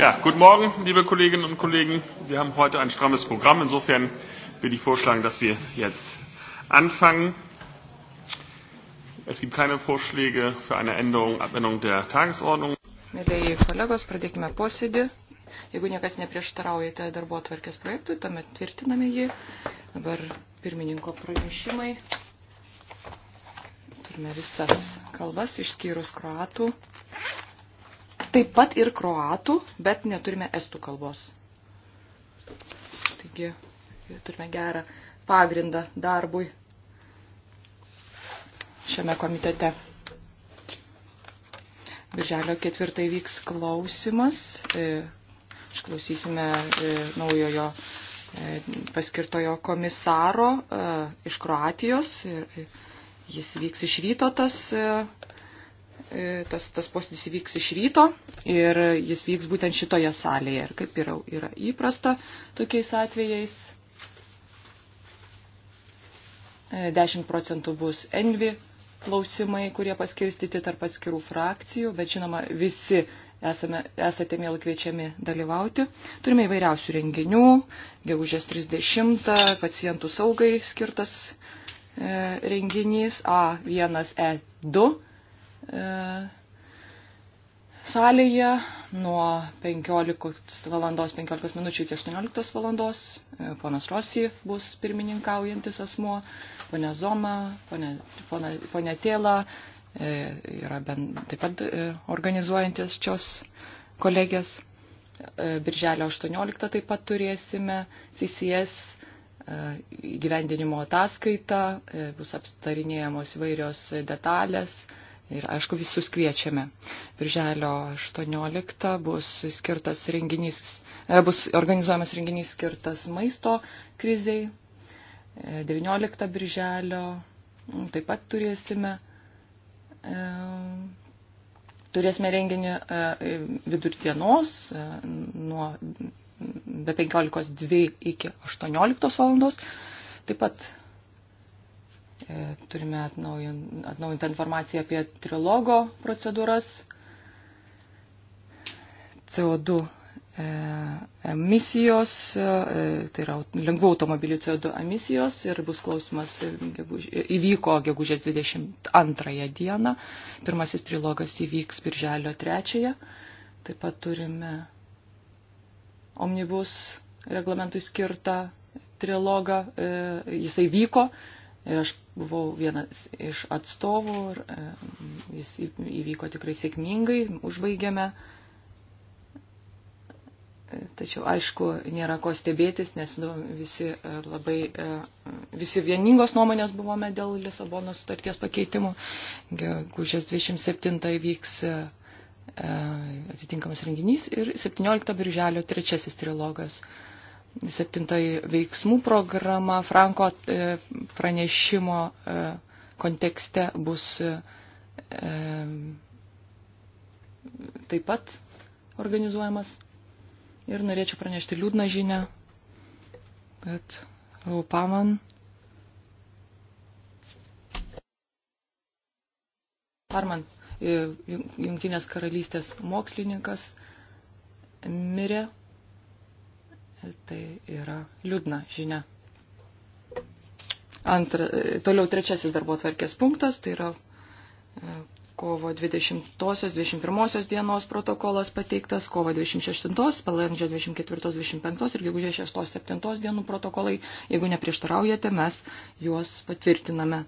Ja, guten Morgen, liebe Kolleginnen und Kollegen. Wir haben heute ein strammes Programm. Insofern würde ich vorschlagen, dass wir jetzt anfangen. Es gibt keine Vorschläge für eine Änderung, Abänderung der Tagesordnung. Mėlyi kolegos, pradėkime posėdį. Jeigu niekas neprieštaraujate tai darbo atvarkės projektui, tuomet tvirtiname jį. Dabar pirmininko pranešimai. Turime visas kalbas išskyrus kroatų taip pat ir kroatų, bet neturime estų kalbos. Taigi turime gerą pagrindą darbui šiame komitete. Birželio ketvirtai vyks klausimas. E, išklausysime e, naujojo e, paskirtojo komisaro iš Kroatijos. Jis vyks iš ryto tas E, tas, tas posėdis įvyks iš ryto ir jis vyks būtent šitoje salėje. Ir kaip yra, yra įprasta tokiais atvejais, 10 e, procentų bus envi klausimai, kurie paskirstyti tarp atskirų frakcijų, bet žinoma, visi esame, esate mėl kviečiami dalyvauti. Turime įvairiausių renginių, gegužės 30, pacientų saugai skirtas e, renginys A1E2 E, salėje nuo 15 valandos 15 minučių iki 18 valandos. E, ponas Rosi bus pirmininkaujantis asmuo, ponė Zoma, ponė, ponė, ponė Tėla e, yra ben, taip pat organizuojantis šios kolegės. Birželio 18 taip pat turėsime CCS gyvendinimo ataskaitą, bus aptarinėjamos vairios detalės Ir aišku, visus kviečiame. Birželio 18 bus, skirtas renginys, e, bus organizuojamas renginys skirtas maisto kriziai. 19 e, birželio taip pat turėsime, e, turėsime renginį vidur dienos nuo be 15.2 iki 18 valandos. Taip pat E, turime atnaujintą informaciją apie trilogo procedūras, CO2 e, emisijos, e, tai yra lengvų automobilių CO2 emisijos ir bus klausimas įvyko gegužės 22 dieną, pirmasis trilogas įvyks birželio 3, taip pat turime omnibus reglamentui skirtą trilogą, jisai vyko, Ir aš buvau vienas iš atstovų, ir e, jis įvyko tikrai sėkmingai, užbaigėme. E, tačiau, aišku, nėra ko stebėtis, nes nu, visi e, labai, visi vieningos nuomonės buvome dėl Lisabono sutarties pakeitimų. Gužės 27 vyks atitinkamas renginys ir 17 birželio trečiasis trilogas septintoji veiksmų programa Franko e, pranešimo e, kontekste bus e, taip pat organizuojamas. Ir norėčiau pranešti liūdną žinę, kad Rupaman Parman, Jungtinės karalystės mokslininkas, mirė Tai yra liūdna žinia. Antra, toliau trečiasis darbo tvarkės punktas, tai yra e, kovo 20-21 dienos protokolas pateiktas, kovo 26, balandžio 24, 25 ir gegužės 6, 7 dienų protokolai. Jeigu neprieštaraujate, mes juos patvirtiname.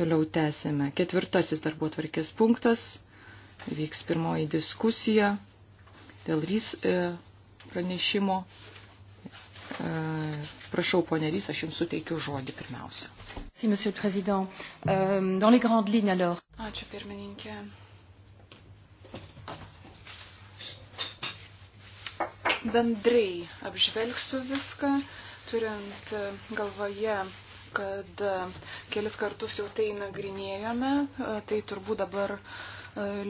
Toliau tęsėme. Ketvirtasis darbo tvarkės punktas. Vyks pirmoji diskusija dėl RIS e, pranešimo Prašau, ponė Rys, aš jums suteikiu žodį pirmiausia. Euh, Ačiū, pirmininkė. Bendrai apžvelgsiu viską, turint galvoje kad kelis kartus jau tai nagrinėjome, tai turbūt dabar e,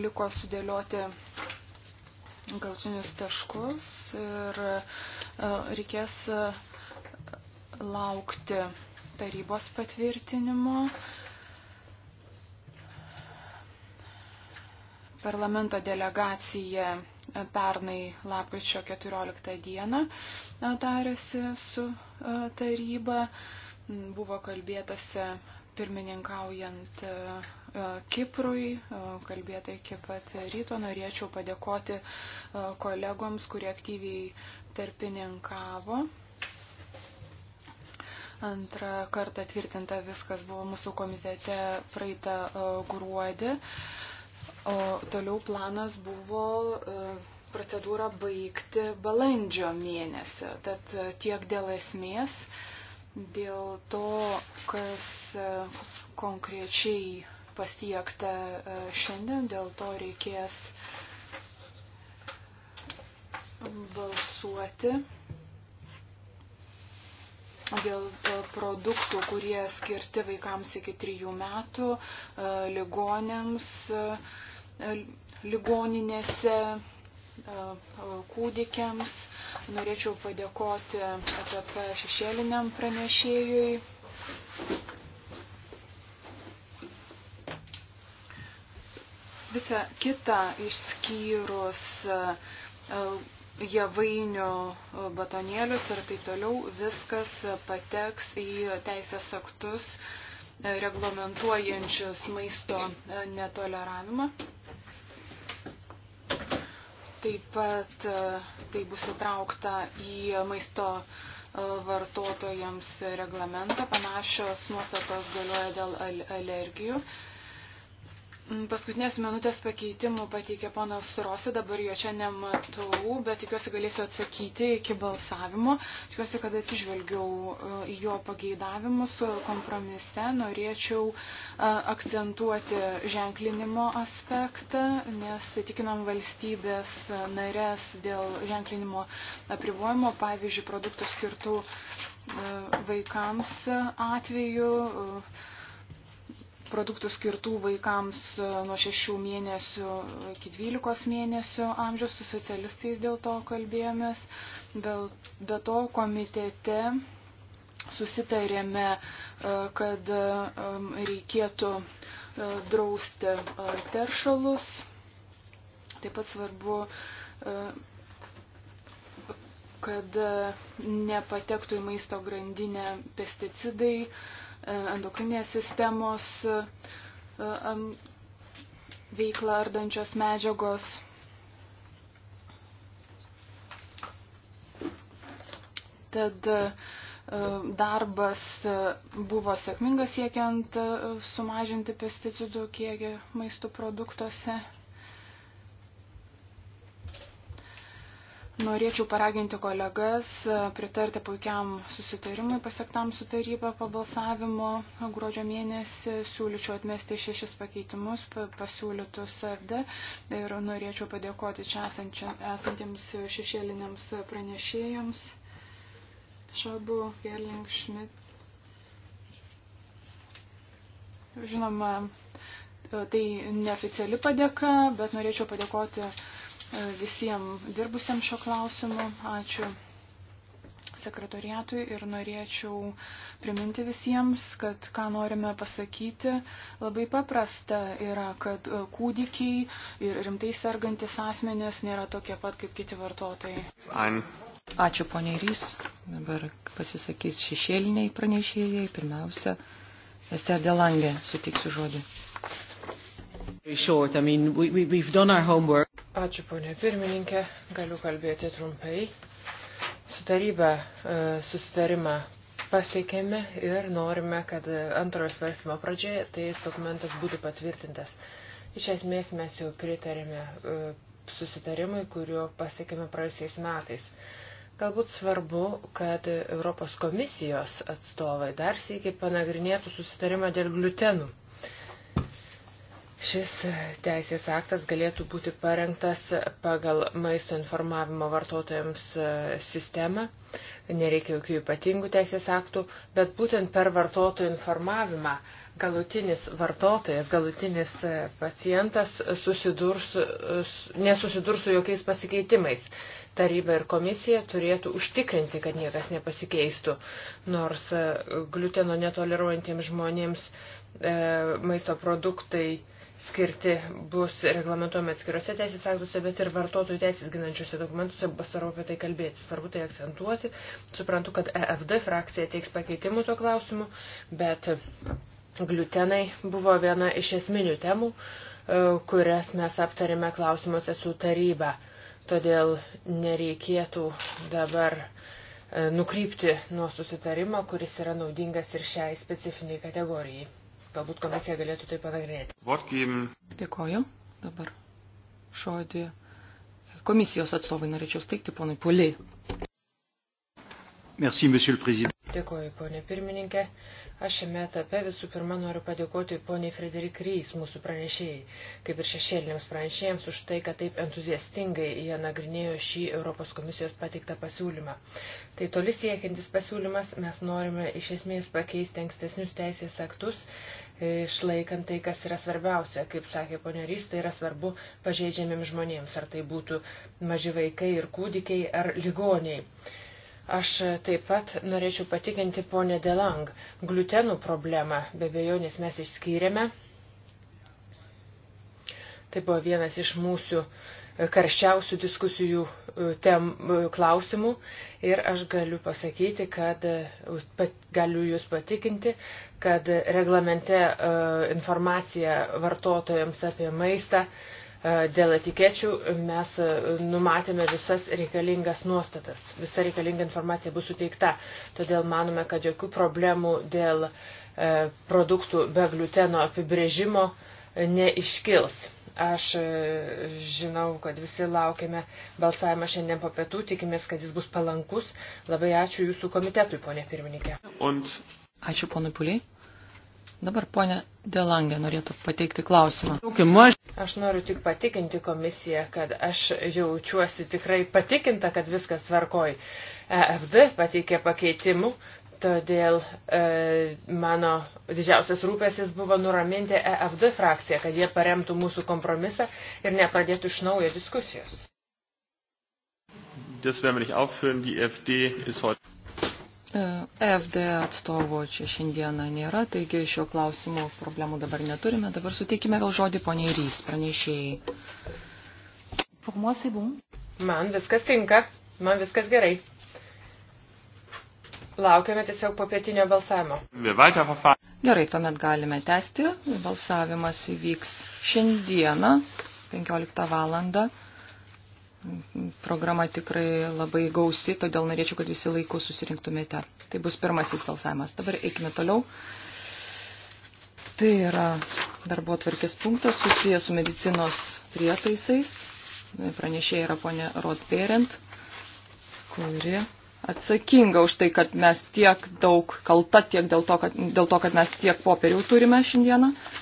liko sudėlioti galtinius taškus ir e, reikės e, laukti tarybos patvirtinimo. Parlamento delegacija e, pernai lapkričio 14 dieną darėsi su taryba. Buvo kalbėtasi pirmininkaujant e, e, Kiprui, e, kalbėtai iki pat ryto, norėčiau padėkoti kolegoms, kurie aktyviai tarpininkavo. Antrą kartą tvirtinta viskas buvo mūsų komitete praeitą gruodį, o toliau planas buvo procedūrą baigti balandžio mėnesį. Tad tiek dėl esmės. Uh, dėl to, kas e, konkrečiai pasiekta e, šiandien, dėl to reikės balsuoti dėl e, produktų, kurie skirti vaikams iki trijų metų, ligonėms, ligoninėse, kūdikiams. Norėčiau padėkoti ATP šešėliniam pranešėjui. Visa kita išskyrus e, javainių batonėlius ir taip toliau, viskas pateks į teisės aktus reglamentuojančius maisto netoleravimą. Taip pat e, tai bus įtraukta į maisto e, vartotojams reglamentą. Panašios nuostatos galioja dėl alergijų. Paskutinės minutės pakeitimų pateikė ponas Rosi, dabar jo čia nematau, bet tikiuosi galėsiu atsakyti iki balsavimo. Tikiuosi, kad atsižvelgiau e, į jo pageidavimus kompromise. Norėčiau e, akcentuoti ženklinimo aspektą, nes tikinam valstybės narės dėl ženklinimo apribojimo, pavyzdžiui, produktų skirtų e, vaikams atveju produktų skirtų vaikams e, nuo 6 mėnesių iki 12 mėnesių amžiaus, su socialistais dėl to kalbėjomės. Be to komitete susitarėme, e, kad e, reikėtų drausti teršalus. Taip pat svarbu kad nepatektų į maisto grandinę pesticidai, uh, E, endokrinės sistemos e, e, veiklą ardančios medžiagos. Tad darbas buvo sėkmingas siekiant sumažinti pesticidų kiekį maisto produktuose. Norėčiau paraginti kolegas pritarti puikiam susitarimui pasiektam su taryba po balsavimo gruodžio mėnesį. Siūlyčiau atmesti šešis pakeitimus pasiūlytus FD ir norėčiau padėkoti čia esantiems šešėliniams pranešėjams. Šabu, Gerling, Šmit. Žinoma, tai neoficiali padėka, bet norėčiau padėkoti E, visiems dirbusiems šio klausimu. Ačiū sekretoriatui ir norėčiau priminti visiems, kad ką norime pasakyti, labai paprasta yra, kad e, kūdikiai ir rimtai sergantis asmenės nėra tokie pat kaip kiti vartotojai. Ein. Ačiū poniai Rys. Dabar pasisakys šešėliniai pranešėjai. Pirmiausia, Ester Delangė sutiksiu žodį. Short. I mean, we, we, we've done our homework. Ačiū, ponė pirmininkė. Galiu kalbėti trumpai. Su taryba e, susitarimą pasiekėme ir norime, kad antrojo svarstymo pradžioje tai dokumentas būtų patvirtintas. Iš esmės mes jau pritarėme e, susitarimui, kuriuo pasiekėme praėjusiais metais. Galbūt svarbu, kad Europos komisijos atstovai dar sėkiai panagrinėtų susitarimą dėl gliutenų Šis teisės aktas galėtų būti parengtas pagal maisto informavimo vartotojams e, sistemą. Nereikia jokių ypatingų teisės aktų, bet būtent per vartotojų informavimą galutinis vartotojas, galutinis e, pacientas susidurs, e, nesusidurs su jokiais pasikeitimais. Taryba ir komisija turėtų užtikrinti, kad niekas nepasikeistų, nors gliuteno netoleruojantiems žmonėms e, maisto produktai e, skirti bus reglamentuojami atskiruose teisės aktuose, bet ir vartotojų teisės ginančiuose dokumentuose pasvarau apie tai kalbėti. Svarbu tai akcentuoti. Suprantu, kad EFD frakcija teiks pakeitimų tuo klausimu, bet gliutenai buvo viena iš esminių temų, e, kurias mes aptarėme klausimuose su taryba. Todėl nereikėtų dabar e, nukrypti nuo susitarimo, kuris yra naudingas ir šiai specifiniai kategorijai. Galbūt komisija galėtų tai panagrinėti. Vortgym. Dėkoju. Dabar žodį komisijos atstovai norėčiau steigti ponui Poliai. Merci, monsieur le président. Dėkoju, ponė pirmininkė. Aš šiame etape visų pirma noriu padėkoti poniai Frederik Rys, mūsų pranešėjai, kaip ir šešėliniams pranešėjams, už tai, kad taip entuziastingai jie nagrinėjo šį Europos komisijos pateiktą pasiūlymą. Tai toli siekiantis pasiūlymas, mes norime iš esmės pakeisti ankstesnius teisės aktus, išlaikant tai, kas yra svarbiausia. Kaip sakė ponė Rys, tai yra svarbu pažeidžiamiems žmonėms, ar tai būtų maži vaikai ir kūdikiai, ar ligoniai. Aš taip pat norėčiau patikinti ponę Delang gliutenų problemą, be bejonės mes išskyrėme. Tai buvo vienas iš mūsų karščiausių diskusijų e, tem, e, klausimų ir aš galiu pasakyti, kad e, pat, galiu Jūs patikinti, kad reglamente informacija vartotojams apie maistą uh, E, dėl etikečių mes e, numatėme visas reikalingas nuostatas. Visa reikalinga informacija bus suteikta. Todėl manome, kad jokių problemų dėl e, produktų be gluteno apibrėžimo neiškils. Aš žinau, kad visi laukiame balsavimą šiandien po pietų, tikimės, kad jis bus palankus. Labai ačiū Jūsų komitetui, ponė pirmininkė. Und... Ačiū, ponui Puliai. Dabar ponė Delangė norėtų pateikti klausimą. Aš noriu tik patikinti komisiją, kad aš jaučiuosi tikrai patikinta, kad viskas tvarkoj. EFD pateikė pakeitimų, todėl e, mano didžiausias rūpesis buvo nuraminti EFD frakciją, kad jie paremtų mūsų kompromisą ir nepradėtų iš naujo diskusijos. Das werden wir nicht aufführen. Die FD ist heute. EFD atstovo čia šiandieną nėra, taigi šio klausimo problemų dabar neturime. Dabar suteikime vėl žodį poniai Rys, pranešėjai. Man viskas tinka, man viskas gerai. Laukiame tiesiog popietinio balsavimo. Gerai, tuomet galime tęsti. Balsavimas įvyks šiandieną, 15 valandą. Programa tikrai labai gausi, todėl norėčiau, kad visi laiku susirinktumėte. Tai bus pirmasis balsavimas. Dabar eikime toliau. Tai yra darbo atvarkės punktas susijęs su medicinos prietaisais. Pranešėja yra ponė Rodperent, kuri atsakinga už tai, kad mes tiek daug kalta, tiek dėl to, kad, dėl to, kad mes tiek popierių turime šiandieną. Uh,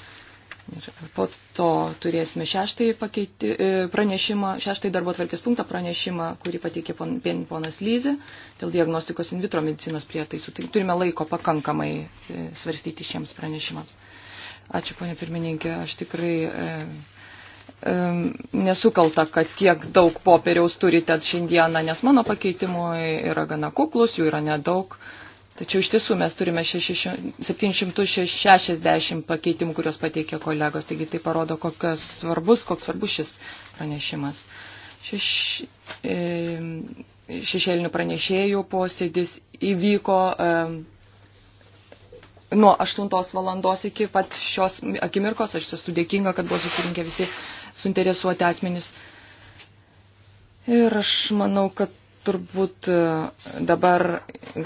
Ir po to turėsime šeštąjį pakeiti, e, pranešimą, šeštąjį darbo tvarkės punktą pranešimą, kurį pateikė pon, ponas Lyzi dėl diagnostikos in vitro medicinos prietaisų. Tai turime laiko pakankamai e, svarstyti šiems pranešimams. Ačiū, ponė pirmininkė, aš tikrai e, e, nesukalta, kad tiek daug popieriaus turite šiandieną, nes mano pakeitimų yra gana kuklus, jų yra nedaug. E, Tačiau iš tiesų mes turime 760 pakeitimų, kuriuos pateikė kolegos, taigi tai parodo, kokios svarbus, koks svarbus šis pranešimas. Šeš, e, šešėlinių pranešėjų posėdis įvyko e, nuo 8 valandos iki pat šios akimirkos. Aš esu dėkinga, kad buvo susirinkę visi suinteresuoti asmenys. Ir aš manau, kad turbūt e, dabar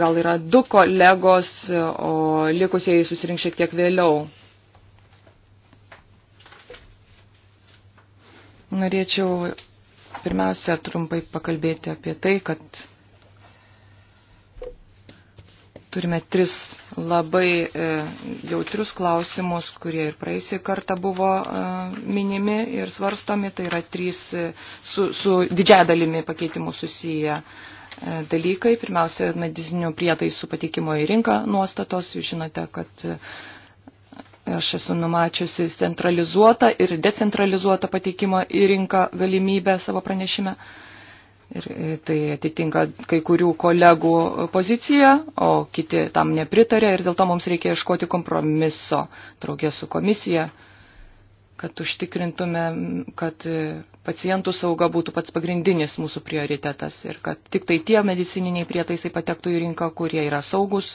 gal yra du kolegos, e, o likusieji susirink šiek tiek vėliau. Norėčiau pirmiausia trumpai pakalbėti apie tai, kad Turime tris labai e, jautrius klausimus, kurie ir praeisį kartą buvo e, minimi ir svarstomi. Tai yra trys e, su, su didžia dalimi pakeitimų susiję dalykai. Pirmiausia, medicininių prietaisų patikimo į rinką nuostatos. Jūs žinote, kad aš esu numačiusi centralizuotą ir decentralizuotą patikimo į rinką galimybę savo pranešime. Ir e, tai atitinka kai kurių kolegų poziciją, o kiti tam nepritarė ir dėl to mums reikia ieškoti kompromiso draugė su komisija, kad užtikrintume, kad e, pacientų sauga būtų pats pagrindinis mūsų prioritetas ir kad tik tai tie medicininiai prietaisai patektų į rinką, kurie yra saugus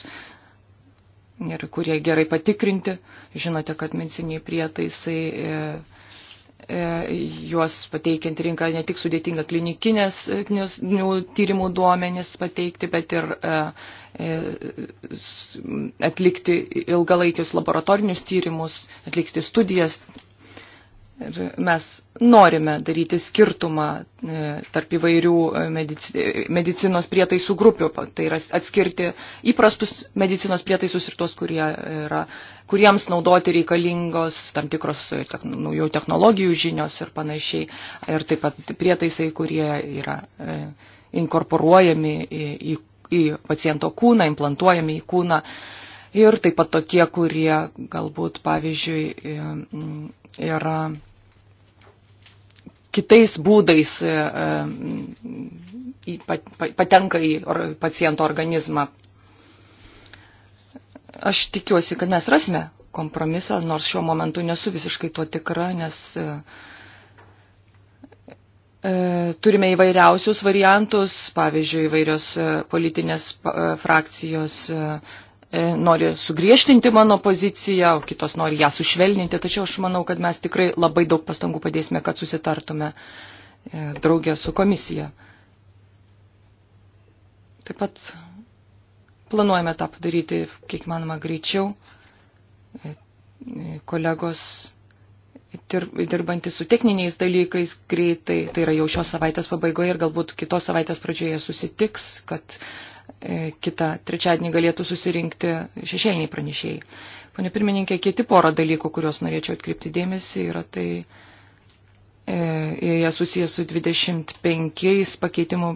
ir kurie gerai patikrinti. Žinote, kad medicininiai prietaisai. E, E, juos pateikiant rinką ne tik sudėtinga klinikinės e, nu, tyrimų duomenis pateikti, bet ir e, atlikti ilgalaikius laboratorinius tyrimus, atlikti studijas, Ir mes norime daryti skirtumą e, tarp įvairių e, e, medicinos prietaisų grupių, tai yra atskirti įprastus medicinos prietaisus ir tos, kurie yra, kuriems naudoti reikalingos tam tikros tek, naujų technologijų žinios ir panašiai, ir taip pat prietaisai, kurie yra inkorporuojami į, į, į paciento kūną, implantuojami į kūną. Ir taip pat tokie, kurie galbūt, pavyzdžiui, yra kitais būdais e, e, patenka į paciento organizmą. Aš tikiuosi, kad mes rasime kompromisą, nors šiuo momentu nesu visiškai tuo tikra, nes e, turime įvairiausius variantus, pavyzdžiui, įvairios politinės frakcijos E, nori sugriežtinti mano poziciją, o kitos nori ją sušvelninti, tačiau aš manau, kad mes tikrai labai daug pastangų padėsime, kad susitartume e, draugė su komisija. Taip pat planuojame tą padaryti kiek manoma greičiau. E, kolegos dirbantys su techniniais dalykais greitai, tai yra jau šios savaitės pabaigoje ir galbūt kitos savaitės pradžioje susitiks, kad E, kitą trečiadienį galėtų susirinkti šešėliniai pranešėjai. Pane pirmininkė, kiti pora dalykų, kuriuos norėčiau atkreipti dėmesį, yra tai, e, jie susijęs su 25 pakeitimų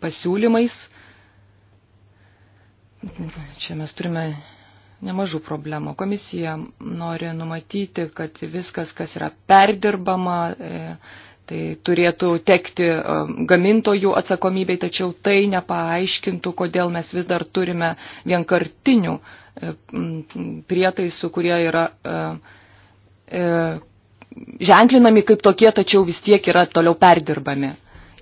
pasiūlymais. Čia mes turime nemažų problemų. Komisija nori numatyti, kad viskas, kas yra perdirbama, e, Tai turėtų tekti e, gamintojų atsakomybei, tačiau tai nepaaiškintų, kodėl mes vis dar turime vienkartinių e, prietaisų, kurie yra e, ženklinami kaip tokie, tačiau vis tiek yra toliau perdirbami.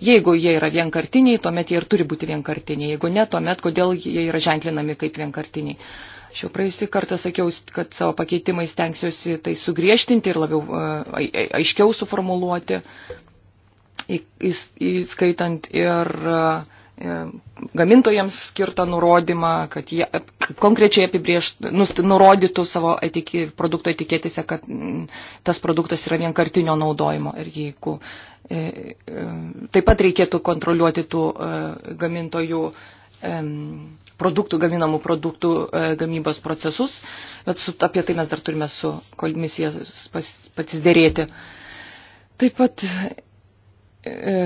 Jeigu jie yra vienkartiniai, tuomet jie ir turi būti vienkartiniai. Jeigu ne, tuomet kodėl jie yra ženklinami kaip vienkartiniai. Uh, Aš jau praėjusį kartą sakiau, kad savo pakeitimais tenksiuosi tai sugriežtinti ir labiau e, aiškiau suformuluoti, įskaitant ir e, gamintojams skirtą nurodymą, kad jie konkrečiai apibrieštų, nurodytų savo etiki, produkto etiketėse, kad tas produktas yra vienkartinio naudojimo. Ir jeigu e, taip pat reikėtų kontroliuoti tų gamintojų produktų gaminamų produktų e, gamybos procesus, bet su, apie tai mes dar turime su komisija pasidėrėti. Taip pat e,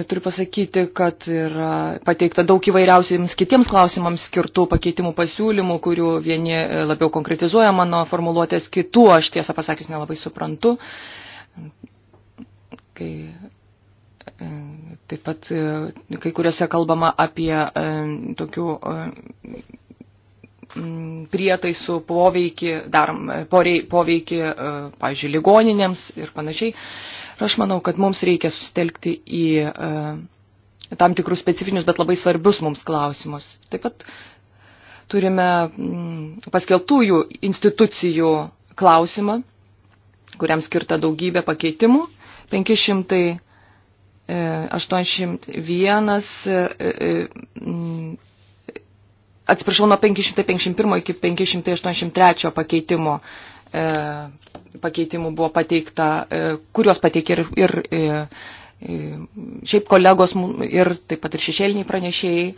turiu pasakyti, kad yra pateikta daug įvairiausiams kitiems klausimams skirtų pakeitimų pasiūlymų, kurių vieni e, labiau konkretizuoja mano formuluotės, kitų aš tiesą pasakius nelabai suprantu. Kai E, taip pat e, kai kuriuose kalbama apie e, tokių prietaisų poveikį, darom, poveikį, pažiūrėjau, ligoninėms ir panašiai. Ir aš manau, kad mums reikia susitelkti į tam tikrus specifinius, bet labai svarbius mums klausimus. Taip pat turime paskeltųjų institucijų klausimą, kuriam skirta daugybė pakeitimų. 500 801, e, e, e, mm, atsiprašau, nuo 551 iki 583 pakeitimo pakeitimų buvo pateikta, kuriuos pateikė ir, ir, ir šiaip kolegos ir taip pat ir šešėliniai pranešėjai.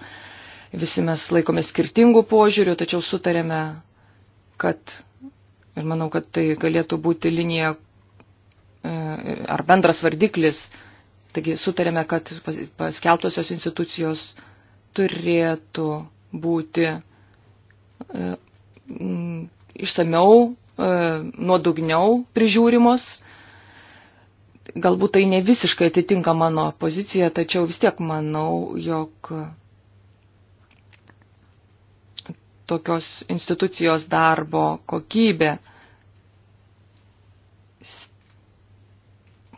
Visi mes laikome skirtingų požiūrių, tačiau sutarėme, kad ir manau, kad tai galėtų būti linija ar bendras vardiklis Taigi sutarėme, kad paskelbtosios institucijos turėtų būti e, išsameu, e, nuodugniau prižiūrimos. Galbūt tai ne visiškai atitinka mano poziciją, tačiau vis tiek manau, jog tokios institucijos darbo kokybė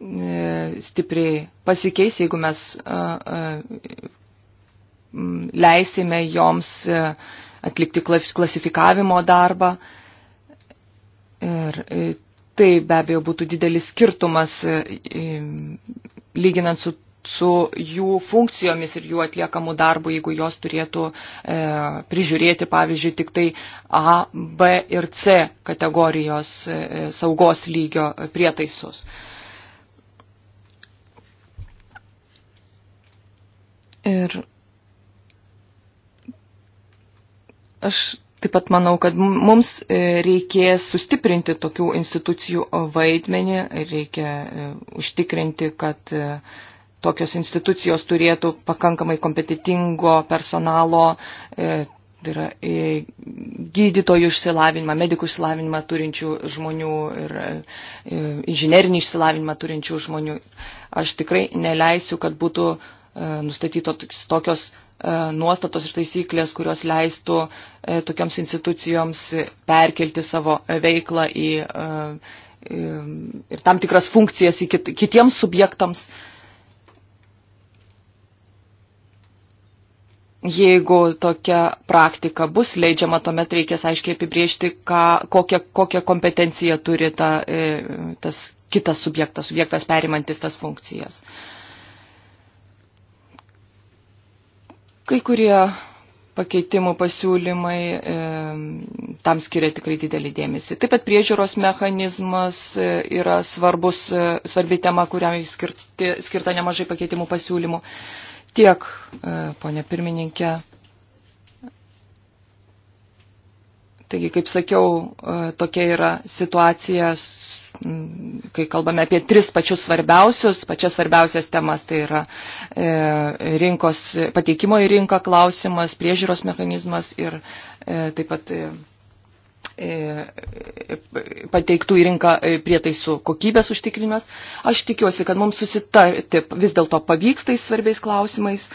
E, stipriai pasikeis, jeigu mes e, e, leisime joms atlikti klasifikavimo darbą. Ir tai be abejo būtų didelis skirtumas lyginant su, su jų funkcijomis ir jų atliekamu darbu, jeigu jos turėtų e, prižiūrėti, pavyzdžiui, tik tai A, B ir C kategorijos e, saugos lygio prietaisus. E, Ir aš taip pat manau, kad mums e, reikės sustiprinti tokių institucijų vaidmenį, reikia e, užtikrinti, kad e, tokios institucijos turėtų pakankamai kompetitingo personalo, tai yra gydytojų išsilavinimą, medikų išsilavinimą turinčių žmonių ir inžinerinį išsilavinimą turinčių žmonių. Aš tikrai neleisiu, kad būtų E, nustatytos tokios e, nuostatos ir taisyklės, kurios leistų e, tokioms institucijoms perkelti savo veiklą į, ir tam tikras funkcijas į kit, kitiems subjektams. Jeigu tokia praktika bus leidžiama, tuomet reikės aiškiai apibriežti, ką, kokią, kokią kompetenciją turi ta, tas kitas subjektas, subjektas perimantis tas funkcijas. Uh, Kai kurie pakeitimų pasiūlymai e, tam skiria tikrai didelį dėmesį. Taip pat priežiūros mechanizmas e, yra svarbus, e, svarbi tema, kuriam skirti, skirta nemažai pakeitimų pasiūlymų. Tiek, e, ponė pirmininkė. Taigi, kaip sakiau, e, tokia yra situacija Mm, kai kalbame apie tris pačius svarbiausius, pačias svarbiausias temas, tai yra e, rinkos, pateikimo į rinką klausimas, priežiūros mechanizmas ir e, taip pat e, pateiktų į rinką prietaisų kokybės užtikrinimas. Aš tikiuosi, kad mums susitarti vis dėlto pavyks tais svarbiais klausimais,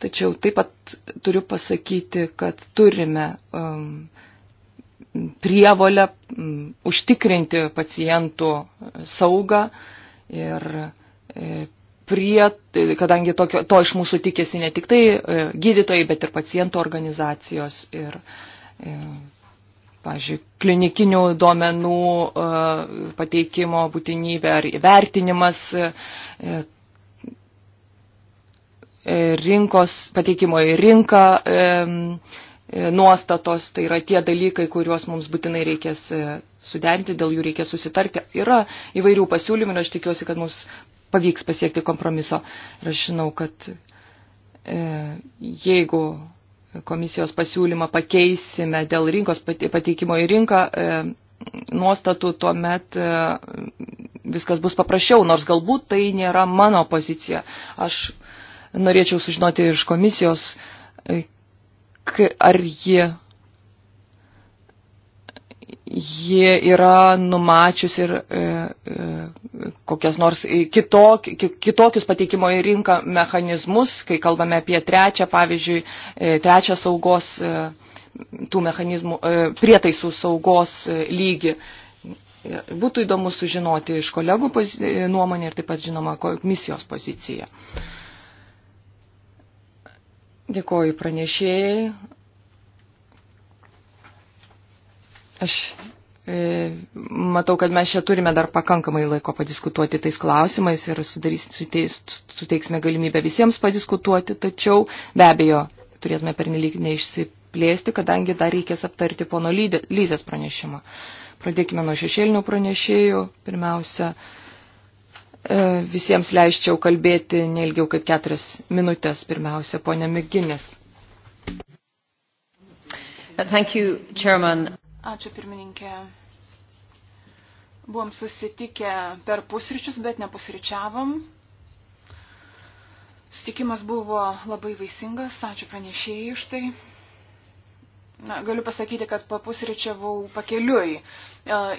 tačiau taip pat turiu pasakyti, kad turime um, prievolę užtikrinti pacientų saugą ir e, prie, kadangi tokio, to iš mūsų tikėsi ne tik tai e, gydytojai, bet ir pacientų organizacijos ir, e, pažiūrėjau, klinikinių duomenų pateikimo būtinybė ar įvertinimas rinkos, pateikimo į rinką E, nuostatos, tai yra tie dalykai, kuriuos mums būtinai reikės e, suderinti, dėl jų reikės susitarti. Yra įvairių pasiūlymų ir aš tikiuosi, kad mums pavyks pasiekti kompromiso. Ir aš žinau, kad e, jeigu komisijos pasiūlymą pakeisime dėl rinkos pateikimo į rinką, nuostatų, tuomet viskas bus paprasčiau, nors galbūt tai nėra mano pozicija. Aš norėčiau sužinoti iš komisijos, ar ji, ji yra numačius ir e, e, kokias nors kitok, kitokius pateikimo į rinką mechanizmus, kai kalbame apie trečią, pavyzdžiui, e, trečią saugos. E, tų mechanizmų, e, prietaisų saugos e, lygį. Būtų įdomu sužinoti iš kolegų nuomonę ir taip pat žinoma komisijos poziciją. Dėkoju pranešėjai. Aš e, matau, kad mes čia turime dar pakankamai laiko padiskutuoti tais klausimais ir sudarys, suteis, suteiksime galimybę visiems padiskutuoti, tačiau be abejo turėtume pernelyg neišsiplėsti, kadangi dar reikės aptarti pono Lyzės pranešimą. Pradėkime nuo šešėlinių pranešėjų. Pirmiausia, e, E, visiems leiščiau kalbėti neilgiau kaip keturias minutės. Pirmiausia, ponė Miginis. Ačiū pirmininkė. Buvom susitikę per pusryčius, bet nepusryčiavom. Sutikimas buvo labai vaisingas, ačiū pranešėjai iš tai. Na, galiu pasakyti, kad papusryčiavau pakeliui e,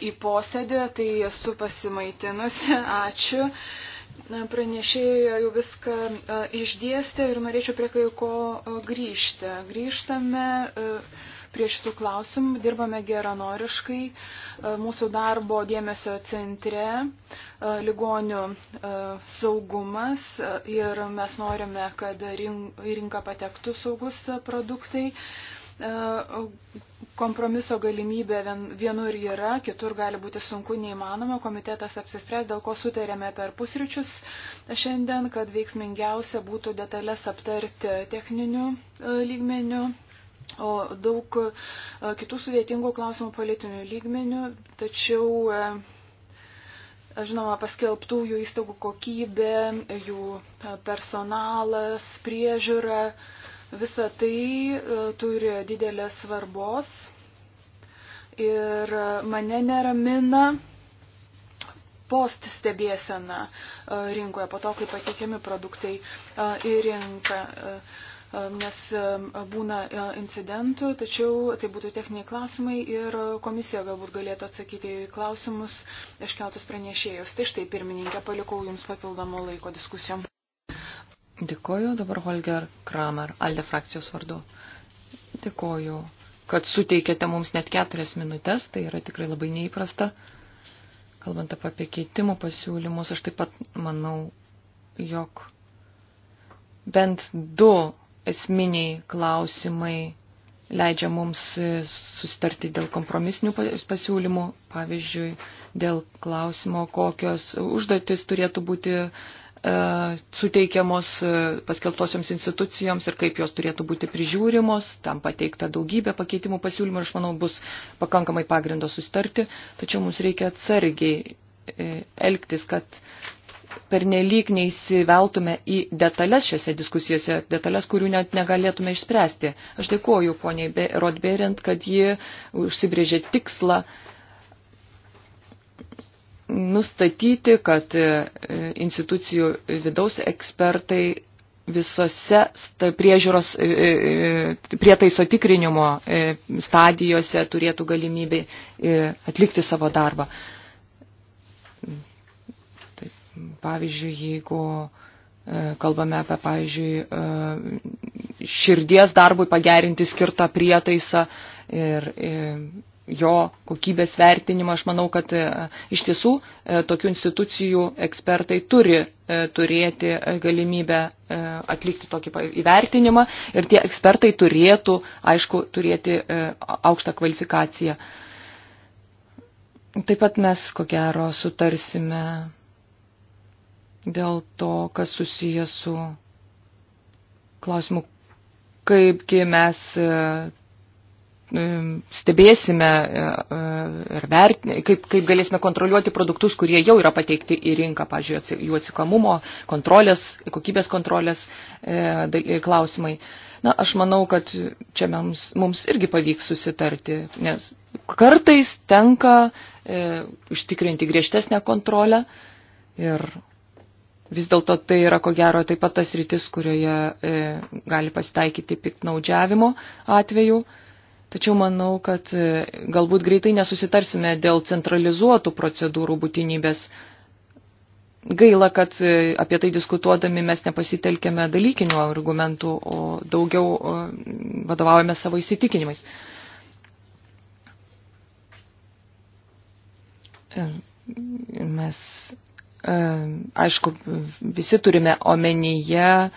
į posėdį, tai esu pasimaitinusi. Ačiū. Pranešėja jau viską e, išdėstė ir norėčiau prie kai ko e, grįžti. Grįžtame. E, prie šitų klausimų, dirbame geranoriškai, e, mūsų darbo dėmesio centre e, ligonių saugumas ir mes norime, kad į rinką patektų saugus produktai. E, kompromiso galimybė vienur yra, kitur gali būti sunku, neįmanoma. Komitetas apsispręs, dėl ko sutarėme per pusryčius šiandien, kad veiksmingiausia būtų detalės aptarti techniniu e, lygmeniu. O daug e, kitų sudėtingų klausimų politinių lygmenių, tačiau, žinoma, paskelbtųjų įstaigų kokybė, jų personalas, priežiūra, Visa tai e, turi didelės svarbos ir e, mane neramina post stebėsena e, rinkoje, po to, kai pateikiami produktai į rinką, nes būna incidentų, tačiau tai būtų techniniai klausimai ir komisija galbūt galėtų atsakyti į klausimus iškeltus pranešėjus. Tai štai, pirmininkė, palikau Jums papildomą laiko diskusijom. Dėkoju dabar Holger Kramer, Alde frakcijos vardu. Dėkoju, kad suteikėte mums net keturias minutės, tai yra tikrai labai neįprasta. Kalbant apie keitimų pasiūlymus, aš taip pat manau, jog bent du esminiai klausimai leidžia mums sustarti dėl kompromisinių pasiūlymų, pavyzdžiui, dėl klausimo, kokios užduotis turėtų būti E, suteikiamos e, paskeltosioms institucijoms ir kaip jos turėtų būti prižiūrimos. Tam pateikta daugybė pakeitimų pasiūlymų ir aš manau bus pakankamai pagrindo sustarti, tačiau mums reikia atsargiai e, elgtis, kad pernelyg neįsiveltume į detalės šiose diskusijose, detalės, kurių net negalėtume išspręsti. Aš dėkuoju poniai Rodberint, kad ji užsibrėžė tikslą uh, nustatyti, kad e, institucijų vidaus ekspertai visose priežiūros e, e, prietaiso tikrinimo stadijose turėtų galimybę atlikti savo darbą. Taip, pavyzdžiui, jeigu kalbame apie, pavyzdžiui, širdies darbui pagerinti skirtą prietaisą ir jo kokybės vertinimą. Aš manau, kad e, iš tiesų e, tokių institucijų ekspertai turi e, turėti galimybę atlikti tokį įvertinimą ir tie ekspertai turėtų, aišku, turėti aukštą kvalifikaciją. Taip pat mes, ko gero, sutarsime dėl to, kas susijęs su klausimu, kaipgi mes stebėsime e, e, ir vertinime, kaip, kaip galėsime kontroliuoti produktus, kurie jau yra pateikti į rinką, pažiūrėjau, jų atsikamumo, kontrolės, kokybės kontrolės e, klausimai. Na, aš manau, kad čia mums, mums irgi pavyks susitarti, nes kartais tenka e, užtikrinti griežtesnę kontrolę ir vis dėlto tai yra ko gero taip pat tas rytis, kurioje e, gali pasitaikyti piktnaudžiavimo atveju. E, Tačiau manau, kad e, galbūt greitai nesusitarsime dėl centralizuotų procedūrų būtinybės. Gaila, kad e, apie tai diskutuodami mes nepasitelkėme dalykinių argumentų, o daugiau e, vadovaujame savo įsitikinimais. Mes Aišku, visi turime omenyje e,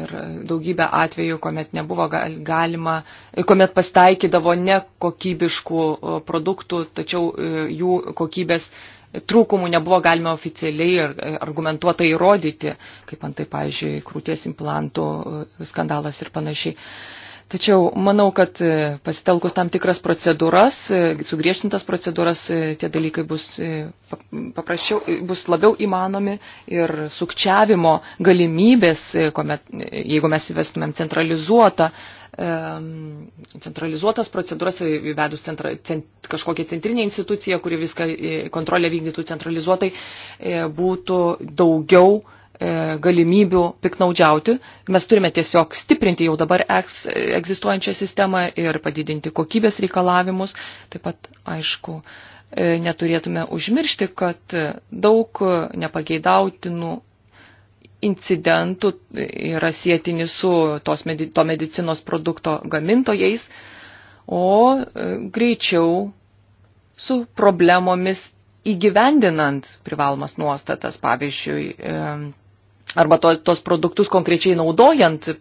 ir daugybę atvejų, kuomet nebuvo galima, e, kuomet pastaikydavo nekokybiškų e, produktų, tačiau jų kokybės trūkumų nebuvo galima oficialiai ir argumentuotai įrodyti, kaip antai, pavyzdžiui, krūties implantų skandalas ir panašiai. Tačiau manau, kad e, pasitelkus tam tikras procedūras, e, sugriešintas procedūras, e, tie dalykai bus, paprasčiau, bus labiau įmanomi ir sukčiavimo galimybės, kuomet, jeigu mes įvestumėm centralizuotą, centralizuotas procedūras, įvedus centra, cent, kažkokią centrinę instituciją, kuri viską kontrolę vykdytų centralizuotai, būtų daugiau E, galimybių piknaudžiauti. Mes turime tiesiog stiprinti jau dabar egzistuojančią sistemą ir padidinti kokybės reikalavimus. Taip pat, aišku, e, neturėtume užmiršti, kad daug nepageidautinų incidentų yra sėtini su tos, to medicinos produkto gamintojais, o e, greičiau su problemomis įgyvendinant privalomas nuostatas, pavyzdžiui, arba to, tos produktus konkrečiai naudojant, e,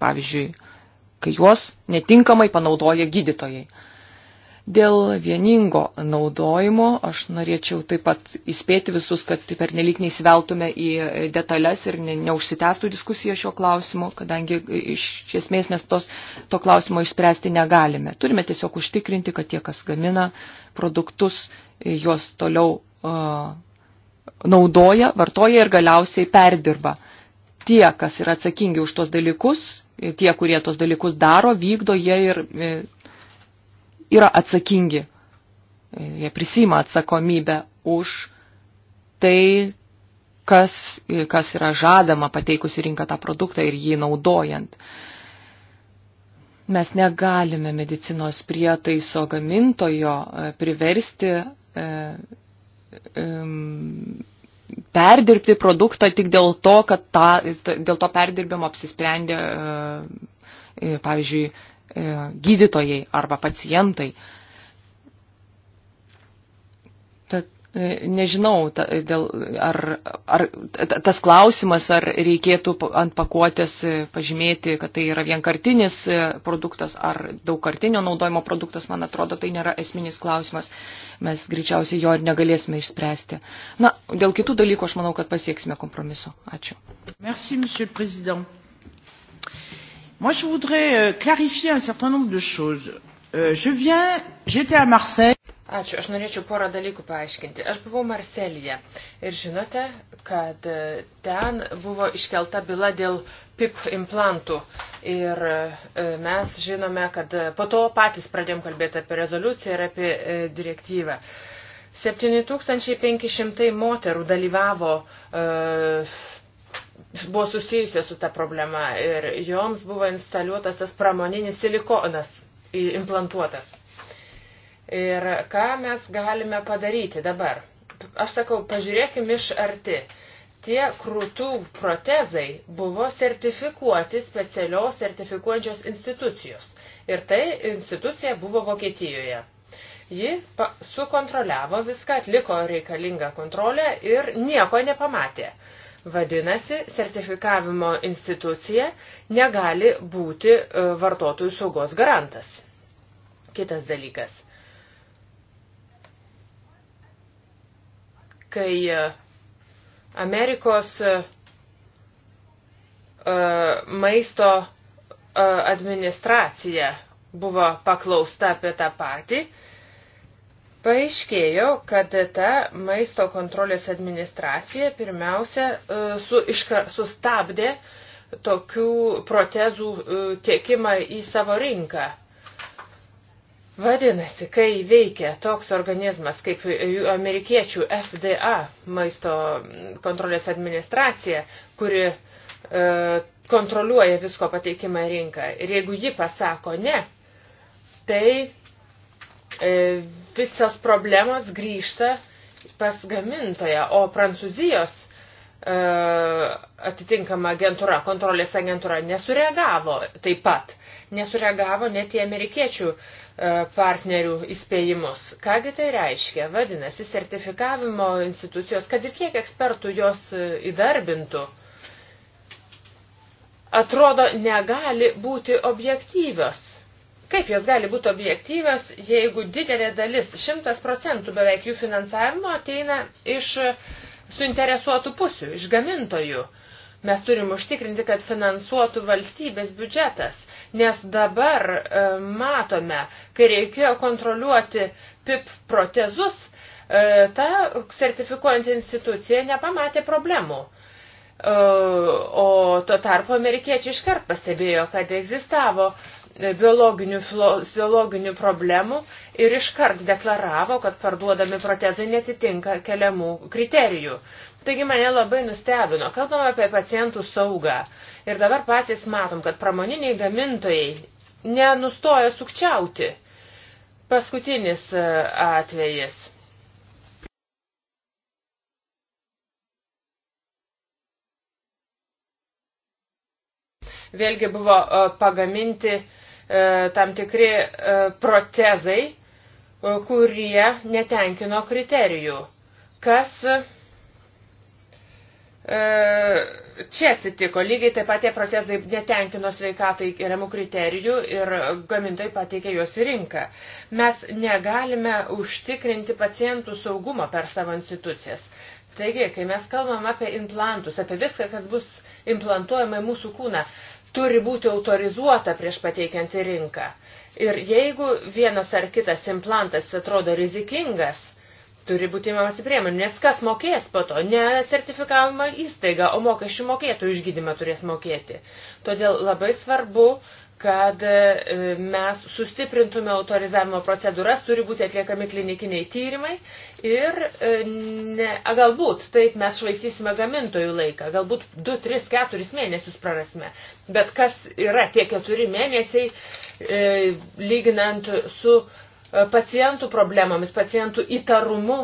pavyzdžiui, kai juos netinkamai panaudoja gydytojai. Dėl vieningo naudojimo aš norėčiau taip pat įspėti visus, kad per nelik neįsiveltume į detalės ir ne, neužsitęstų diskusija šio klausimu, kadangi iš esmės mes tos, to klausimo išspręsti negalime. Turime tiesiog užtikrinti, kad tie, kas gamina produktus, juos toliau uh, naudoja, vartoja ir galiausiai perdirba. Tie, kas yra atsakingi už tos dalykus, tie, kurie tos dalykus daro, vykdo, jie ir e, yra atsakingi. E, jie prisima atsakomybę už tai, kas, e, kas yra žadama pateikus į rinką tą produktą ir jį naudojant. Mes negalime medicinos prietaiso gamintojo priversti e, e, perdirbti produktą tik dėl to, kad ta, dėl to perdirbimo apsisprendė, e, e, pavyzdžiui, e, gydytojai arba pacientai. Uh, E, nežinau, ta, dėl, ar, ar tas klausimas, ar reikėtų ant pakuotės e, pažymėti, kad tai yra vienkartinis e, produktas ar daugkartinio naudojimo produktas, man atrodo, tai nėra esminis klausimas. Mes greičiausiai jo ir negalėsime išspręsti. Na, dėl kitų dalykų aš manau, kad pasieksime kompromiso. Ačiū. Merci, Moi, je voudrais euh, clarifier un certain nombre de choses. Euh, je viens, j'étais à Marseille. Ačiū, aš norėčiau porą dalykų paaiškinti. Aš buvau Marselėje ir žinote, kad e, ten buvo iškelta byla dėl PIP implantų ir e, mes žinome, kad e, po to patys pradėjom kalbėti apie rezoliuciją ir apie direktyvą. 7500 moterų dalyvavo buvo susijusios su ta problema ir joms buvo instaliuotas tas pramoninis silikonas implantuotas. Ir ką mes galime padaryti dabar? Aš sakau, pažiūrėkim iš arti. Tie krūtų protezai buvo sertifikuoti specialios sertifikuojančios institucijos. Ir tai institucija buvo Vokietijoje. Ji sukontroliavo viską, atliko reikalingą kontrolę ir nieko nepamatė. Vadinasi, sertifikavimo institucija negali būti e, vartotojų saugos garantas. Kitas dalykas. kai e, Amerikos e, e, maisto administracija buvo paklausta apie tą patį, paaiškėjo, kad ta maisto kontrolės administracija pirmiausia su, iška, sustabdė tokių protezų tiekimą į savo rinką. Vadinasi, kai veikia toks organizmas kaip amerikiečių FDA maisto kontrolės administracija, kuri e, kontroliuoja visko pateikimą į rinką, ir jeigu ji pasako ne, tai e, visos problemos grįžta pas gamintoją, o Prancūzijos e, atitinkama agentūra, kontrolės agentūra nesureagavo taip pat nesureagavo net į amerikiečių e, partnerių įspėjimus. Kągi tai reiškia? Vadinasi, sertifikavimo institucijos, kad ir kiek ekspertų jos e, įdarbintų, atrodo negali būti objektyvios. Kaip jos gali būti objektyvios, jeigu didelė dalis, šimtas procentų beveik jų finansavimo ateina iš e, suinteresuotų pusių, iš gamintojų. Mes turim užtikrinti, kad finansuotų valstybės biudžetas. Nes dabar e, matome, kai reikėjo kontroliuoti PIP protezus, e, ta sertifikuojanti institucija nepamatė problemų. E, o tuo tarpu amerikiečiai iškart pastebėjo, kad egzistavo biologinių, fiziologinių problemų ir iškart deklaravo, kad parduodami protezai netitinka keliamų kriterijų. Taigi mane labai nustebino. Kalbam apie pacientų saugą. E, Ir dabar patys matom, kad pramoniniai gamintojai nenustoja sukčiauti. Paskutinis e, atvejis. Vėlgi buvo e, pagaminti e, tam tikri protezai, kurie netenkino kriterijų. Kas E, čia atsitiko. Lygiai taip pat tie protezai netenkino sveikatai keliamų kriterijų ir gamintojai pateikė juos į rinką. Mes negalime užtikrinti pacientų saugumo per savo institucijas. Taigi, kai mes kalbam apie implantus, apie viską, kas bus implantuojama į mūsų kūną, turi būti autorizuota prieš pateikiant į rinką. Ir jeigu vienas ar kitas implantas atrodo rizikingas, turi būti imamasi priemonių, nes kas mokės po to? Ne sertifikavimo įstaiga, o mokesčių mokėtojų išgydymą turės mokėti. Todėl labai svarbu, kad e, mes sustiprintume autorizavimo procedūras, turi būti atliekami klinikiniai tyrimai ir e, ne, a, galbūt taip mes švaistysime gamintojų laiką, galbūt 2, 3, 4 mėnesius prarasime. Bet kas yra tie 4 mėnesiai e, lyginant su e, E, pacientų problemomis, pacientų įtarumu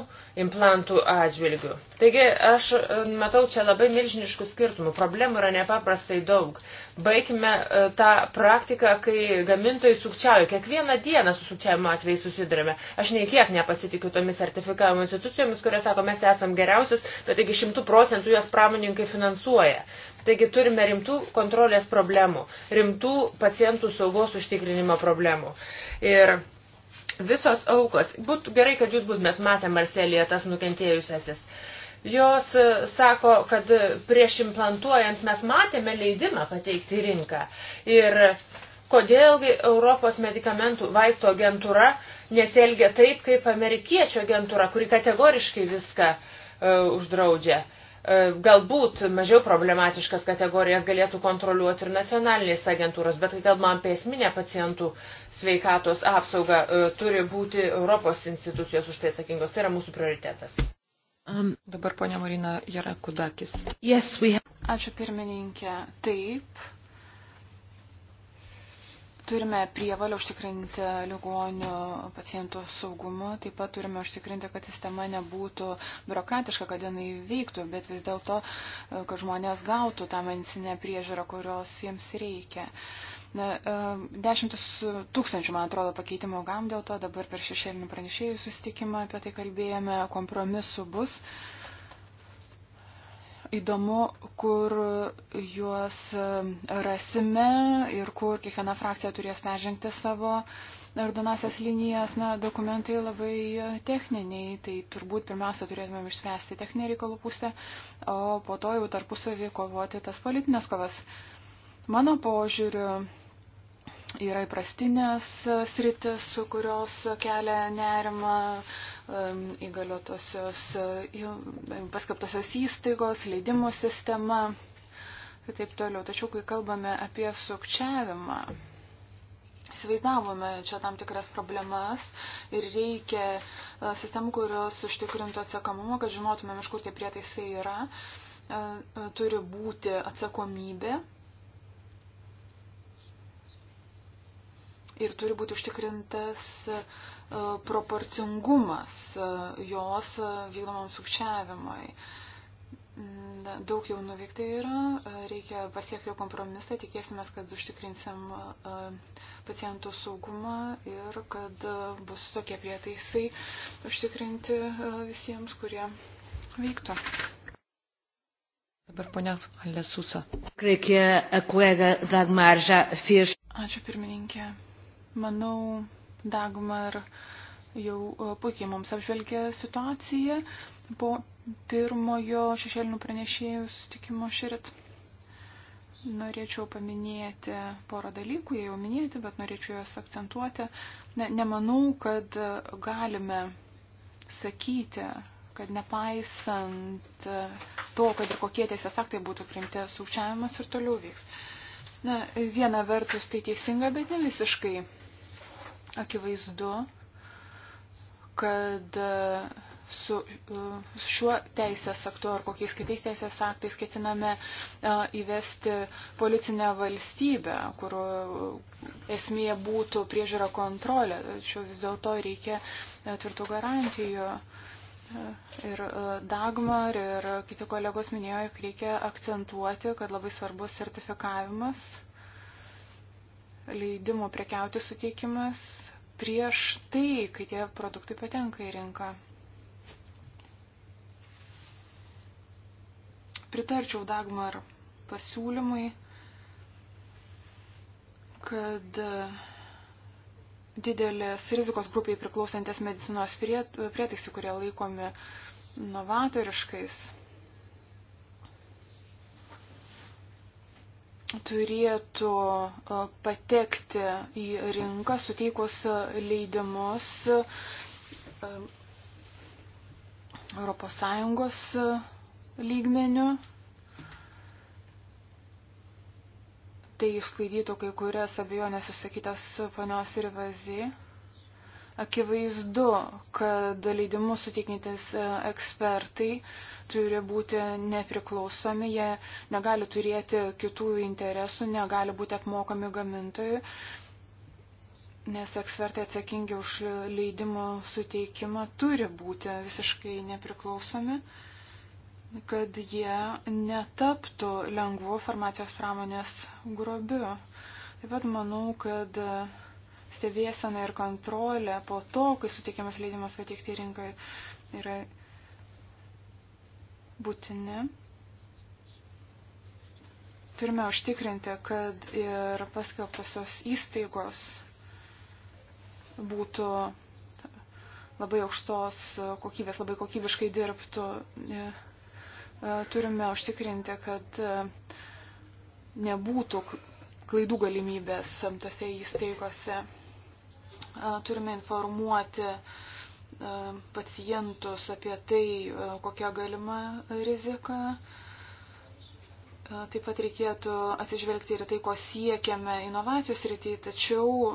implantų atžvilgių. Taigi aš e, matau čia labai milžiniškų skirtumų. Problemų yra nepaprastai daug. Baigime e, tą praktiką, kai gamintojai sukčiauja. Kiekvieną dieną su sukčiavimo atvejais susidurime. Aš nei kiek nepasitikiu tomis sertifikavimo institucijomis, kurios sako, mes esam geriausius, bet taigi šimtų procentų juos pramoninkai finansuoja. Taigi turime rimtų kontrolės problemų, rimtų pacientų saugos užtikrinimo problemų. Ir Visos aukos. Būtų gerai, kad jūs būtumėt matę Marselėje tas nukentėjusiasis. Jos e, sako, kad prieš implantuojant mes matėme leidimą pateikti rinką. Ir kodėlgi Europos medikamentų vaisto agentūra nesielgia taip, kaip amerikiečių agentūra, kuri kategoriškai viską uh, uždraudžia. Uh, E, galbūt mažiau problematiškas kategorijas galėtų kontroliuoti ir nacionalinės agentūros, bet kai kalbam apie esminę pacientų sveikatos apsaugą, e, turi būti Europos institucijos už tai atsakingos. Tai yra mūsų prioritetas. Um, dabar ponia Marina Jarakudakis. Yes, have... Ačiū pirmininkė. Taip, Turime prievalę užtikrinti ligonių pacientų saugumą, taip pat turime užtikrinti, kad sistema nebūtų biurokratiška, kad jinai veiktų, bet vis dėlto, e, kad žmonės gautų tą medicinę priežiūrą, kurios jiems reikia. Na, e, dešimtis tūkstančių, man atrodo, pakeitimų gavom dėl to, dabar per šešėlinį pranešėjų susitikimą apie tai kalbėjome, kompromisų bus. Uh, Įdomu, kur juos rasime ir kur kiekviena frakcija turės peržengti savo raudonasias linijas. Na, dokumentai labai techniniai, tai turbūt pirmiausia turėtumėm išspręsti techninį reikalų pusę, o po to jau tarpusavį kovoti tas politinės kovas. Mano požiūriu, yra įprastinės e, sritis, kurios kelia nerimą įgaliotosios e, paskaptosios įstaigos, leidimų sistema ir taip toliau. Tačiau, kai kalbame apie sukčiavimą, įsivaizdavome čia tam tikras problemas ir reikia e, sistemų, kurios užtikrintų atsakomumą, kad žinotumėm, iš kur tie prietaisai yra, turi būti atsakomybė ir turi būti užtikrintas e, proporcingumas e, jos e, vykdomam sukčiavimui. Mm, daug jau nuveikta yra, reikia pasiekti kompromisą, tikėsime, kad užtikrinsim pacientų saugumą ir kad bus tokie prietaisai užtikrinti visiems, kurie veiktų. Dabar ponia Alesusa. Ačiū pirmininkė. Manau, Dagmar jau e, puikiai mums apžvelgė situaciją po pirmojo šešėlinių pranešėjų sustikimo širit. Norėčiau paminėti porą dalykų, jie jau minėti, bet norėčiau juos akcentuoti. Ne, nemanau, kad galime sakyti, kad nepaisant to, kad ir kokie teisės aktai būtų priimti, sukčiavimas ir toliau vyks. Na, viena vertus tai teisinga, bet ne visiškai akivaizdu, kad e, e, su šiuo teisės aktu ar kokiais kitais teisės aktais ketiname e, įvesti policinę valstybę, kur esmė būtų priežiūra kontrolė, tačiau vis dėlto reikia tvirtų garantijų. Ir Dagmar ir kiti kolegos minėjo, jog reikia akcentuoti, kad labai svarbus sertifikavimas leidimų prekiauti suteikimas prieš tai, kai tie produktai patenka į rinką. Pritarčiau Dagmar pasiūlymui, kad didelės rizikos grupiai priklausantis medicinos prietaisai, kurie laikomi novatoriškais, turėtų e, patekti į rinką, suteikus leidimus ES lygmenių. Tai išsklaidytų kai kurias abejonės išsakytas panios ir vazijai. Akivaizdu, kad leidimus suteikintis e, ekspertai turi būti nepriklausomi, jie negali turėti kitų interesų, negali būti apmokami gamintojų, nes ekspertai atsakingi už leidimo suteikimą turi būti visiškai nepriklausomi kad jie netaptų lengvu farmacijos pramonės grobiu. Taip pat manau, kad stebėsena ir kontrolė po to, kai suteikiamas leidimas pateikti rinkai, yra būtini. Turime užtikrinti, kad ir paskelbtosios įstaigos būtų labai aukštos kokybės, labai kokybiškai dirbtų. E, e, turime užtikrinti, kad e, nebūtų klaidų galimybės tose įstaigose turime informuoti pacientus apie tai, kokia galima rizika. Taip pat reikėtų atsižvelgti ir tai, ko siekiame inovacijos rytyje, tačiau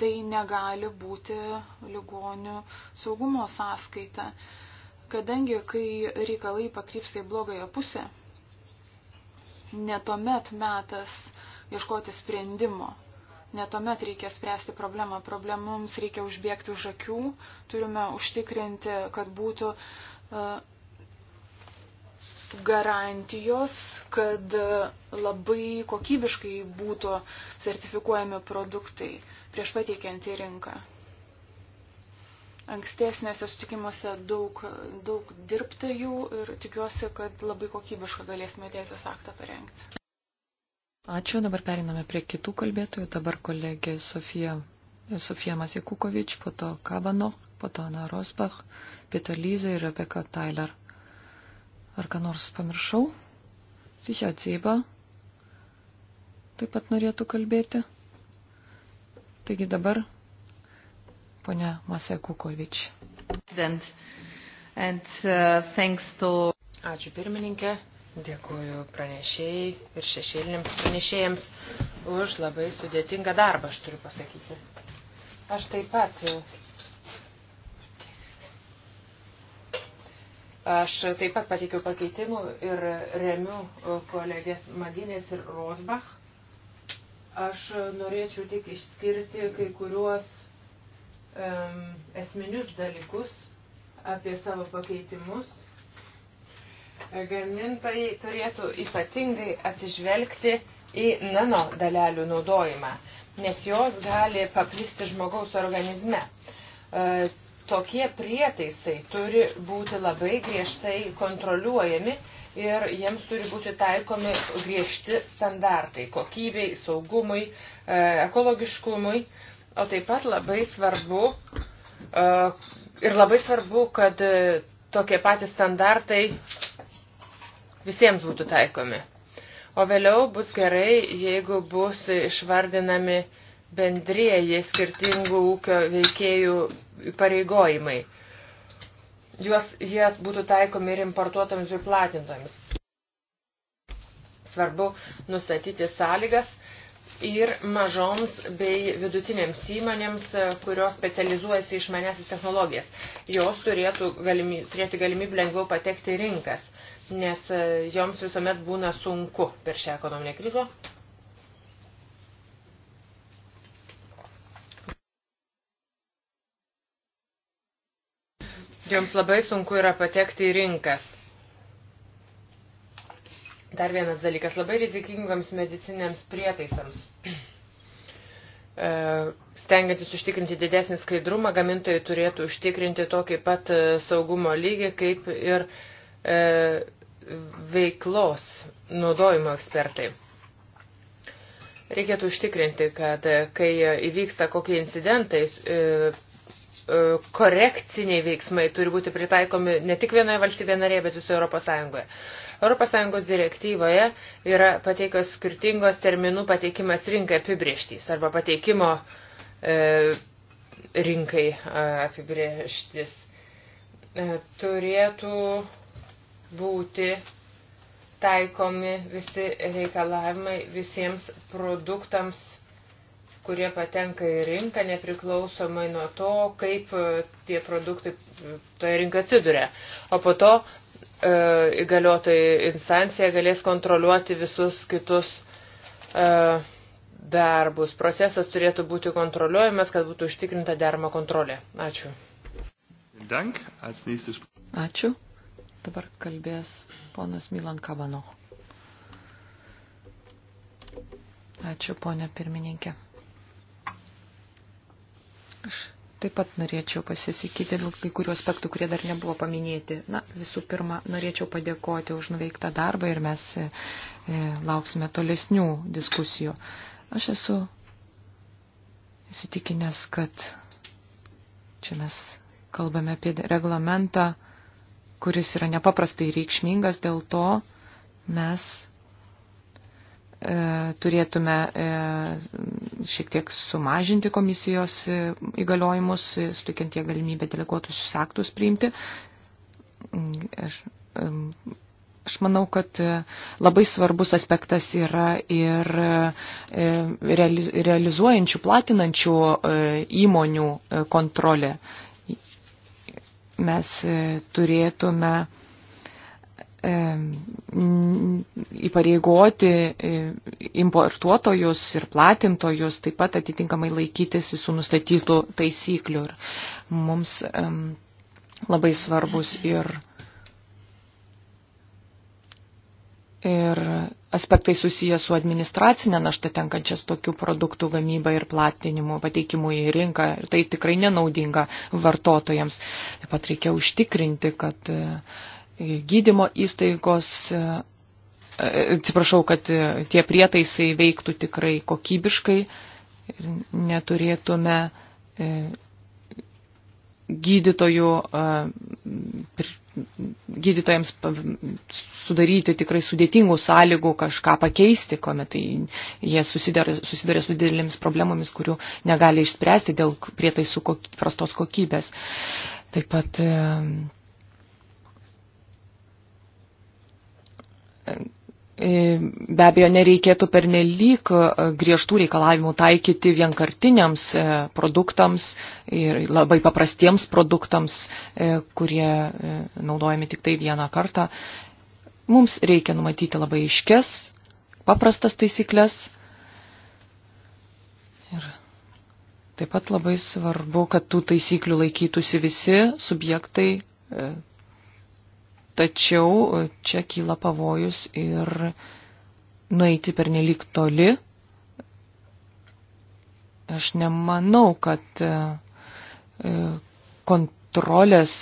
tai negali būti ligonių saugumo sąskaita, kadangi kai reikalai pakrypsta į blogąją pusę, netomet metas ieškoti sprendimo Netomet reikia spręsti problemą. Problemams reikia užbėgti už akių. Turime užtikrinti, kad būtų e, garantijos, kad e, labai kokybiškai būtų sertifikuojami produktai prieš pateikiant į rinką. Ankstesniuose sutikimuose daug, daug dirbta jų ir tikiuosi, kad labai kokybišką galėsime teisės aktą parengti. Ačiū, dabar periname prie kitų kalbėtojų. Dabar kolegė Sofija, Sofija Masikukovič, po to Kabano, po to Ana Rosbach, Peter Lyze ir Rebecca Tyler. Ar ką nors pamiršau? Richard Zeiba taip pat norėtų kalbėti. Taigi dabar ponia Masekukovič. And, uh, to... Ačiū pirmininkė. Dėkuoju pranešėjai ir šešėliniams pranešėjams už labai sudėtingą darbą, aš turiu pasakyti. Aš taip pat. Aš taip pat pateikiau pakeitimų ir remiu kolegės Maginės ir Rosbach. Aš norėčiau tik išskirti kai kuriuos um, esminius dalykus apie savo pakeitimus Gamintojai turėtų ypatingai atsižvelgti į nano dalelių naudojimą, nes jos gali paplisti žmogaus organizme. E, tokie prietaisai turi būti labai griežtai kontroliuojami ir jiems turi būti taikomi griežti standartai kokybei, saugumui, e, ekologiškumui, o taip pat labai svarbu e, ir labai svarbu, kad tokie patys standartai visiems būtų taikomi. O vėliau bus gerai, jeigu bus išvardinami bendrieji skirtingų ūkio veikėjų pareigojimai. Juos, jie būtų taikomi ir importuotojams ir platintojams. Svarbu nustatyti sąlygas ir mažoms bei vidutinėms įmonėms, kurios specializuojasi išmanesis technologijas. Jos turėtų galimy, turėti galimybę lengviau patekti į rinkas nes e, joms visuomet būna sunku per šią ekonominę krizę. Joms labai sunku yra patekti į rinkas. Dar vienas dalykas, labai rizikingams mediciniams prietaisams. E, stengiantis užtikrinti didesnį skaidrumą, gamintojai turėtų užtikrinti tokį pat e, saugumo lygį, kaip ir e, veiklos naudojimo ekspertai. Reikėtų užtikrinti, kad kai įvyksta kokie incidentai, e, e, korekciniai veiksmai turi būti pritaikomi ne tik vienoje valstybėje narėje, bet visoje Europos Sąjungoje. Europos Sąjungos direktyvoje yra pateikios skirtingos terminų pateikimas rinkai apibrieštys arba pateikimo e, rinkai apibrieštys. E, turėtų būti taikomi visi reikalavimai visiems produktams, kurie patenka į rinką, nepriklausomai nuo to, kaip e, tie produktai toje rinkoje atsiduria. O po to e, įgaliotojai instancija galės kontroliuoti visus kitus e, darbus. Procesas turėtų būti kontroliuojamas, kad būtų užtikrinta derma kontrolė. Ačiū. Ačiū. Dabar kalbės ponas Milan Kabanoch. Ačiū, ponė pirmininkė. Aš taip pat norėčiau pasisakyti dėl kai kurių aspektų, kurie dar nebuvo paminėti. Na, visų pirma, norėčiau padėkoti už nuveiktą darbą ir mes e, e lauksime tolesnių diskusijų. Aš esu įsitikinęs, kad čia mes kalbame apie reglamentą kuris yra nepaprastai reikšmingas, dėl to mes e, turėtume e, šiek tiek sumažinti komisijos e, įgaliojimus, e, sutikiant jie galimybę deleguotusius aktus priimti. Aš, e, Aš manau, kad e, labai svarbus aspektas yra ir realizuojančių, platinančių įmonių kontrolė mes e, turėtume e, įpareigoti e, importuotojus ir platintojus taip pat atitinkamai laikytis visų nustatytų taisyklių. Ir mums labai svarbus ir, ir aspektai susijęs su administracinė našta tenkančias tokių produktų gamybą ir platinimu, pateikimu į rinką. Ir tai tikrai nenaudinga vartotojams. Taip pat reikia užtikrinti, kad e, gydimo įstaigos, e, e, atsiprašau, kad tie prietaisai veiktų tikrai kokybiškai ir neturėtume gydytojų gydytojams sudaryti tikrai sudėtingų sąlygų kažką pakeisti, kuomet tai jie susiduria su didelėmis problemomis, kurių negali išspręsti dėl prietaisų kok, prastos kokybės. Taip pat E, be abejo, nereikėtų pernelyg e, griežtų reikalavimų taikyti vienkartiniams e, produktams ir labai paprastiems produktams, kurie naudojami tik tai vieną kartą. Mums reikia numatyti labai iškes, paprastas taisyklės. Ir taip pat labai svarbu, kad tų taisyklių laikytųsi visi subjektai Tačiau e, čia kyla pavojus ir nueiti per nelik toli. Aš nemanau, kad e, e, kontrolės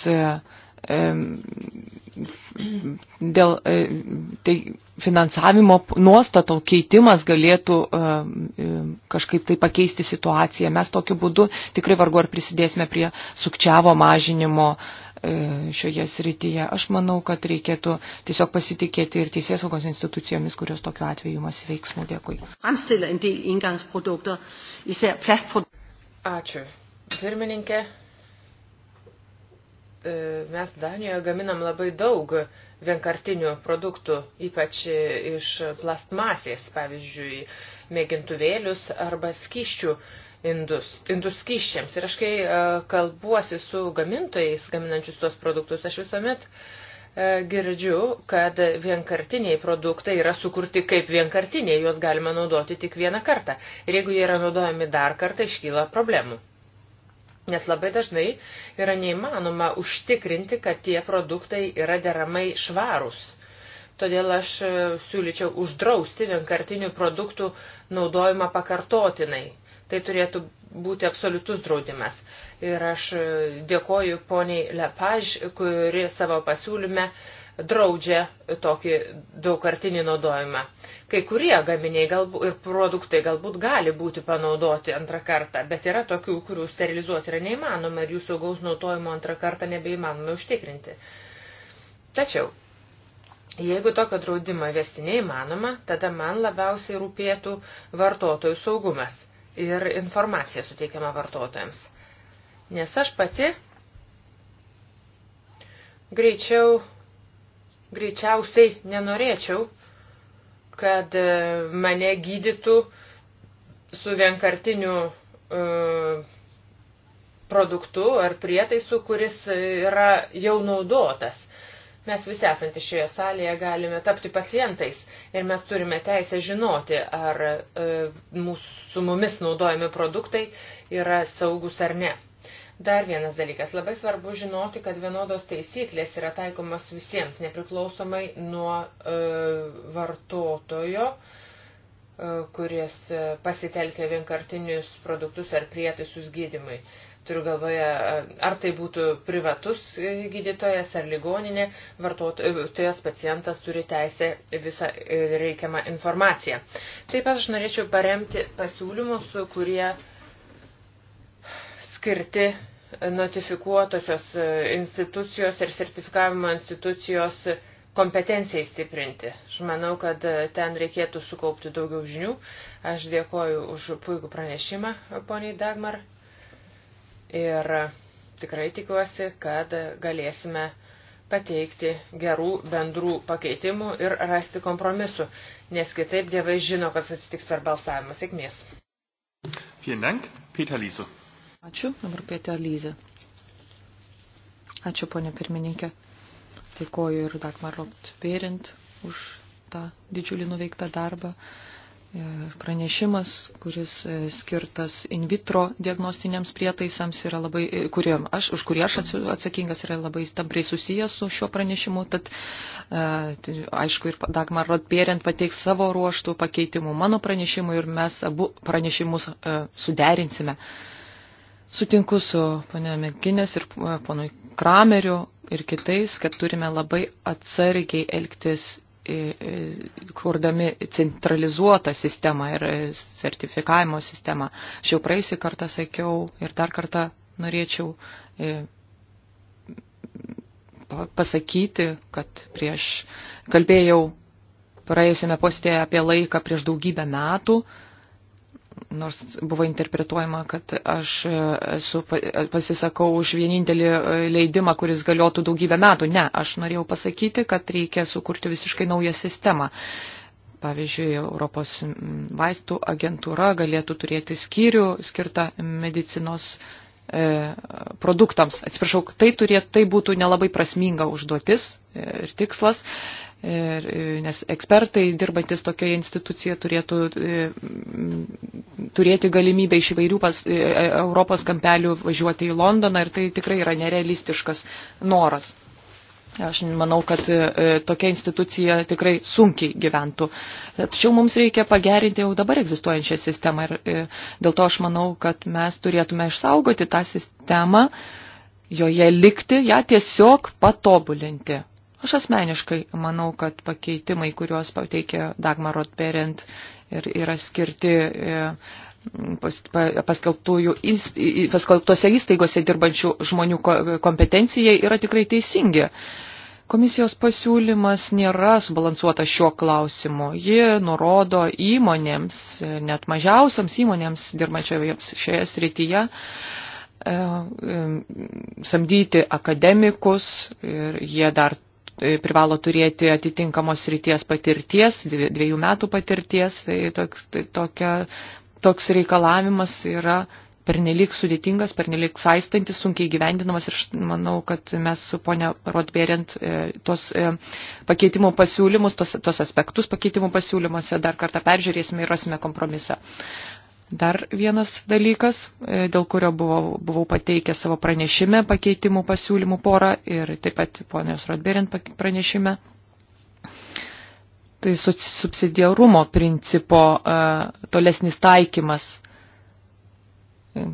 dėl tai finansavimo nuostatų keitimas galėtų kažkaip tai pakeisti situaciją. Mes tokiu būdu tikrai vargu ar prisidėsime prie sukčiavo mažinimo E, šioje srityje. Aš manau, kad reikėtų tiesiog pasitikėti ir teisėsaugos institucijomis, kurios tokiu atveju imasi veiksmų. Dėkui. Ačiū. Pirmininkė, e, mes Danijoje gaminam labai daug vienkartinių produktų, ypač iš plastmasės, pavyzdžiui, mėgintuvėlius arba skyščių indus, indus skyščiams. Ir aš kai e, kalbuosi su gamintojais, gaminančius tuos produktus, aš visuomet e, girdžiu, kad vienkartiniai produktai yra sukurti kaip vienkartiniai, juos galima naudoti tik vieną kartą. Ir jeigu jie yra naudojami dar kartą, iškyla problemų. Nes labai dažnai yra neįmanoma užtikrinti, kad tie produktai yra deramai švarūs. Todėl aš e, siūlyčiau uždrausti vienkartinių produktų naudojimą pakartotinai. Tai turėtų būti absoliutus draudimas. Ir aš dėkoju poniai Lepaž, kuri savo pasiūlyme draudžia tokį daugkartinį naudojimą. Kai kurie gaminiai galbūt, ir produktai galbūt gali būti panaudoti antrą kartą, bet yra tokių, kurių sterilizuoti yra neįmanoma ir jų saugaus naudojimo antrą kartą nebeįmanoma užtikrinti. Tačiau, jeigu tokio draudimo vesti neįmanoma, tada man labiausiai rūpėtų vartotojų saugumas ir informacija suteikiama vartotojams. Nes aš pati greičiau, greičiausiai nenorėčiau, kad e, mane gydytų su vienkartiniu e, produktu ar prietaisu, kuris yra jau naudotas. Mes visi esantys šioje salėje galime tapti pacientais ir mes turime teisę žinoti, ar e, mūsų, su mumis naudojami produktai yra saugus ar ne. Dar vienas dalykas. Labai svarbu žinoti, kad vienodos taisyklės yra taikomas visiems, nepriklausomai nuo e, vartotojo, e, kuris e, pasitelkia vienkartinius produktus ar prietaisus gydimui. E, turiu galvoje, ar tai būtų privatus gydytojas ar ligoninė, vartotojas e, pacientas turi teisę visą e, reikiamą informaciją. Taip pat aš norėčiau paremti pasiūlymus, kurie skirti notifikuotosios e, institucijos ir sertifikavimo institucijos kompetencijai stiprinti. Aš manau, kad ten reikėtų sukaupti daugiau žinių. Aš dėkoju už puikų pranešimą, poniai Dagmar, ir tikrai tikiuosi, kad galėsime pateikti gerų bendrų pakeitimų ir rasti kompromisų, nes kitaip dievai žino, kas atsitiks per balsavimą. Sėkmės. Dank, Peter Lyse. Ačiū, dabar Peter Lyze. Ačiū, ponė pirmininkė. Dėkoju ir Dagmar Robt Perint už tą didžiulį nuveiktą darbą. E, pranešimas, kuris e, skirtas in vitro diagnostiniams prietaisams, yra labai, e, kurie, aš, už kurį aš atsakingas, yra labai tampriai susijęs su šiuo pranešimu. Tad, tai aišku, ir Dagmar Rodperent pateiks savo ruoštų pakeitimų mano pranešimui ir mes abu pranešimus suderinsime. Sutinku su ponio Mekinės ir ponui Krameriu ir kitais, kad turime labai atsargiai elgtis kurdami centralizuotą sistemą ir sertifikavimo sistemą. Aš jau praeisį kartą sakiau ir dar kartą norėčiau e, pasakyti, kad prieš kalbėjau praėjusiame postėje apie laiką prieš daugybę metų nors buvo interpretuojama, kad aš esu, pasisakau už vienintelį e, leidimą, kuris galiotų daugybę metų. Ne, aš norėjau pasakyti, kad reikia sukurti visiškai naują sistemą. Pavyzdžiui, Europos vaistų agentūra galėtų turėti skyrių skirtą medicinos e, produktams. Atsiprašau, tai, turėt, tai būtų nelabai prasminga užduotis e, ir tikslas, Ir, e, nes ekspertai dirbantis tokioje institucijoje turėtų e, turėti galimybę iš įvairių pas, e, Europos kampelių važiuoti į Londoną ir tai tikrai yra nerealistiškas noras. Aš manau, kad tokia institucija tikrai sunkiai gyventų. Tačiau mums reikia pagerinti jau dabar egzistuojančią sistemą ir dėl to aš manau, kad mes turėtume išsaugoti tą sistemą, joje likti, ją tiesiog patobulinti. Aš asmeniškai manau, kad pakeitimai, kuriuos pateikė Dagmar Rotberent ir yra skirti e, paskelbtose įstaigose dirbančių žmonių kompetencijai, yra tikrai teisingi. Komisijos pasiūlymas nėra subalansuotas šiuo klausimu. Ji nurodo įmonėms, net mažiausiams įmonėms dirbančioms šioje srityje, e, e, samdyti akademikus ir jie dar E, privalo turėti atitinkamos ryties patirties, dviejų metų patirties, tai, toks, tai tokia, toks reikalavimas yra pernelik sudėtingas, pernelik saistantis, sunkiai gyvendinamas ir manau, kad mes su ponia Rotberint e, tos e, pakeitimų pasiūlymus, tos, tos aspektus pakeitimų pasiūlymuose dar kartą peržiūrėsime ir rasime kompromisą. Dar vienas dalykas, e, dėl kurio buvau, buvau pateikę savo pranešime pakeitimų pasiūlymų porą ir taip pat ponios Rodberint pranešime. Tai subsidiarumo principo e, tolesnis taikymas e,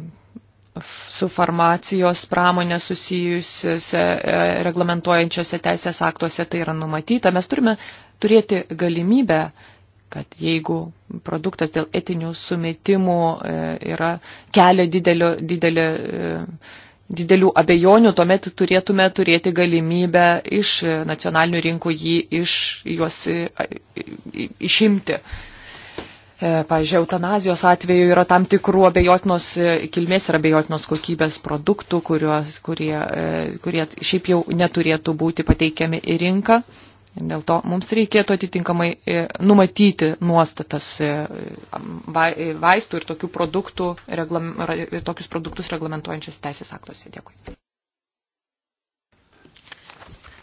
su farmacijos pramonė susijusiuose reglamentuojančiose teisės aktuose tai yra numatyta. Mes turime turėti galimybę kad jeigu produktas dėl etinių sumetimų e, yra kelia didelio, didelio, e, didelių abejonių, tuomet turėtume turėti galimybę iš nacionalinių rinkų jį iš, juos e, išimti. Pavyzdžiui, eutanazijos atveju yra tam tikrų abejotinos kilmės ir abejotinos kokybės produktų, kuriuos, kurie, kurie šiaip jau neturėtų būti pateikiami į rinką. Dėl to mums reikėtų atitinkamai e, numatyti nuostatas e, e, vaistų ir, tokių produktų, ir tokius produktus reglamentuojančias teisės aktuose. Dėkui.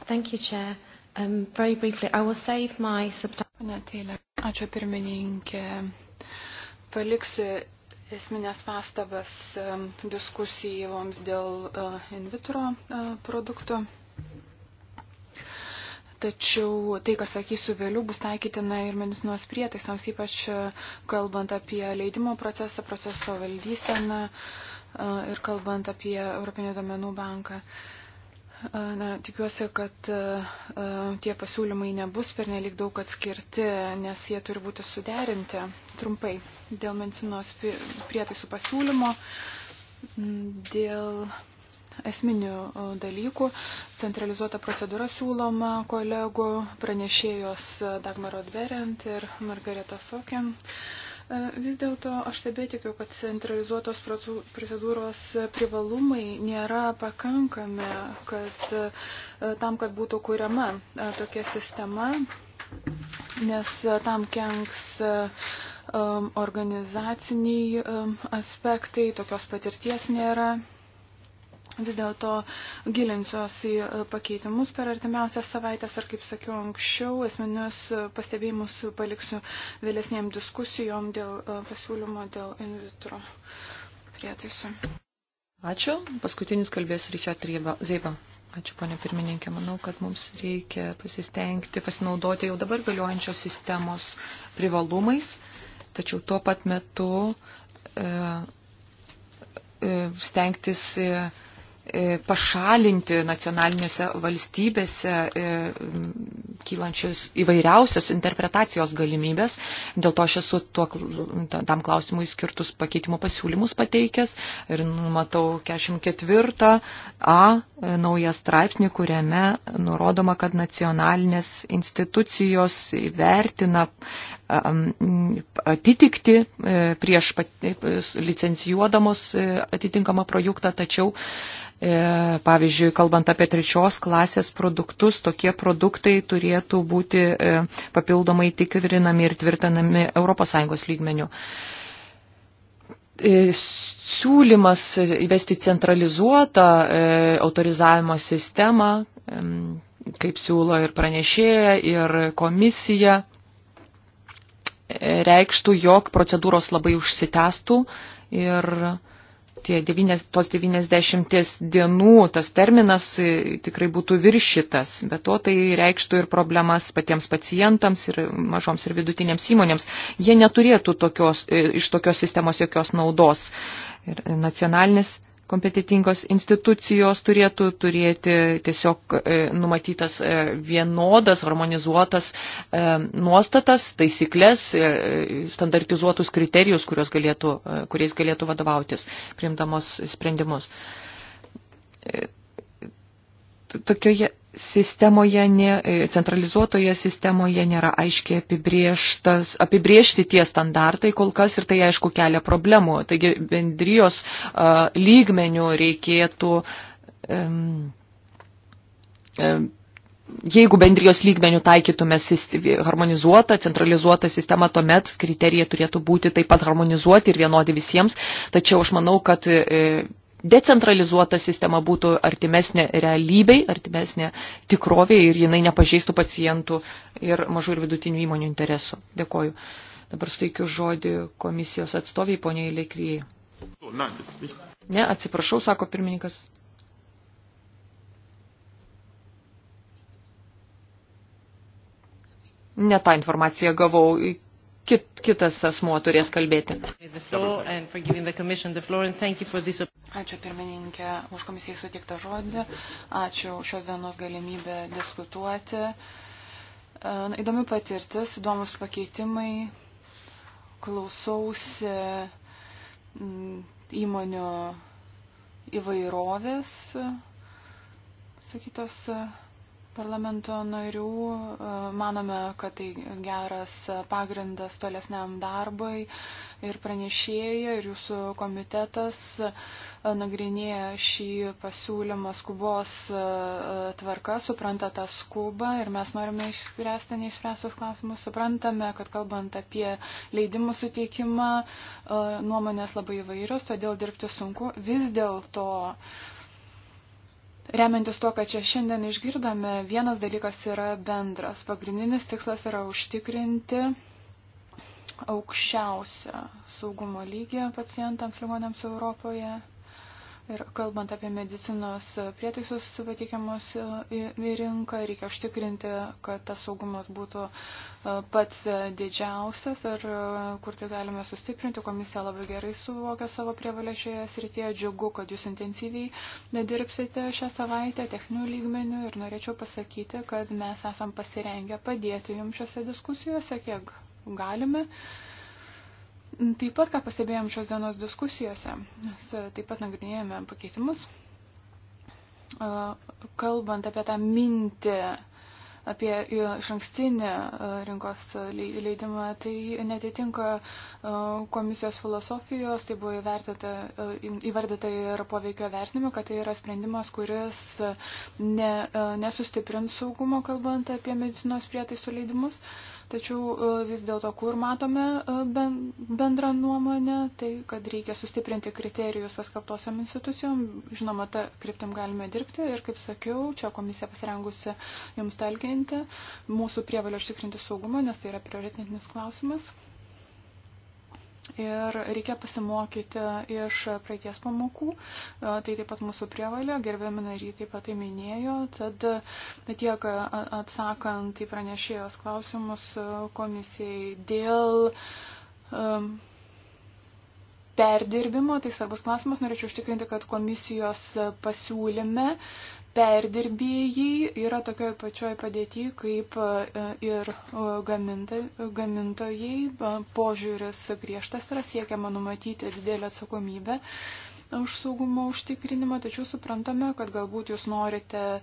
Thank you, Chair. Um, very briefly, I will save my substantive. Ačiū pirmininkė. Paliksiu esminės pastabas um, diskusijoms dėl uh, in vitro uh, produktų. Tačiau tai, kas sakysiu vėliau, bus taikytina ir medicinos prietaisams, ypač e, kalbant apie leidimo procesą, proceso valdyseną e, ir kalbant apie Europinio domenų banką. E, na, tikiuosi, kad tie pasiūlymai nebus pernelik daug atskirti, nes jie turi būti suderinti trumpai dėl medicinos prietaisų pasiūlymo, dėl esminių e, dalykų. Centralizuota procedūra siūloma kolegų pranešėjos e, Dagmaro Dverent ir Margareta Sokiam. E, vis dėlto aš tebetikiu, kad centralizuotos procedūros privalumai nėra pakankami, kad tam, kad būtų kuriama tokia sistema, nes tam kenks organizaciniai aspektai, tokios patirties nėra vis dėlto gilinsiuos į e, pakeitimus per artimiausias savaitės ar, kaip sakiau anksčiau, esminius e, pastebėjimus paliksiu vėlesniem diskusijom dėl e, pasiūlymo dėl in vitro prietaisų. Ačiū. Paskutinis kalbės Ryčia Zeiba. Ačiū, ponė pirmininkė. Manau, kad mums reikia pasistengti, pasinaudoti jau dabar galiojančios sistemos privalumais, tačiau tuo pat metu e, e, stengtis. E, E, pašalinti nacionalinėse valstybėse e, kylančius įvairiausios interpretacijos galimybės. Dėl to aš esu tuo, tam klausimui skirtus pakeitimų pasiūlymus pateikęs ir matau 44 A naują straipsnį, kuriame nurodoma, kad nacionalinės institucijos vertina atitikti e, prieš e, licencijuodamos e, atitinkamą produktą, tačiau, pavyzdžiui, kalbant apie trečios klasės produktus, tokie produktai turėtų būti papildomai tikrinami ir tvirtinami ES lygmeniu. E, siūlymas įvesti centralizuotą e, autorizavimo sistemą, kaip siūlo ir pranešėja, ir komisija, e, reikštų, jog procedūros labai užsitęstų ir tie 9, tos 90 dienų tas terminas e, tikrai būtų viršytas, bet to tai reikštų ir problemas patiems pacientams ir mažoms ir vidutinėms įmonėms. Jie neturėtų tokios, e, iš tokios sistemos jokios naudos. Ir nacionalinis kompetitingos institucijos turėtų turėti tiesiog e, numatytas e, vienodas, harmonizuotas e, nuostatas, taisyklės, standartizuotus kriterijus, galėtų, kuriais galėtų vadovautis priimdamos sprendimus. Tokioje sistemoje, nė, e, centralizuotoje sistemoje nėra aiškiai apibriežti tie standartai kol kas ir tai aišku kelia problemų. Taigi bendrijos uh, lygmenių reikėtų. Um, um, Jeigu bendrijos lygmenių taikytume harmonizuotą, centralizuotą sistemą, tuomet kriterijai turėtų būti taip pat harmonizuoti ir vienodi visiems. Tačiau aš manau, kad uh, decentralizuota sistema būtų artimesnė realybei, artimesnė tikroviai ir jinai nepažeistų pacientų ir mažų ir vidutinių įmonių interesų. Dėkoju. Dabar suteikiu žodį komisijos atstoviai poniai Lekrijai. Oh, ne, atsiprašau, sako pirmininkas. Ne tą informaciją gavau, kit, kitas asmuo turės kalbėti. Ačiū pirmininkė už komisijai sutiktą žodį, ačiū šios dienos galimybę diskutuoti. E, įdomi patirtis, įdomus pakeitimai, klausausi įmonių įvairovės, sakytos parlamento narių. E, manome, kad tai geras pagrindas tolesniam darbui ir pranešėja, ir jūsų komitetas e, nagrinėja šį pasiūlymą skubos e, tvarka, supranta tą skubą ir mes norime išspręsti neišspręstas klausimus. Suprantame, kad kalbant apie leidimų suteikimą, nuomonės labai įvairios, todėl dirbti sunku. Vis dėlto Remiantis tuo, kad čia šiandien išgirdome, vienas dalykas yra bendras. Pagrindinis tikslas yra užtikrinti aukščiausią saugumo lygį pacientams ligonėms Europoje. Ir kalbant apie medicinos prietaisus pateikiamus į rinką, reikia užtikrinti, kad tas saugumas būtų e, pats didžiausias ir e, kur tai galime sustiprinti. Komisija labai gerai suvokia savo prievalę šioje srityje. Džiugu, kad jūs intensyviai dirbsite šią savaitę techninių lygmenių ir norėčiau pasakyti, kad mes esam pasirengę padėti jums šiuose diskusijose, kiek galime. Uh, Taip pat, ką pastebėjom šios dienos diskusijose, mes e, taip pat nagrinėjome pakeitimus, kalbant apie tą mintį, apie iš ankstinį e, rinkos leidimą, tai netitinka e, komisijos filosofijos, tai buvo įvertita, įvardyta ir poveikio vertinimo, kad tai yra sprendimas, kuris ne, nesustiprins saugumo, kalbant apie medicinos prietaisų leidimus. Uh, Tačiau e, vis dėlto, kur matome e, bendrą nuomonę, tai kad reikia sustiprinti kriterijus paskaptosiam institucijom. Žinoma, tą kryptim galime dirbti ir, kaip sakiau, čia komisija pasirengusi jums talginti. Mūsų prievalio užtikrinti saugumą, nes tai yra prioritetinis klausimas. Ir reikia pasimokyti iš praeities pamokų, tai taip pat mūsų prievalė, gerbiami nariai taip pat tai minėjo, tad tiek atsakant į pranešėjos klausimus komisijai dėl um, perdirbimo, tai svarbus klausimas, norėčiau užtikrinti, kad komisijos pasiūlyme perdirbėjai yra tokioje pačioje padėtyje kaip e, ir e, gamintojai. Požiūris griežtas yra siekiama numatyti didelę atsakomybę už saugumo užtikrinimą, tačiau suprantame, kad galbūt jūs norite e,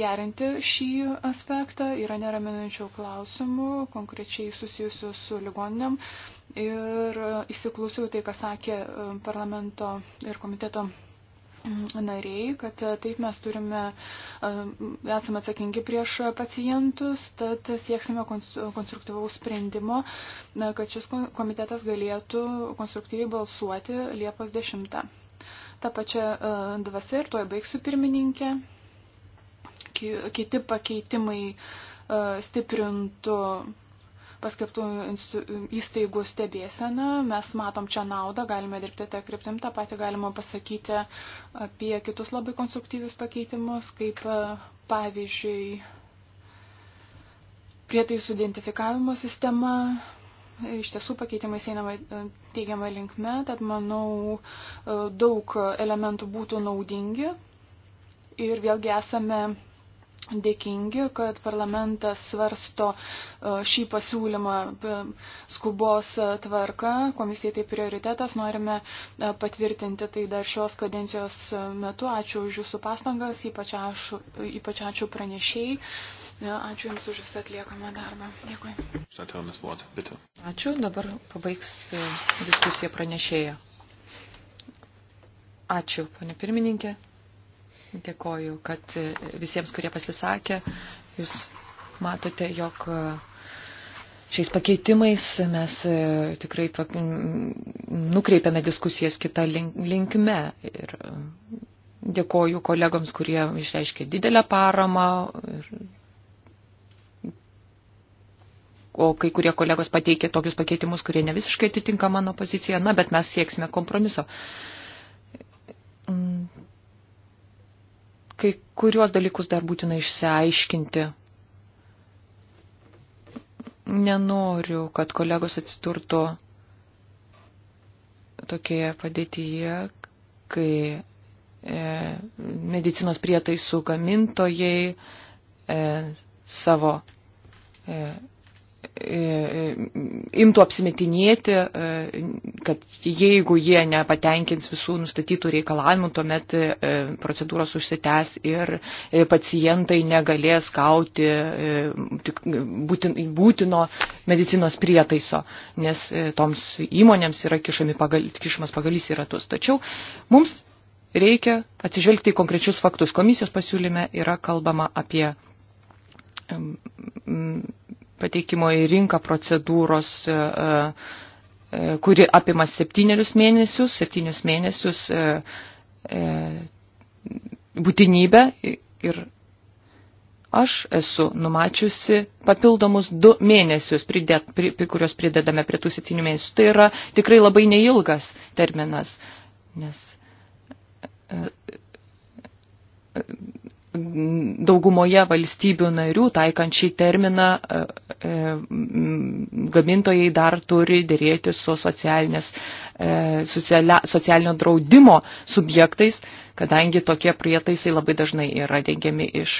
gerinti šį aspektą. Yra neraminančių klausimų, konkrečiai susijusių su ligoniniam. Ir įsiklausiau tai, ką sakė parlamento ir komiteto nariai, kad e, taip mes turime, e, esame atsakingi prieš pacientus, tad sieksime konstruktyvaus sprendimo, kad šis komitetas galėtų konstruktyviai balsuoti Liepos 10. Ta pačia e, dvasia ir toje baigsiu pirmininkė. Kiti pakeitimai stiprintų paskirtų įstaigų stebėseną. Mes matom čia naudą, galime dirbti tą kryptim, tą patį galima pasakyti apie kitus labai konstruktyvius pakeitimus, kaip e, pavyzdžiui prietaisų identifikavimo sistema. Iš tiesų pakeitimais einama e, teigiama linkme, tad manau e, daug elementų būtų naudingi. Ir vėlgi esame dėkingi, kad parlamentas svarsto e, šį pasiūlymą e, skubos e, tvarka, komisijai tai prioritetas, norime patvirtinti tai dar šios kadencijos metu. Ačiū už jūsų pastangas, ypač ačiū, ypač ačiū pranešiai, ačiū Jums už Jūsų atliekamą darbą. Dėkui. Ačiū, dabar pabaigs diskusiją pranešėja. Ačiū, ponė pirmininkė. Dėkoju, kad e, visiems, kurie pasisakė, jūs matote, jog e, šiais pakeitimais mes e, tikrai nukreipiame diskusijas kitą linkme. Ir dėkoju kolegoms, kurie išreiškė didelę paramą. O kai kurie kolegos pateikė tokius pakeitimus, kurie ne visiškai atitinka mano poziciją, na, bet mes sieksime kompromiso. Uh, kai kuriuos dalykus dar būtina išsiaiškinti. Nenoriu, kad kolegos atsidurtų tokioje padėtyje, kai e, medicinos prietaisų gamintojai e, savo e, E, e, imtų apsimetinėti, e, kad jeigu jie nepatenkins visų nustatytų reikalavimų, tuomet procedūros užsitęs ir pacientai negalės gauti būtino medicinos prietaiso, nes toms įmonėms yra pagal, kišamas pagalys į ratus. Tačiau mums reikia atsižvelgti į konkrečius faktus. Komisijos pasiūlyme yra kalbama apie pateikimo į rinką procedūros, e, e, kuri apima septynerius mėnesius, septynius mėnesius e, būtinybę ir aš esu numačiusi papildomus du mėnesius, pridėt, pri, kurios pridedame prie tų septynių mėnesių. Tai yra tikrai labai neilgas terminas, nes daugumoje valstybių narių, taikant šį terminą, e, e, gamintojai dar turi dėrėti su e, socialia, socialinio draudimo subjektais, kadangi tokie prietaisai labai dažnai yra dengiami iš,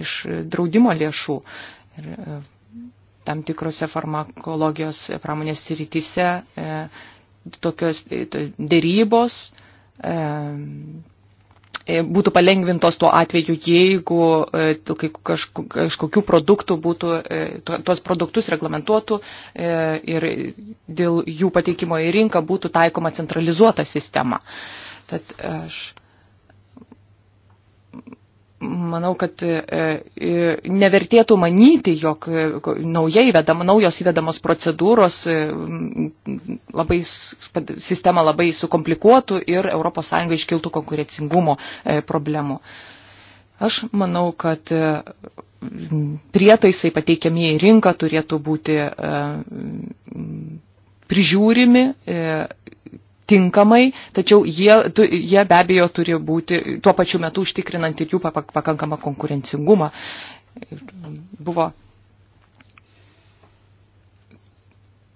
iš draudimo lėšų. Ir tam tikrose farmakologijos pramonės rytise tokios dėrybos E, būtų palengvintos tuo atveju, jeigu e, kažkokių produktų būtų, e, tuos produktus reglamentuotų ir dėl jų pateikimo į rinką būtų taikoma centralizuota sistema. Tad aš manau, kad e, e, nevertėtų manyti, jog e, naujai vedama, naujos įvedamos procedūros labai, sistema labai sukomplikuotų ir ES iškiltų konkurencingumo problemų. Aš manau, kad prietaisai pateikiami į rinką turėtų būti prižiūrimi tinkamai, tačiau jie, tu, jie be abejo turi būti tuo pačiu metu užtikrinant ir jų pakankamą konkurencingumą. Buvo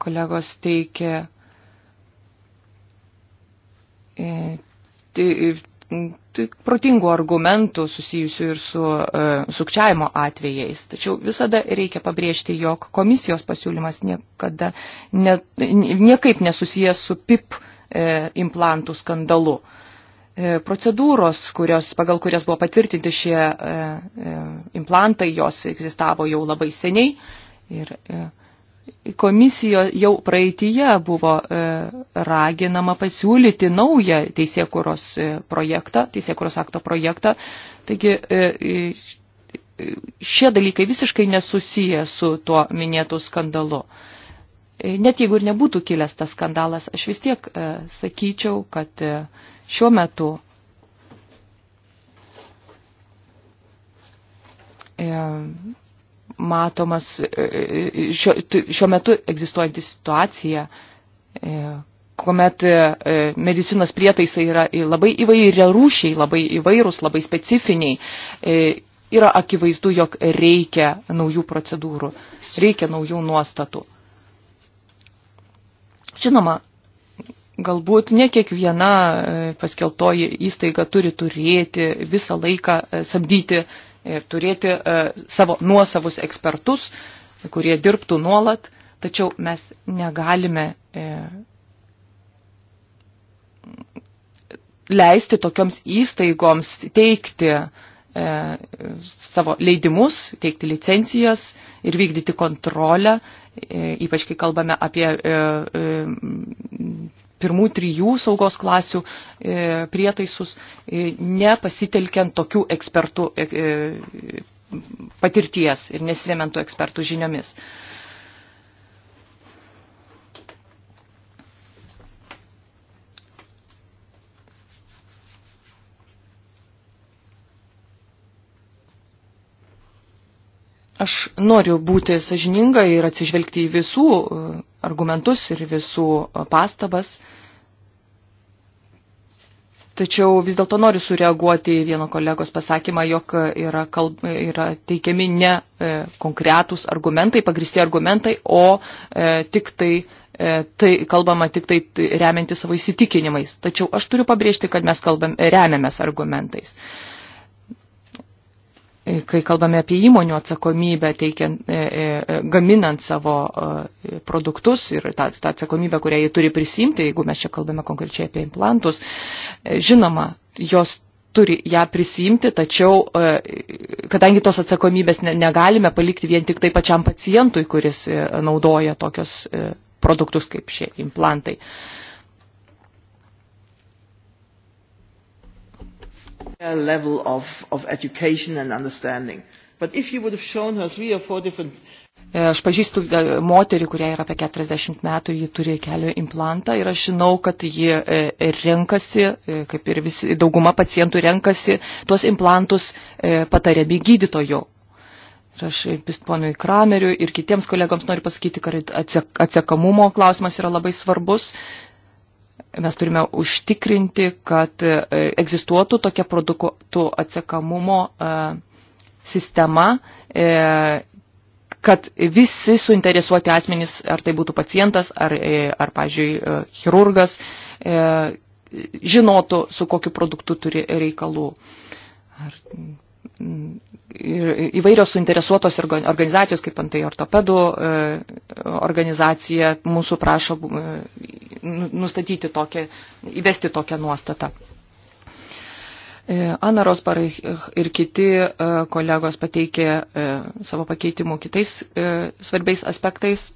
kolegos teikė e, protingų argumentų susijusių ir su e, sukčiavimo atvejais. Tačiau visada reikia pabrėžti, jog komisijos pasiūlymas niekada, ne, niekaip nesusijęs su PIP e, E, implantų skandalu. E, procedūros, kurios, pagal kurias buvo patvirtinti šie e, implantai, jos egzistavo jau labai seniai ir komisijo jau praeitįje buvo raginama pasiūlyti naują teisėkuros projektą, teisėkuros akto projektą. Taigi šie dalykai visiškai nesusiję su tuo minėtu skandalu net jeigu ir nebūtų kilęs tas skandalas, aš vis tiek e, sakyčiau, kad e, šiuo metu e, matomas, e, e šiuo, šiuo metu egzistuojanti situacija, e, kuomet e, e medicinos prietaisai yra labai įvairia rūšiai, labai įvairūs, labai specifiniai. E, Yra akivaizdu, jog reikia naujų procedūrų, reikia naujų nuostatų. Žinoma, galbūt ne kiekviena e, paskeltoji įstaiga turi turėti visą laiką e, samdyti ir turėti e, savo nuosavus ekspertus, kurie dirbtų nuolat, tačiau mes negalime leisti tokioms įstaigoms teikti uh, E, savo leidimus, teikti licencijas ir vykdyti kontrolę, e, ypač kai kalbame apie e, pirmų trijų saugos klasių prietaisus, nepasitelkiant tokių ekspertų patirties ir nesiremiantų ekspertų žiniomis. Aš noriu būti sažininga ir atsižvelgti į visų e, argumentus ir visų e, pastabas. Tačiau vis dėlto noriu sureaguoti į vieno kolegos pasakymą, jog yra, kalb, yra teikiami ne e, konkretūs argumentai, pagristi argumentai, o e, tik tai, e, tai kalbama tik tai remianti savo įsitikinimais. Tačiau aš turiu pabrėžti, kad mes kalbam, remiamės argumentais. E, E, kai kalbame apie įmonių atsakomybę, teikiant, e, e, gaminant savo produktus ir tą, tą atsakomybę, kurią jie turi prisimti, jeigu mes čia kalbame konkrečiai apie implantus, žinoma, jos turi ją prisimti, tačiau kadangi tos atsakomybės negalime palikti vien tik tai pačiam pacientui, kuris naudoja tokius produktus kaip šie implantai. Uh, level of, of education and understanding. But if you would have shown her three or four different e, Aš pažįstu e, moterį, kuria yra apie 40 metų, ji turi kelio implantą ir aš žinau, kad ji e, renkasi, kaip ir visi, dauguma pacientų renkasi, tuos implantus patarėmi gydytojo. Ir aš ponui Krameriu ir kitiems kolegoms noriu pasakyti, kad atsiekamumo klausimas yra labai svarbus, mes turime užtikrinti, kad e, egzistuotų tokia produktų atsekamumo e, sistema, e, kad visi suinteresuoti asmenys, ar tai būtų pacientas, ar, ar pažiūrėjau, chirurgas, žinotų, su kokiu produktu turi reikalų. Ar įvairios suinteresuotos organizacijos, kaip antai ortopedų e, organizacija, mūsų prašo e, nu, nustatyti tokią, įvesti tokią nuostatą. E, Ana Rosbar ir kiti kolegos pateikė savo pakeitimų kitais svarbiais aspektais,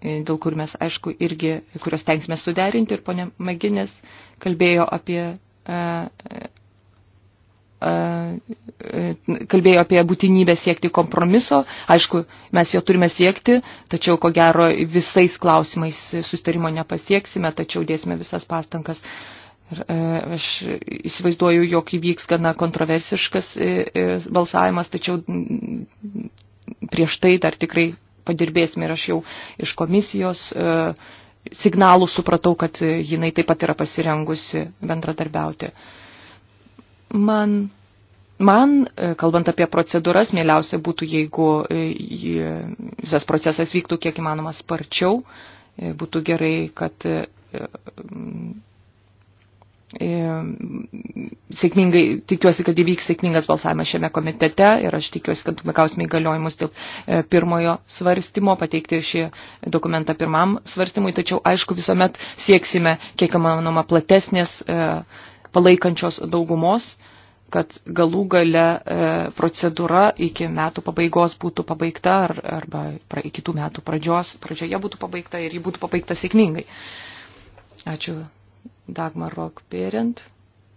dėl kur mes, aišku, irgi, kurios tenksime suderinti ir ponė Maginės kalbėjo apie E, kalbėjo apie būtinybę siekti kompromiso. Aišku, mes jo turime siekti, tačiau ko gero visais klausimais sustarimo nepasieksime, tačiau dėsime visas pastangas. Ir e, aš įsivaizduoju, jog įvyks gana kontroversiškas e, balsavimas, tačiau prieš tai dar tikrai padirbėsime ir aš jau iš komisijos signalų supratau, kad jinai taip pat yra pasirengusi bendradarbiauti. Man, man, e, kalbant apie procedūras, mieliausia būtų, jeigu e, visas procesas vyktų kiek įmanoma sparčiau. E, būtų gerai, kad sėkmingai, tikiuosi, kad įvyks sėkmingas balsavimas šiame komitete ir aš tikiuosi, kad gausime įgaliojimus dėl pirmojo svarstymo, pateikti šį dokumentą pirmam svarstymui, tačiau aišku visuomet sieksime kiek įmanoma platesnės uh, palaikančios daugumos, kad galų gale e, procedūra iki metų pabaigos būtų pabaigta ar, arba pra, kitų metų pradžios, pradžioje būtų pabaigta ir ji būtų pabaigta sėkmingai. Ačiū Dagmar Rokperint.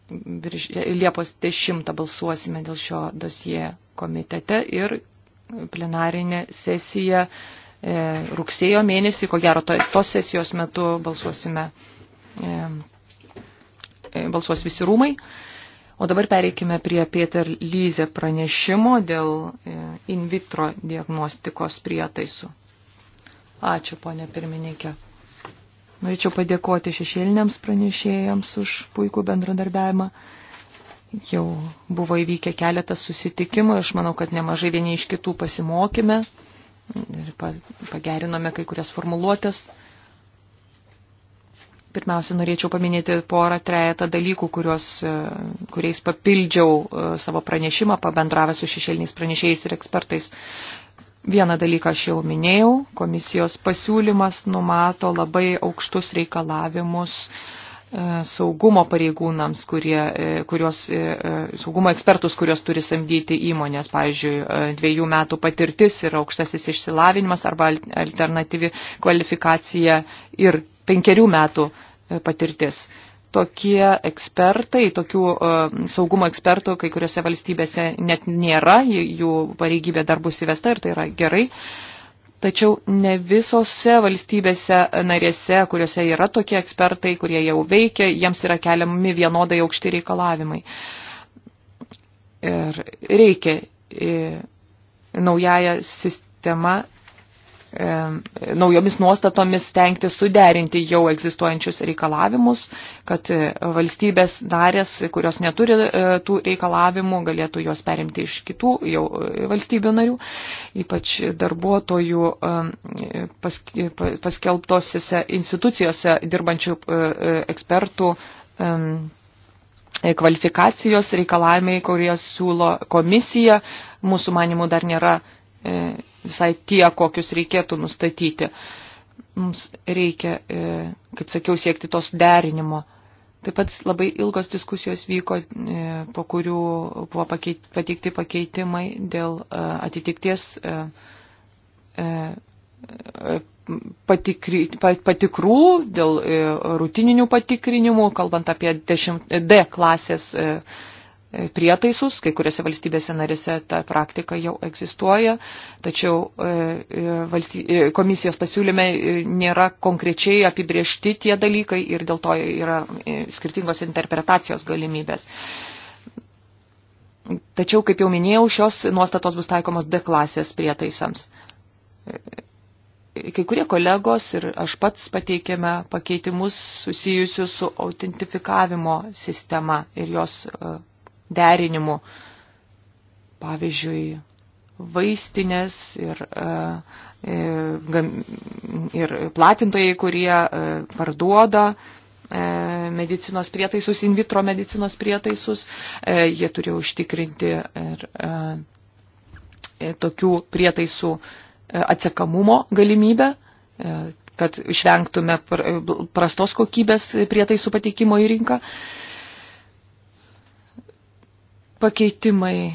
E, Liepos 10 balsuosime dėl šio dosie komitete ir plenarinė sesija e, rugsėjo mėnesį, ko gero to, tos sesijos metu balsuosime. E, E, balsuos visi rūmai. O dabar pereikime prie Peter Lyze pranešimo dėl e, in vitro diagnostikos prietaisų. Ačiū, ponė pirmininkė. Norėčiau padėkoti šešėliniams pranešėjams už puikų bendradarbiavimą. Jau buvo įvykę keletas susitikimų, aš manau, kad nemažai vieni iš kitų pasimokime ir pagerinome kai kurias formuluotės. Pirmiausia, norėčiau paminėti porą trejetą dalykų, kuriuos, e, kuriais papildžiau e, savo pranešimą, pabendravę su šešėliniais pranešėjais ir ekspertais. Vieną dalyką aš jau minėjau, komisijos pasiūlymas numato labai aukštus reikalavimus e, saugumo pareigūnams, kurie, kurios, saugumo ekspertus, kurios turi samdyti įmonės, pavyzdžiui, dviejų metų patirtis ir aukštasis išsilavinimas arba alternatyvi kvalifikacija ir penkerių metų e, patirtis. Tokie ekspertai, tokių e, saugumo ekspertų kai kuriuose valstybėse net nėra, jų pareigybė dar bus įvesta ir tai yra gerai. Tačiau ne visose valstybėse narėse, kuriuose yra tokie ekspertai, kurie jau veikia, jiems yra keliami vienodai aukšti reikalavimai. Ir reikia e, naująją sistemą E, naujomis nuostatomis stengti suderinti jau egzistuojančius reikalavimus, kad e, valstybės narės, kurios neturi e, tų reikalavimų, galėtų juos perimti iš kitų jau valstybių narių, ypač darbuotojų paskelbtosiose institucijose dirbančių ekspertų kvalifikacijos reikalavimai, kurie siūlo komisija, mūsų manimų dar nėra visai tie, kokius reikėtų nustatyti. Mums reikia, e, kaip sakiau, siekti tos derinimo. Taip pat labai ilgos diskusijos vyko, e, po kurių buvo pakeit, pateikti pakeitimai dėl e, atitikties patikri, patikrų, dėl rutininių patikrinimų, kalbant apie 10, D klasės prietaisus, kai kuriuose valstybėse narėse ta praktika jau egzistuoja, tačiau e, e, e, komisijos pasiūlyme nėra konkrečiai apibriešti tie dalykai ir dėl to yra skirtingos interpretacijos galimybės. Tačiau, kaip jau minėjau, šios nuostatos bus taikomos D klasės prietaisams. Kai kurie kolegos ir aš pats pateikėme pakeitimus susijusius su autentikavimo sistema ir jos derinimu. Pavyzdžiui, vaistinės ir, e, e, ir platintojai, kurie e, parduoda medicinos prietaisus, in vitro medicinos prietaisus, jie turėjo užtikrinti ir tokių prietaisų atsekamumo galimybę, kad išvengtume prastos kokybės prietaisų patikimo į rinką pakeitimai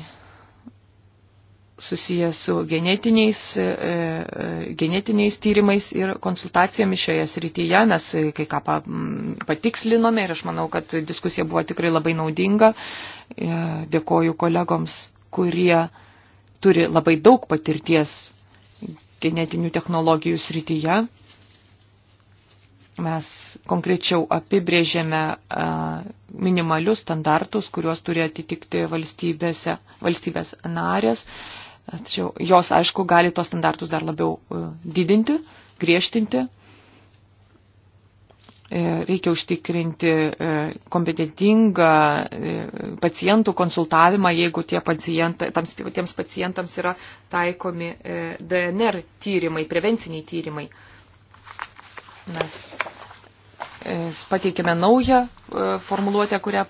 susijęs su genetiniais, e, e, genetiniais tyrimais ir konsultacijomis šioje srityje. Mes e, kai ką patikslinome ir aš manau, kad diskusija buvo tikrai labai naudinga. Dėkoju kolegoms, kurie turi labai daug patirties genetinių technologijų srityje mes konkrečiau apibrėžėme minimalius standartus, kuriuos turi atitikti valstybės narės. Tačiau jos, aišku, gali tos standartus dar labiau e, didinti, griežtinti. E, reikia užtikrinti e, kompetentingą pacientų konsultavimą, jeigu tie pacientai, tams, tiems pacientams yra taikomi DNR tyrimai, prevenciniai tyrimai. Mes e, pateikėme naują e, formuluotę, kurią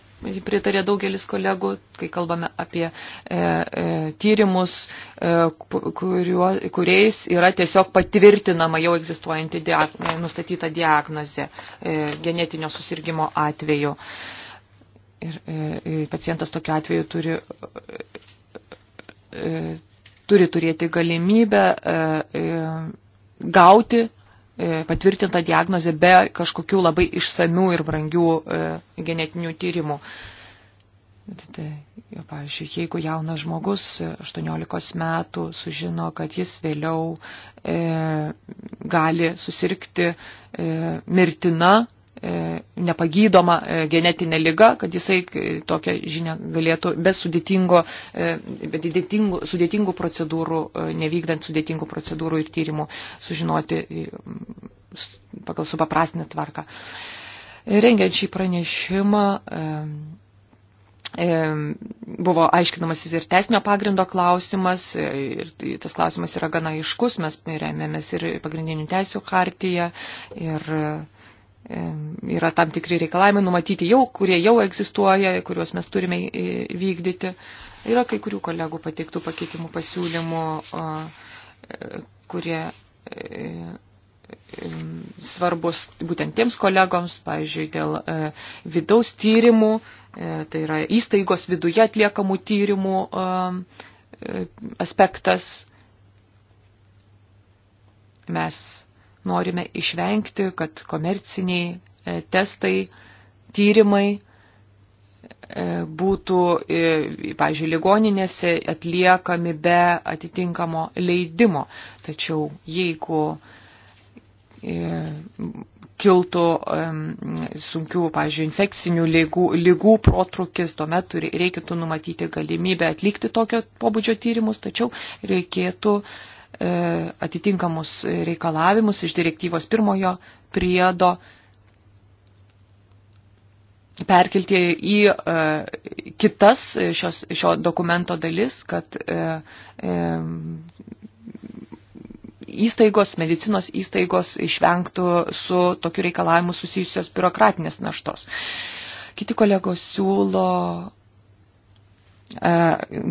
pritarė daugelis kolegų, kai kalbame apie e, e, tyrimus, e, kuriuo, kuriais yra tiesiog patvirtinama jau egzistuojanti diag, e, nustatyta diagnozė e, genetinio susirgymo atveju. Ir e, pacientas tokiu atveju turi. E, turi turėti galimybę e, e, gauti E, patvirtinta diagnozė be kažkokių labai išsamių ir brangių e, genetinių tyrimų. Tai, pavyzdžiui, jeigu jaunas žmogus 18 metų sužino, kad jis vėliau e, gali susirgti e, mirtina E, nepagydoma e, genetinė lyga, kad jisai e, tokią žinią galėtų be sudėtingo, be sudėtingų, sudėtingų procedūrų, nevykdant sudėtingų procedūrų ir tyrimų, sužinoti pagal supaprastinę tvarką. Rengiant šį pranešimą buvo aiškinamasis ir teisinio pagrindo klausimas, ir tai, tas klausimas yra gana iškus, mes remiamės ir pagrindinių teisų hartiją, ir yra tam tikri reikalavimai numatyti jau, kurie jau egzistuoja, kuriuos mes turime vykdyti. Yra kai kurių kolegų pateiktų pakeitimų pasiūlymų, e, kurie e, svarbus būtent tiems kolegoms, pavyzdžiui, dėl e, vidaus tyrimų, tai yra įstaigos viduje atliekamų tyrimų aspektas. Mes norime išvengti, kad komerciniai e, testai, tyrimai e, būtų, e, pavyzdžiui, ligoninėse atliekami be atitinkamo leidimo. Tačiau jeigu kiltų sunkių, pavyzdžiui, infekcinių lygų, lygų protrukis, tuomet reikėtų numatyti galimybę atlikti tokio pobūdžio tyrimus, tačiau reikėtų uh, E, atitinkamus reikalavimus iš direktyvos pirmojo priedo perkelti į e, kitas šios, šio dokumento dalis, kad e, įstaigos, medicinos įstaigos išvengtų su tokiu reikalavimu susijusios biurokratinės naštos. Kiti kolegos siūlo E,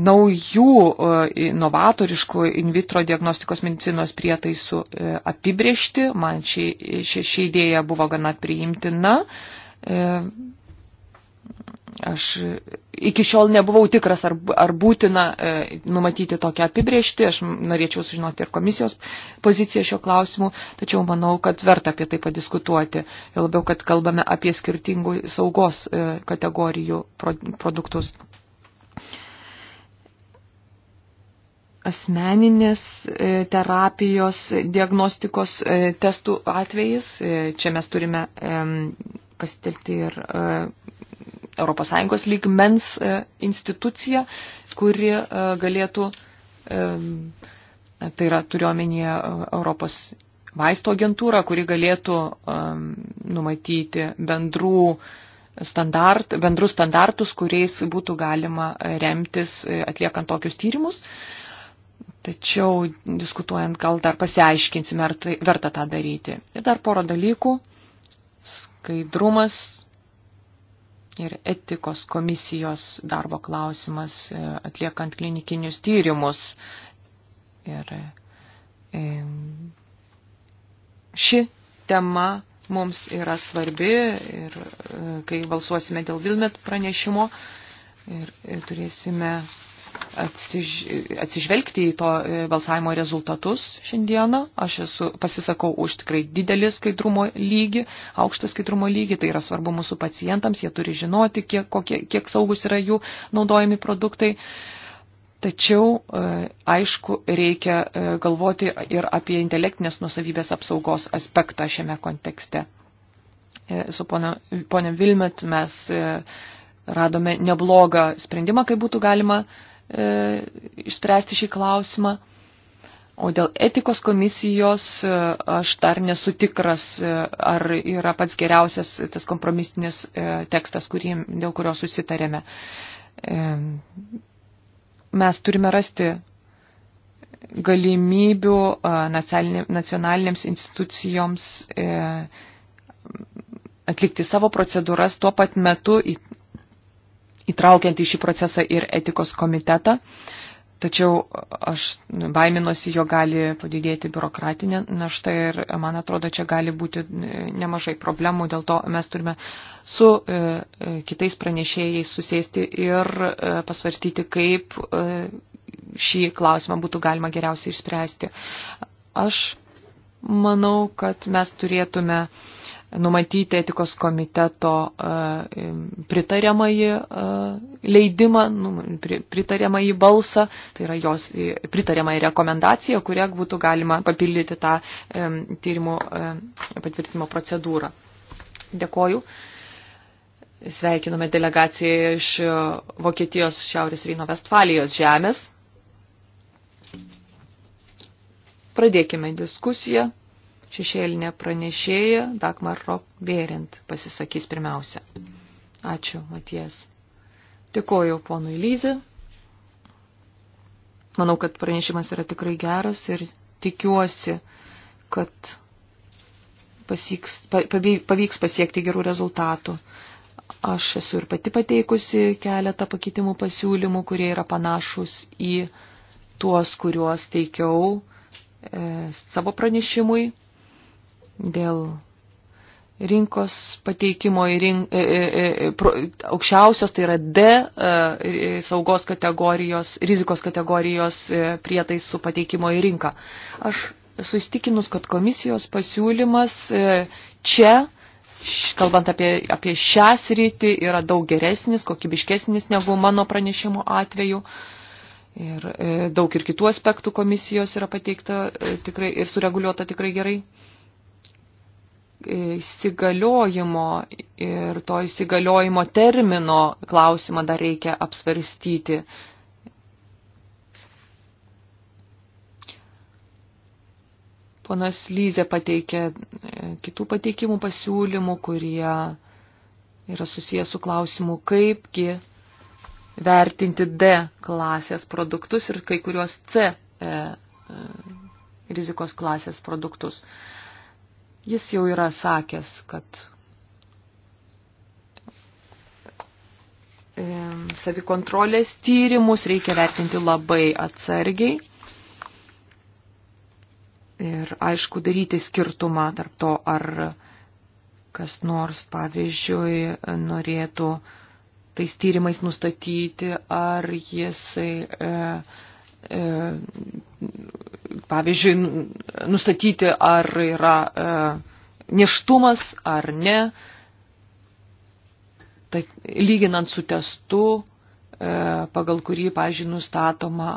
naujų e, inovatoriškų in vitro diagnostikos medicinos prietaisų e, apibriešti. Man ši, ši, ši idėja buvo gana priimtina. Aš iki šiol nebuvau tikras, ar, ar būtina e, numatyti tokią apibriežtį. Aš norėčiau sužinoti ir komisijos poziciją šio klausimu, tačiau manau, kad verta apie tai padiskutuoti. Jau labiau, kad kalbame apie skirtingų saugos e, kategorijų pro, produktus asmeninės e, terapijos diagnostikos e, testų atvejais. E, čia mes turime pasitelkti ir ES lygmens instituciją, kuri galėtų, tai yra turiuomenėje Europos vaisto agentūra, kuri galėtų numatyti bendrų standart, bendrus standartus, kuriais būtų galima remtis e, atliekant tokius tyrimus. Tačiau diskutuojant gal dar pasiaiškinsime, ar tai verta tą daryti. Ir dar poro dalykų. Skaidrumas ir etikos komisijos darbo klausimas e, atliekant klinikinius tyrimus. Ir e, ši tema mums yra svarbi ir e, kai balsuosime dėl Vilmet pranešimo ir e, turėsime atsiž, atsižvelgti į to e, balsavimo rezultatus šiandieną. Aš esu, pasisakau už tikrai didelį skaidrumo lygį, aukštą skaidrumo lygį, tai yra svarbu mūsų pacientams, jie turi žinoti, kiek, kokie, kiek saugus yra jų naudojami produktai. Uh, Tačiau, e, aišku, reikia e, galvoti ir apie intelektinės nusavybės apsaugos aspektą šiame kontekste. E, su ponė Vilmet mes radome neblogą sprendimą, kaip būtų galima išspręsti šį klausimą. O dėl etikos komisijos aš dar nesu tikras, ar yra pats geriausias tas kompromisinis tekstas, kurį, dėl kurio susitarėme mes turime rasti galimybių nacionalinėms institucijoms e, atlikti savo procedūras tuo pat metu įtraukiant į šį procesą ir etikos komitetą. Uh, Tačiau aš baiminosi, jo gali padidėti biurokratinė našta ir man atrodo, čia gali būti nemažai problemų, dėl to mes turime su e, e, kitais pranešėjais susėsti ir e, pasvarstyti, kaip šį klausimą būtų galima geriausiai išspręsti. Aš manau, kad mes turėtume numatyti etikos komiteto e, pritariamąjį e, leidimą, nu, pritariamąjį balsą, tai yra jos e, pritariamąjį rekomendaciją, kuria būtų galima papildyti tą tyrimų patvirtimo procedūrą. Dėkoju. Sveikiname delegaciją iš Vokietijos Šiaurės Ryno Vestfalijos žemės. Pradėkime diskusiją šešėlinė pranešėja Dagmar Rop Bėrint pasisakys pirmiausia. Ačiū, Matijas. Dėkoju ponui Lyzi. Manau, kad pranešimas yra tikrai geras ir tikiuosi, kad pasieks, pavyks pasiekti gerų rezultatų. Aš esu ir pati pateikusi keletą pakeitimų pasiūlymų, kurie yra panašus į tuos, kuriuos teikiau e, savo pranešimui dėl rinkos pateikimo į rink, e, e, e, pro, aukščiausios, tai yra D e, e, saugos kategorijos, rizikos kategorijos e, prietaisų pateikimo į rinką. Aš esu įstikinus, kad komisijos pasiūlymas e, čia, kalbant apie, apie šią sritį, yra daug geresnis, kokybiškesnis negu mano pranešimo atveju. Ir e, daug ir kitų aspektų komisijos yra pateikta e, tikrai ir sureguliuota tikrai gerai. E, įsigaliojimo ir to įsigaliojimo termino klausimą dar reikia apsvarstyti. Ponas Lyzė pateikė e, kitų pateikimų pasiūlymų, kurie yra susijęs su klausimu, kaipgi vertinti D klasės produktus ir kai kuriuos C e, e, rizikos klasės produktus. E, Jis jau yra sakęs, kad savikontrolės tyrimus reikia vertinti labai atsargiai. Ir aišku, daryti skirtumą tarp to, ar kas nors, pavyzdžiui, norėtų tais tyrimais nustatyti, ar jisai e, E, pavyzdžiui, nustatyti, ar yra e, neštumas ar ne, tai lyginant su testu, e, pagal kurį, pavyzdžiui, nustatoma,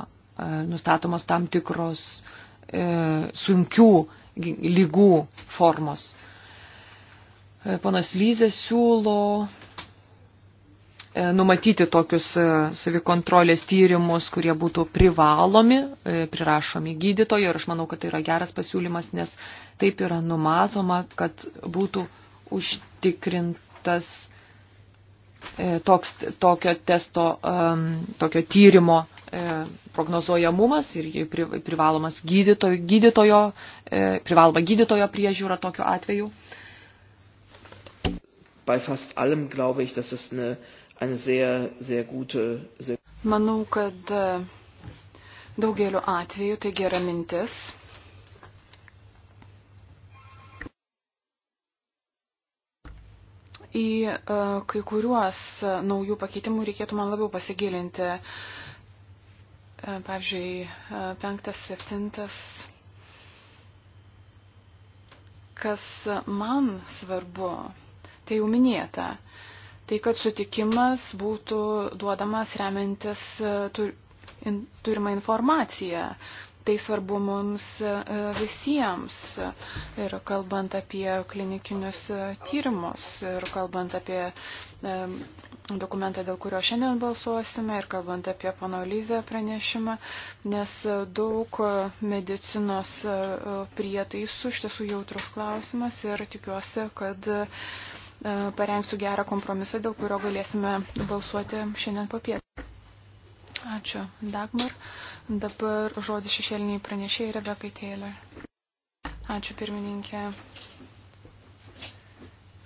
nustatomas tam tikros sunkių lygų formos. Ponas Lyzė siūlo E, numatyti tokius e, savikontrolės tyrimus, kurie būtų privalomi, e, prirašomi gydytojo ir aš manau, kad tai yra geras pasiūlymas, nes taip yra numatoma, kad būtų užtikrintas toks, tokio testo, tokio tyrimo prognozuojamumas ir privalomas gydytojo, gydytojo, privaloma gydytojo priežiūra tokiu atveju. Bei fast allem glaube ich, dass es eine äh, eine sehr, sehr gute. Sehr Manau, kad e, daugeliu atveju tai gera mintis. Į e, kai kuriuos naujų pakeitimų reikėtų man labiau pasigilinti. E, pavyzdžiui, penktas, septintas. Kas man svarbu, tai jau minėta tai, kad sutikimas būtų duodamas remiantis e, tur, in, turimą informaciją. Tai svarbu mums e, visiems. Ir kalbant apie klinikinius e, tyrimus, ir kalbant apie dokumentą, dėl kurio šiandien balsuosime, ir kalbant apie panolizę pranešimą, nes daug medicinos prietaisų iš tiesų jautrus klausimas ir tikiuosi, kad E, parengsiu gerą kompromisą, dėl kurio galėsime balsuoti šiandien popietę. Ačiū, Dagmar. Dabar žodis šešėliniai pranešėjai Rebekai Tėlė. Ačiū, pirmininkė.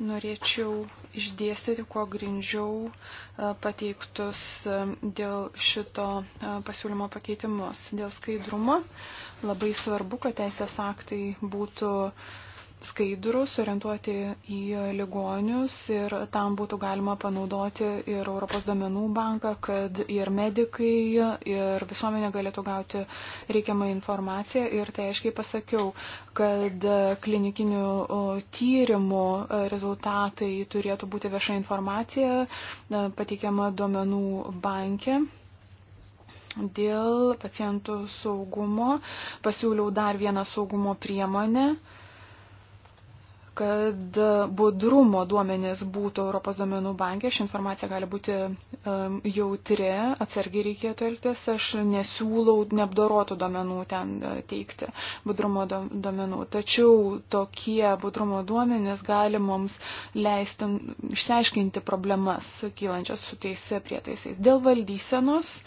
Norėčiau išdėstyti, kuo grindžiau e, pateiktus e, dėl šito pasiūlymo pakeitimus. Dėl skaidrumo labai svarbu, kad teisės aktai būtų uh, skaidrus, orientuoti į ligonius ir tam būtų galima panaudoti ir Europos domenų banką, kad ir medikai, ir visuomenė galėtų gauti reikiamą informaciją. Ir tai aiškiai pasakiau, kad klinikinių tyrimų rezultatai turėtų būti vieša informacija e, pateikiama domenų banke dėl pacientų saugumo pasiūliau dar vieną saugumo priemonę kad budrumo duomenės būtų Europos duomenų bankė. Ši informacija gali būti um, jautri, atsargiai reikėtų elgtis. Aš nesiūlau neapdorotų duomenų ten e, teikti, budrumo duomenų. Tačiau tokie budrumo duomenės gali mums leisti išsiaiškinti problemas kylančias su teise prietaisiais. Dėl valdysenos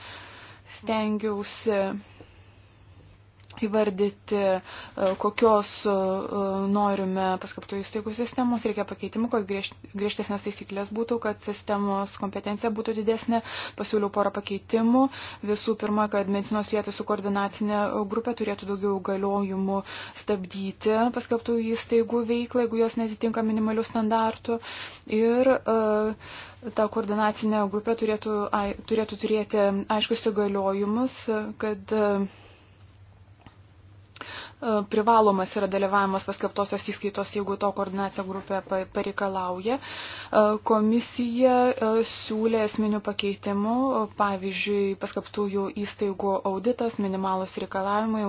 stengiausi įvardyti, e, kokios e, norime paskaptų įstaigų sistemos, reikia pakeitimų, kad griež, griežtesnės taisyklės būtų, kad sistemos kompetencija būtų didesnė. Pasiūliau porą pakeitimų. Visų pirma, kad medicinos prietaisų koordinacinė grupė turėtų daugiau galiojimų stabdyti paskaptų įstaigų veiklą, jeigu jos netitinka minimalių standartų. Ir, uh, ta koordinacinė grupė turėtų, ai, turėtų turėti aiškus įgaliojimus, kad uh, E, privalomas yra dalyvavimas paskelbtosios įskaitos, jeigu to koordinacija grupė pareikalauja. E, komisija e, siūlė esminių pakeitimų, pavyzdžiui, paskelbtųjų įstaigų auditas, minimalus reikalavimai,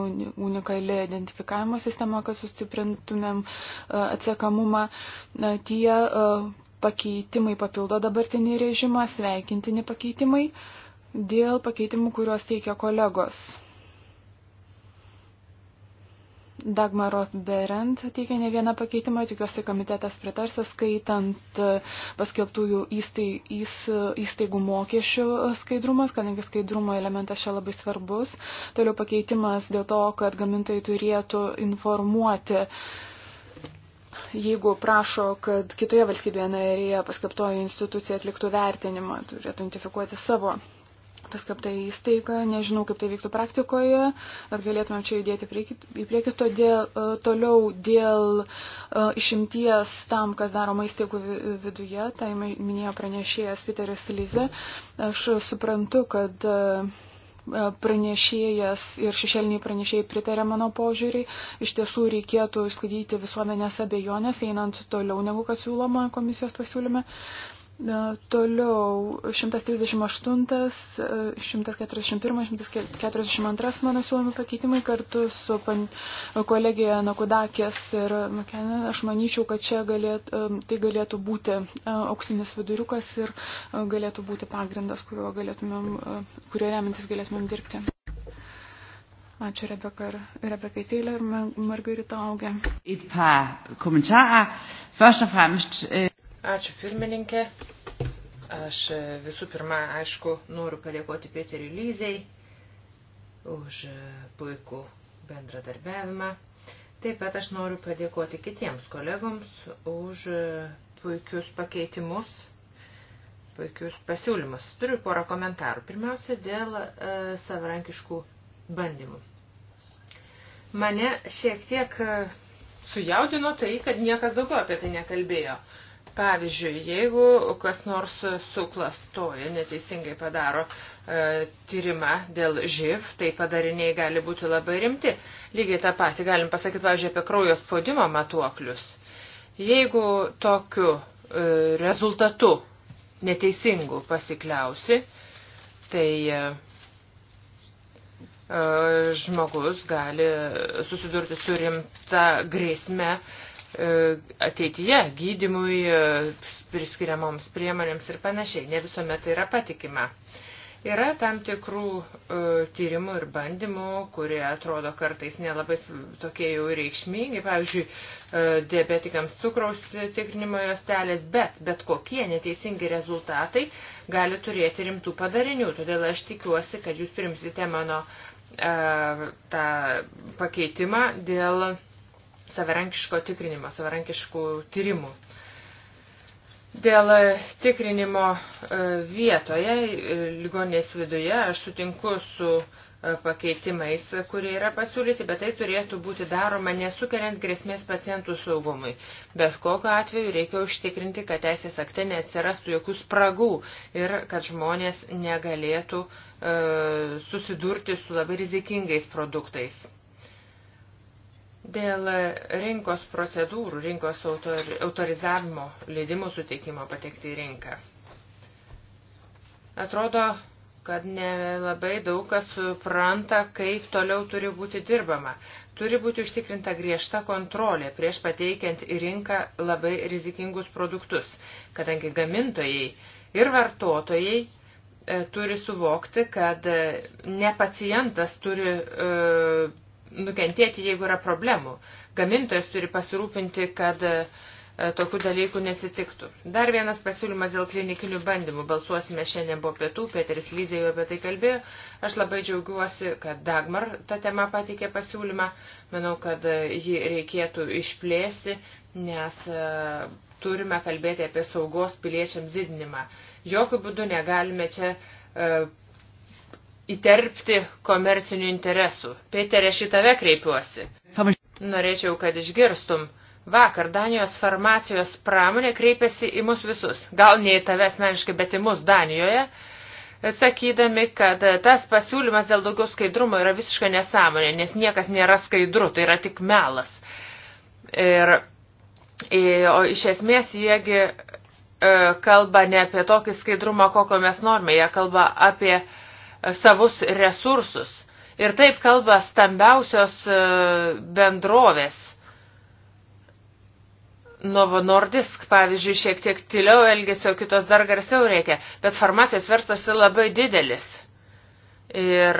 unikali identifikavimo sistema, kad sustiprintumėm atsiekamumą. Tie pakeitimai papildo dabartinį režimą, sveikintini pakeitimai dėl pakeitimų, kuriuos teikia kolegos Dagmarot Berent teikia ne vieną pakeitimą, tikiuosi komitetas pritarsa, skaitant e, paskelbtųjų įstaig, įs, įstaigų mokesčių skaidrumas, kadangi skaidrumo elementas čia labai svarbus. Toliau pakeitimas dėl to, kad gamintojai turėtų informuoti jeigu prašo, kad kitoje valstybėje narėje paskelbtoji institucija atliktų vertinimą, turėtų identifikuoti savo paskapta įstaiga, nežinau, kaip tai vyktų praktikoje, bet galėtumėm čia judėti prieki, į priekį. Todėl e, toliau dėl e, išimties tam, kas daroma įstaigų viduje, tai minėjo pranešėjas Peteris Lyze, aš suprantu, kad e, pranešėjas ir šešėliniai pranešėjai pritarė mano požiūrį. Iš tiesų reikėtų išsklaidyti visuomenės abejonės, einant toliau negu kad siūloma komisijos pasiūlyme. Na, toliau 138, 141, 142 mano siūlomi pakeitimai kartu su pan, kolegija Nakudakės ir Makena. Aš manyčiau, kad čia galėt, tai galėtų būti e, auksinis viduriukas ir e, galėtų būti pagrindas, kurio, galėtumėm, e, kurio remintis galėtumėm dirbti. Ačiū Rebeka, Rebekai Taylor ir Margarita Augė. Et par kommentarer. Først og fremmest... Øh... Ačiū pirmininkė. Aš e, visų pirma, aišku, noriu padėkoti Peteriui Lyzei už e, puikų bendradarbiavimą. Taip pat aš noriu padėkoti kitiems kolegoms už e, puikius pakeitimus, puikius pasiūlymus. Turiu porą komentarų. Pirmiausia, dėl e, savarankiškų bandymų. Mane šiek tiek sujaudino tai, kad niekas daugiau apie tai nekalbėjo. E, Pavyzdžiui, jeigu kas nors suklastoja, neteisingai padaro e, tyrimą dėl živ, tai padariniai gali būti labai rimti. Lygiai tą patį galim pasakyti, pavyzdžiui, apie kraujo spaudimo matuoklius. Jeigu tokiu e, rezultatu neteisingu pasikliausi, tai e, e žmogus gali susidurti su rimta grėsme e, E, ateityje gydimui e, priskiriamoms priemonėms ir panašiai. Ne visuomet tai yra patikima. Yra tam tikrų e, tyrimų ir bandymų, kurie atrodo kartais nelabai tokie jau reikšmingi, pavyzdžiui, diabetikams cukraus tikrinimo jostelės, bet bet kokie neteisingi rezultatai gali turėti rimtų padarinių. Todėl aš tikiuosi, kad jūs primsite mano tą pakeitimą dėl savarankiško tikrinimo, savarankiškų tyrimų. Dėl e, tikrinimo e, vietoje, e, ligonės viduje, aš sutinku su pakeitimais, kurie yra pasiūlyti, bet tai turėtų būti daroma nesukeliant grėsmės pacientų saugumui. Bet kokiu atveju reikia užtikrinti, kad teisės akte neatsirastų jokių spragų ir kad žmonės negalėtų e, susidurti su labai rizikingais produktais. Dėl rinkos procedūrų, rinkos autor, autorizavimo, leidimų suteikimo patekti į rinką. Atrodo, kad nelabai daug kas supranta, kaip toliau turi būti dirbama. Turi būti užtikrinta griežta kontrolė prieš pateikiant į rinką labai rizikingus produktus, kadangi gamintojai ir vartotojai e, turi suvokti, kad e, ne pacientas turi e, nukentėti, jeigu yra problemų. Gamintojas turi pasirūpinti, kad e, tokių dalykų nesitiktų. Dar vienas pasiūlymas dėl klinikinių bandymų. Balsuosime šiandien po pietų, Peteris Lyzė jau apie tai kalbėjo. Aš labai džiaugiuosi, kad Dagmar tą temą pateikė pasiūlymą. Manau, kad e, jį reikėtų išplėsti, nes e, turime kalbėti apie saugos piliečiams didinimą. Jokių būdų negalime čia įterpti komercinių interesų. Peterė, šitave kreipiuosi. Norėčiau, kad išgirstum. Vakar Danijos farmacijos pramonė kreipėsi į mus visus, gal ne į tave asmeniškai, bet į mus Danijoje, sakydami, kad tas pasiūlymas dėl daugiau skaidrumo yra visiškai nesąmonė, nes niekas nėra skaidru, tai yra tik melas. Ir, ir o iš esmės jiegi e, kalba ne apie tokį skaidrumą, kokio mes norime, jie kalba apie uh, savus resursus. Ir taip kalba stambiausios e, bendrovės. Novo Nordisk, pavyzdžiui, šiek tiek tyliau elgesio, kitos dar garsiau reikia, bet farmacijos verstosi labai didelis. Ir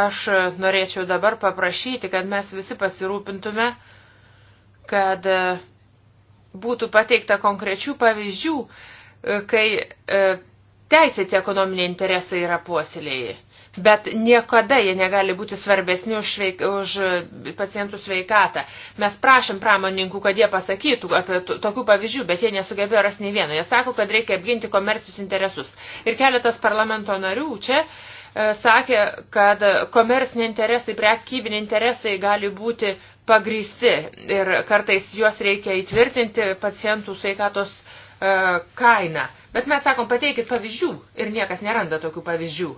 aš norėčiau dabar paprašyti, kad mes visi pasirūpintume, kad e, būtų pateikta konkrečių pavyzdžių, e, kai teisėti ekonominiai interesai yra puoselėjai. Bet niekada jie negali būti svarbesni už, šveik, už pacientų sveikatą. Mes prašym pramoninkų, kad jie pasakytų apie tokių pavyzdžių, bet jie nesugebėjo rasti nei vieno. Jie sako, kad reikia apginti komercijos interesus. Ir keletas parlamento narių čia e, sakė, kad komerciniai interesai, prekybiniai interesai gali būti pagristi ir kartais juos reikia įtvirtinti pacientų sveikatos uh, E, kainą. Bet mes sakom, pateikit pavyzdžių ir niekas neranda tokių pavyzdžių.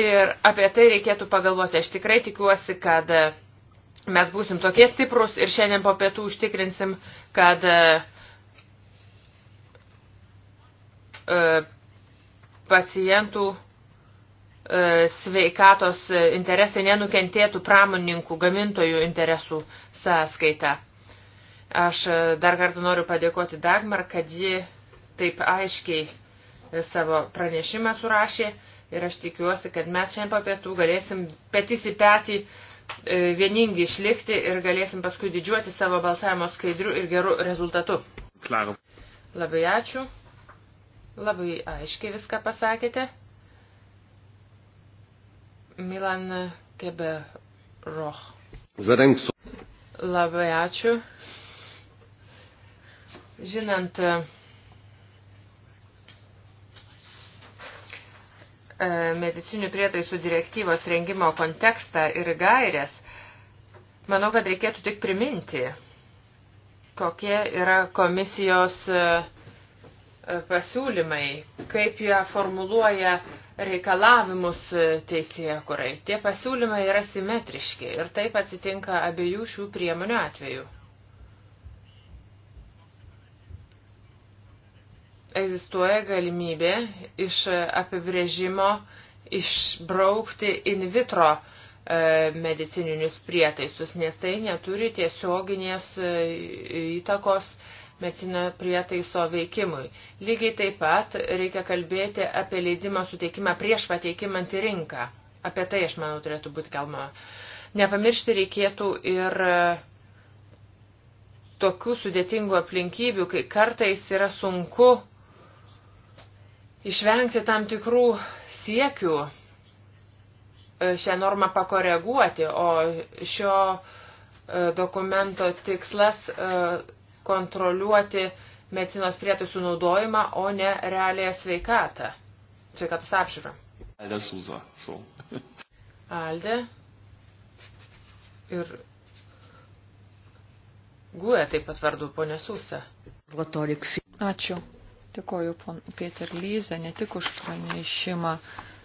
Ir apie tai reikėtų pagalvoti. Aš tikrai tikiuosi, kad e, mes būsim tokie stiprus ir šiandien po pietų užtikrinsim, kad e, pacientų sveikatos interesai nenukentėtų pramoninkų, gamintojų interesų sąskaita. Aš e, dar kartą noriu padėkoti Dagmar, kad ji taip aiškiai e, savo pranešimą surašė ir aš tikiuosi, kad mes šiandien po pietų galėsim petys į petį e, vieningi išlikti ir galėsim paskui didžiuoti savo balsavimo skaidriu ir geru rezultatu. Klaro. Labai ačiū. Labai aiškiai viską pasakėte. Milan Keberoch. Labai ačiū. Žinant e, medicinių prietaisų direktyvos rengimo kontekstą ir gairės, manau, kad reikėtų tik priminti, kokie yra komisijos e, pasiūlymai, kaip jie formuluoja reikalavimus e, teisėje kurai. Tie pasiūlymai yra simetriški ir taip atsitinka abiejų šių priemonių atveju. egzistuoja galimybė iš apibrėžimo išbraukti in vitro e, medicininius prietaisus, nes tai neturi tiesioginės e, įtakos medicinio prietaiso veikimui. Lygiai taip pat reikia kalbėti apie leidimo suteikimą prieš pateikimą į rinką. Apie tai, aš manau, turėtų būti kalbama. Nepamiršti reikėtų ir e, tokių sudėtingų aplinkybių, kai kartais yra sunku išvengti tam tikrų siekių e, šią normą pakoreguoti, o šio e, dokumento tikslas e, kontroliuoti medicinos prietaisų naudojimą, o ne realią sveikatą, sveikatos apžiūrą. Alde Suza. So. Alde ir Guė taip pat vardu, ponė Susa. Ačiū. Tikoju Pieter Lyze ne tik už pranešimą,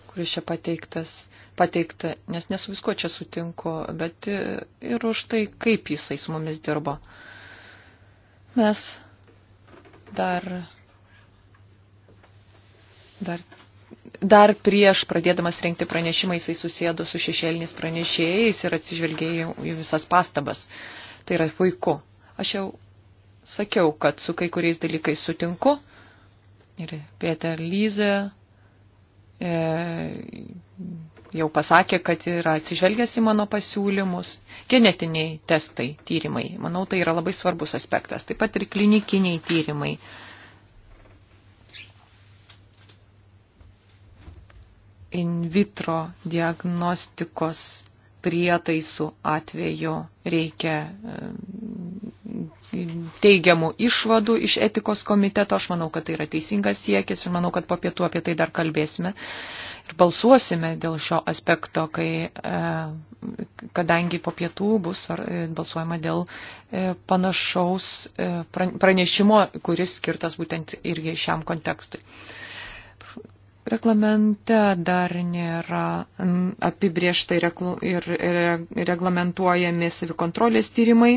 kuris čia pateiktas, pateikta, nes nesu visko čia sutinku, bet ir už tai, kaip jisai su mumis dirbo. Mes dar, dar dar prieš pradėdamas renkti pranešimą jisai susėdo su šešėliniais pranešėjais ir atsižvelgėjo į visas pastabas. Tai yra puiku. Aš jau sakiau, kad su kai kuriais dalykais sutinku, ir Peter Lyze e, jau pasakė, kad yra atsižvelgęs į mano pasiūlymus. Genetiniai testai, tyrimai, manau, tai yra labai svarbus aspektas. Taip pat ir klinikiniai tyrimai. In vitro diagnostikos prietaisų atveju reikia e, teigiamų išvadų iš etikos komiteto. Aš manau, kad tai yra teisingas siekis ir manau, kad po pietų apie tai dar kalbėsime ir balsuosime dėl šio aspekto, kai, e, kadangi po pietų bus e, balsuojama dėl e, panašaus pranešimo, kuris skirtas būtent irgi šiam kontekstui. Reglamente dar nėra apibrieštai ir reglamentuojami savikontrolės tyrimai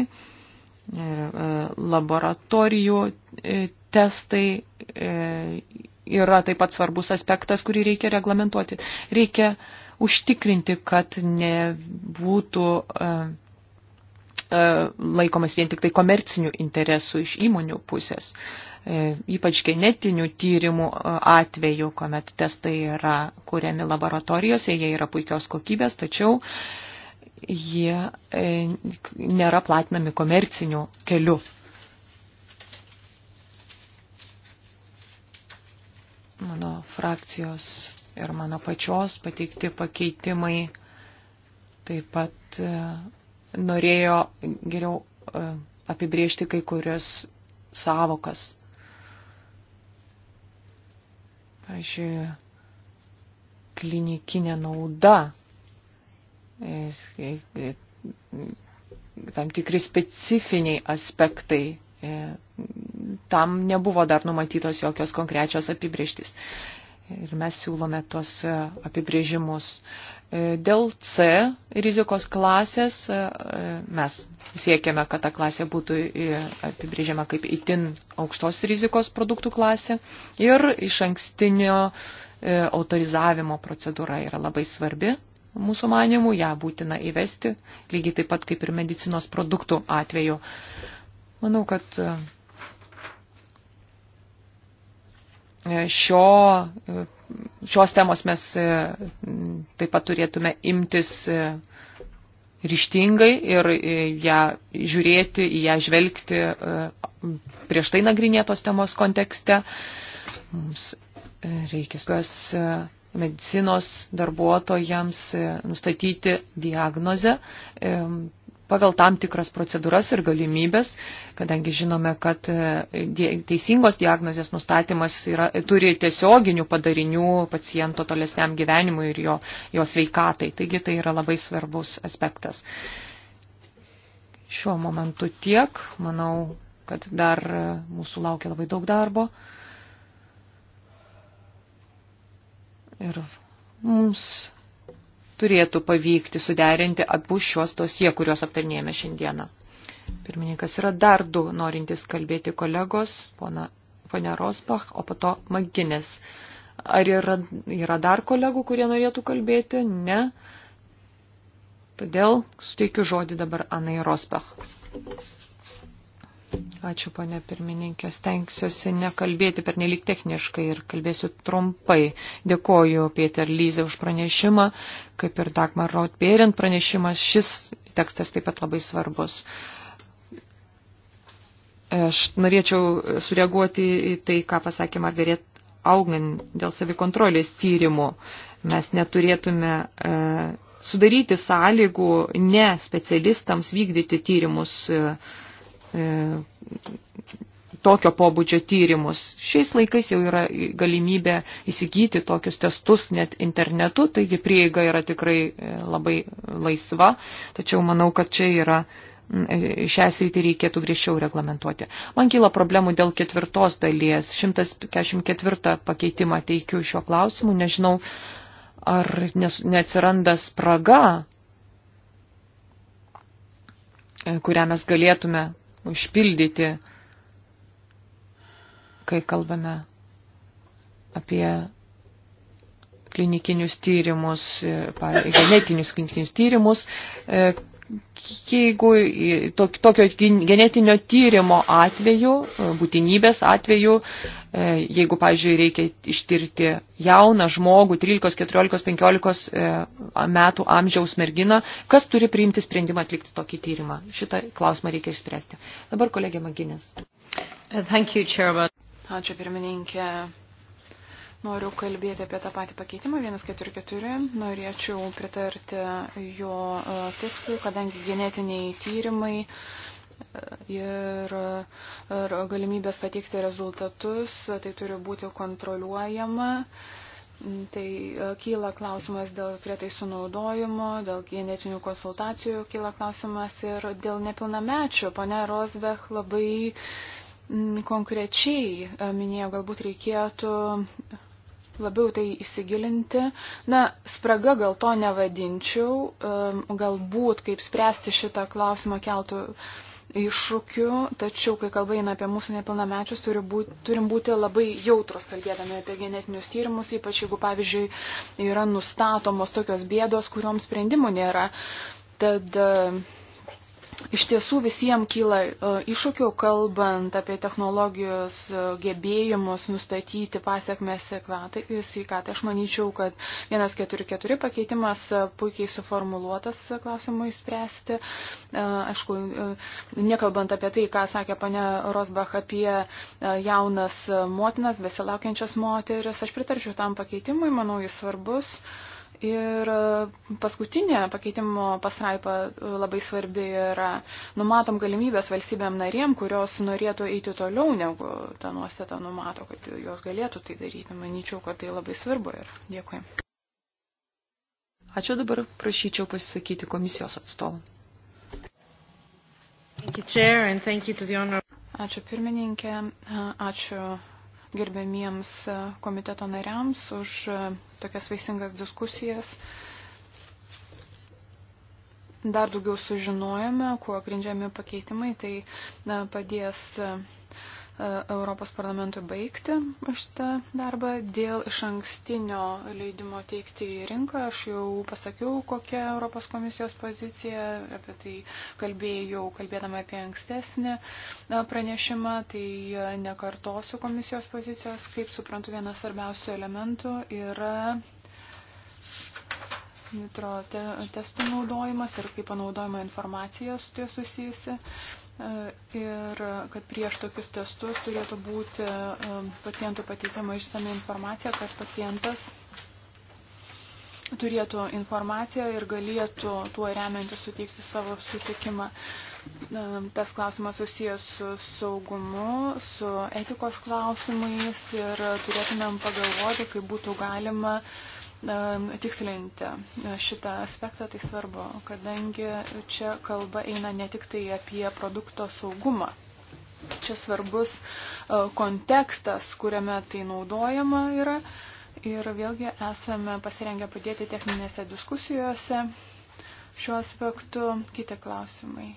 E, laboratorijų e, testai e, yra taip pat svarbus aspektas, kurį reikia reglamentuoti. Reikia užtikrinti, kad nebūtų laikomas vien tik tai komercinių interesų iš įmonių pusės, ypač genetinių tyrimų atveju, kuomet testai yra kuriami laboratorijose, jie yra puikios kokybės, tačiau uh, jie e, nėra platinami komerciniu keliu. Mano frakcijos ir mano pačios pateikti pakeitimai taip pat e, norėjo geriau e, apibriežti kai kurias savokas. Pavyzdžiui, klinikinė nauda E, e, tam tikri specifiniai aspektai. E, tam nebuvo dar numatytos jokios konkrečios apibrieštis. Ir mes siūlome tuos apibrėžimus. Dėl C rizikos klasės mes siekiame, kad ta klasė būtų apibrėžiama kaip itin aukštos rizikos produktų klasė. Ir iš ankstinio autorizavimo procedūra yra labai svarbi. Mūsų manimų ją būtina įvesti, lygiai taip pat kaip ir medicinos produktų atveju. Manau, kad e, šio, e, šios temos mes e, taip pat turėtume imtis ryštingai ir ją žiūrėti, į ją žvelgti prieš tai nagrinėtos temos kontekste. Mums reikės kas medicinos darbuotojams e, nustatyti diagnozę e, pagal tam tikras procedūras ir galimybės, kadangi žinome, kad e, teisingos diagnozės nustatymas yra, turi tiesioginių padarinių paciento tolesniam gyvenimui ir jo, jo sveikatai. Taigi tai yra labai svarbus aspektas. Šiuo momentu tiek. Manau, kad dar mūsų laukia labai daug darbo. Ir mums turėtų pavykti suderinti abu šios tosie, kuriuos aptarnėjame šiandieną. Pirmininkas yra dar du norintys kalbėti kolegos, pona, ponia Rosbach, o po to Maginės. Ar yra, yra dar kolegų, kurie norėtų kalbėti? Ne. Todėl suteikiu žodį dabar Anai Rosbach. Ačiū, ponė pirmininkė. Stengsiuosi nekalbėti per nelik techniškai ir kalbėsiu trumpai. Dėkoju Pieter Lyze už pranešimą, kaip ir Dagmar Rotbėrint pranešimas. Šis tekstas taip pat labai svarbus. Aš norėčiau sureaguoti į tai, ką pasakė Margaret Augen dėl savikontrolės tyrimų. Mes neturėtume e, sudaryti sąlygų ne specialistams vykdyti tyrimus. E, E, tokio pobūdžio tyrimus. Šiais laikais jau yra galimybė įsigyti tokius testus net internetu, taigi prieiga yra tikrai e, labai laisva, tačiau manau, kad čia yra e, šią sritį reikėtų griežčiau reglamentuoti. Man kyla problemų dėl ketvirtos dalies. 144 pakeitimą teikiu šiuo klausimu, nežinau, ar neatsiranda spraga kurią mes galėtume užpildyti, kai kalbame apie klinikinius tyrimus, e, genetinius klinikinius tyrimus, e, jeigu tokio genetinio tyrimo atveju, e, būtinybės atveju, e, jeigu, pavyzdžiui, reikia ištirti jauną žmogų, 13, 14, 15 metų amžiaus merginą, kas turi priimti sprendimą atlikti tokį tyrimą? Šitą klausimą reikia išspręsti. Dabar kolegė Maginis. Ačiū pirmininkė. Noriu kalbėti apie tą patį pakeitimą 144. Norėčiau pritarti jo e, tikslui, kadangi genetiniai tyrimai e, ir, ir galimybės pateikti rezultatus, tai turi būti kontroliuojama. Tai e, kyla klausimas dėl prietaisų naudojimo, dėl genetinių konsultacijų kyla klausimas ir dėl nepilnamečio. Pane Rosbech labai mm, konkrečiai minėjo, galbūt reikėtų labiau tai įsigilinti. Na, spraga gal to nevadinčiau, um, galbūt kaip spręsti šitą klausimą keltų iššūkių, tačiau kai kalba eina apie mūsų nepilnamečius, turi būti, turim būti labai jautrus kalbėdami apie genetinius tyrimus, ypač jeigu, pavyzdžiui, yra nustatomos tokios bėdos, kuriuoms sprendimų nėra. Tad uh, Iš tiesų visiems kyla e, iššūkių, kalbant apie technologijos e, gebėjimus nustatyti pasiekmes sveikatai. Aš manyčiau, kad 144 pakeitimas e, puikiai suformuluotas klausimui spręsti. Aišku, nekalbant apie tai, ką sakė pane Rosbach apie jaunas motinas, besilaukiančias moteris, aš pritarčiau tam pakeitimui, manau, jis svarbus. Uh, Ir e, paskutinė pakeitimo pasraipa e, labai svarbi yra, numatom galimybės valstybėm narėm, kurios norėtų eiti toliau, negu ta nuostata numato, kad jos galėtų tai daryti. Manyčiau, kad tai labai svarbu ir dėkui. Ačiū dabar prašyčiau pasisakyti komisijos atstovą. Ačiū pirmininkė, ačiū gerbėmiems e, komiteto nariams už e, tokias vaisingas diskusijas. Dar daugiau sužinojame, kuo grindžiami pakeitimai, tai e, padės Europos parlamentui baigti šitą darbą. Dėl iš ankstinio leidimo teikti į rinką aš jau pasakiau, kokia Europos komisijos pozicija, apie tai kalbėjau, kalbėdama apie ankstesnį pranešimą, tai nekartosiu komisijos pozicijos. Kaip suprantu, vienas svarbiausių elementų yra nitro te, testų naudojimas ir kaip panaudojama informacija su tie susijusi ir kad prieš tokius testus turėtų būti e, pacientų pateikiama išsame informacija, kad pacientas turėtų informaciją ir galėtų tuo remiantį suteikti savo sutikimą. E, tas klausimas susijęs su saugumu, su etikos klausimais ir turėtumėm pagalvoti, kaip būtų galima uh, E, tikslinti e, šitą aspektą, tai svarbu, kadangi čia kalba eina ne tik tai apie produkto saugumą. Čia svarbus e, kontekstas, kuriame tai naudojama yra. Ir vėlgi esame pasirengę padėti techninėse diskusijose šiuo aspektu. Kiti klausimai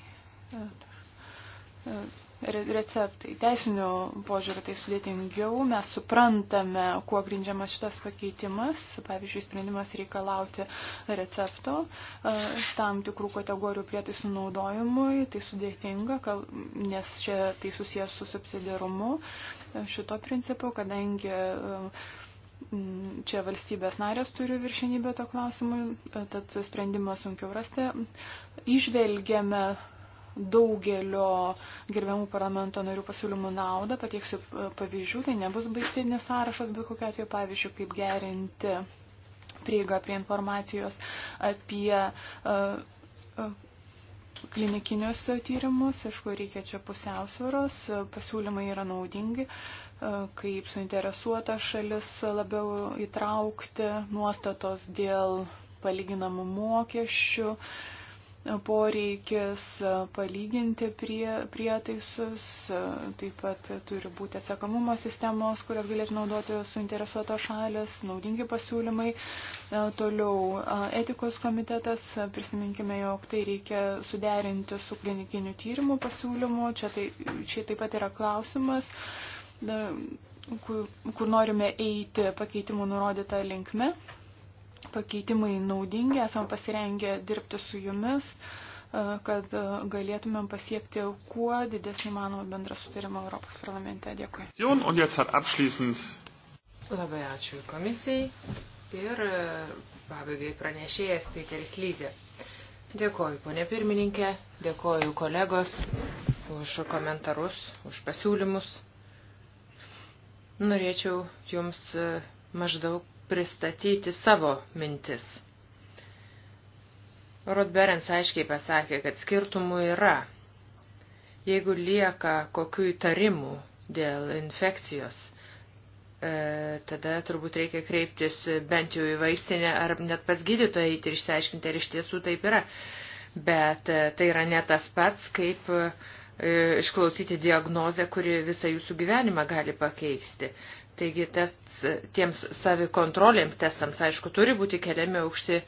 receptai. Teisiniu požiūriu tai sudėtingiau, mes suprantame, kuo grindžiamas šitas pakeitimas, pavyzdžiui, sprendimas reikalauti recepto e, tam tikrų kategorijų prietaisų naudojimui, tai sudėtinga, nes čia tai susijęs su subsidiarumu e, šito principu, kadangi e, čia valstybės narės turi viršinybę to klausimui, tad sprendimą sunkiau rasti. Išvelgiame daugelio gerbiamų parlamento narių pasiūlymų naudą. Pateiksiu e, pavyzdžių, tai nebus baigtinis sąrašas, bet kokiu atveju pavyzdžių, kaip gerinti prieigą prie informacijos apie e, e, klinikinius tyrimus, iš kur reikia čia pusiausvėros, pasiūlymai yra naudingi, kaip suinteresuota šalis labiau įtraukti nuostatos dėl palyginamų mokesčių, uh, poreikis palyginti prie, prietaisus, taip pat turi būti atsakomumo sistemos, kurias galėtų naudoti suinteresuotos šalis, naudingi pasiūlymai. E, toliau e, etikos komitetas, prisiminkime, jog tai reikia suderinti su klinikiniu tyrimu pasiūlymu, čia, tai, čia taip pat yra klausimas. E, kur, kur norime eiti pakeitimų nurodytą linkme pakeitimai naudingi, esam pasirengę dirbti su jumis, e, kad e, galėtumėm pasiekti kuo didesnį manomą bendrą sutarimą Europos parlamente. Dėkui. Labai ačiū komisijai ir e, pabaigai pranešėjas Peteris Lyzė. Dėkoju, ponė pirmininkė, dėkoju kolegos už komentarus, už pasiūlymus. Norėčiau jums maždaug pristatyti savo mintis. Rodberens aiškiai pasakė, kad skirtumų yra. Jeigu lieka kokių įtarimų dėl infekcijos, e, tada turbūt reikia kreiptis bent jau į vaistinę ar net pas gydytoją ir išsiaiškinti, ar iš tiesų taip yra. Bet e, tai yra ne tas pats, kaip e, išklausyti diagnozę, kuri visą jūsų gyvenimą gali pakeisti. Taigi tests, tiems savikontrolėms testams, aišku, turi būti keliami aukšti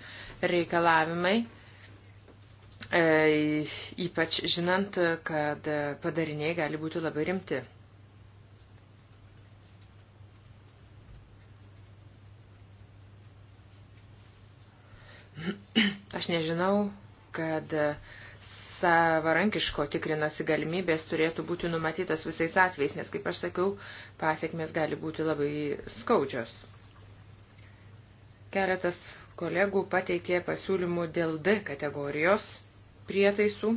reikalavimai, e, ypač žinant, kad padariniai gali būti labai rimti. Aš nežinau, kad e, savarankiško tikrinosi galimybės turėtų būti numatytos visais atvejais, nes, kaip aš sakiau, pasiekmes gali būti labai skaudžios. Keletas kolegų pateikė pasiūlymų dėl D kategorijos prietaisų.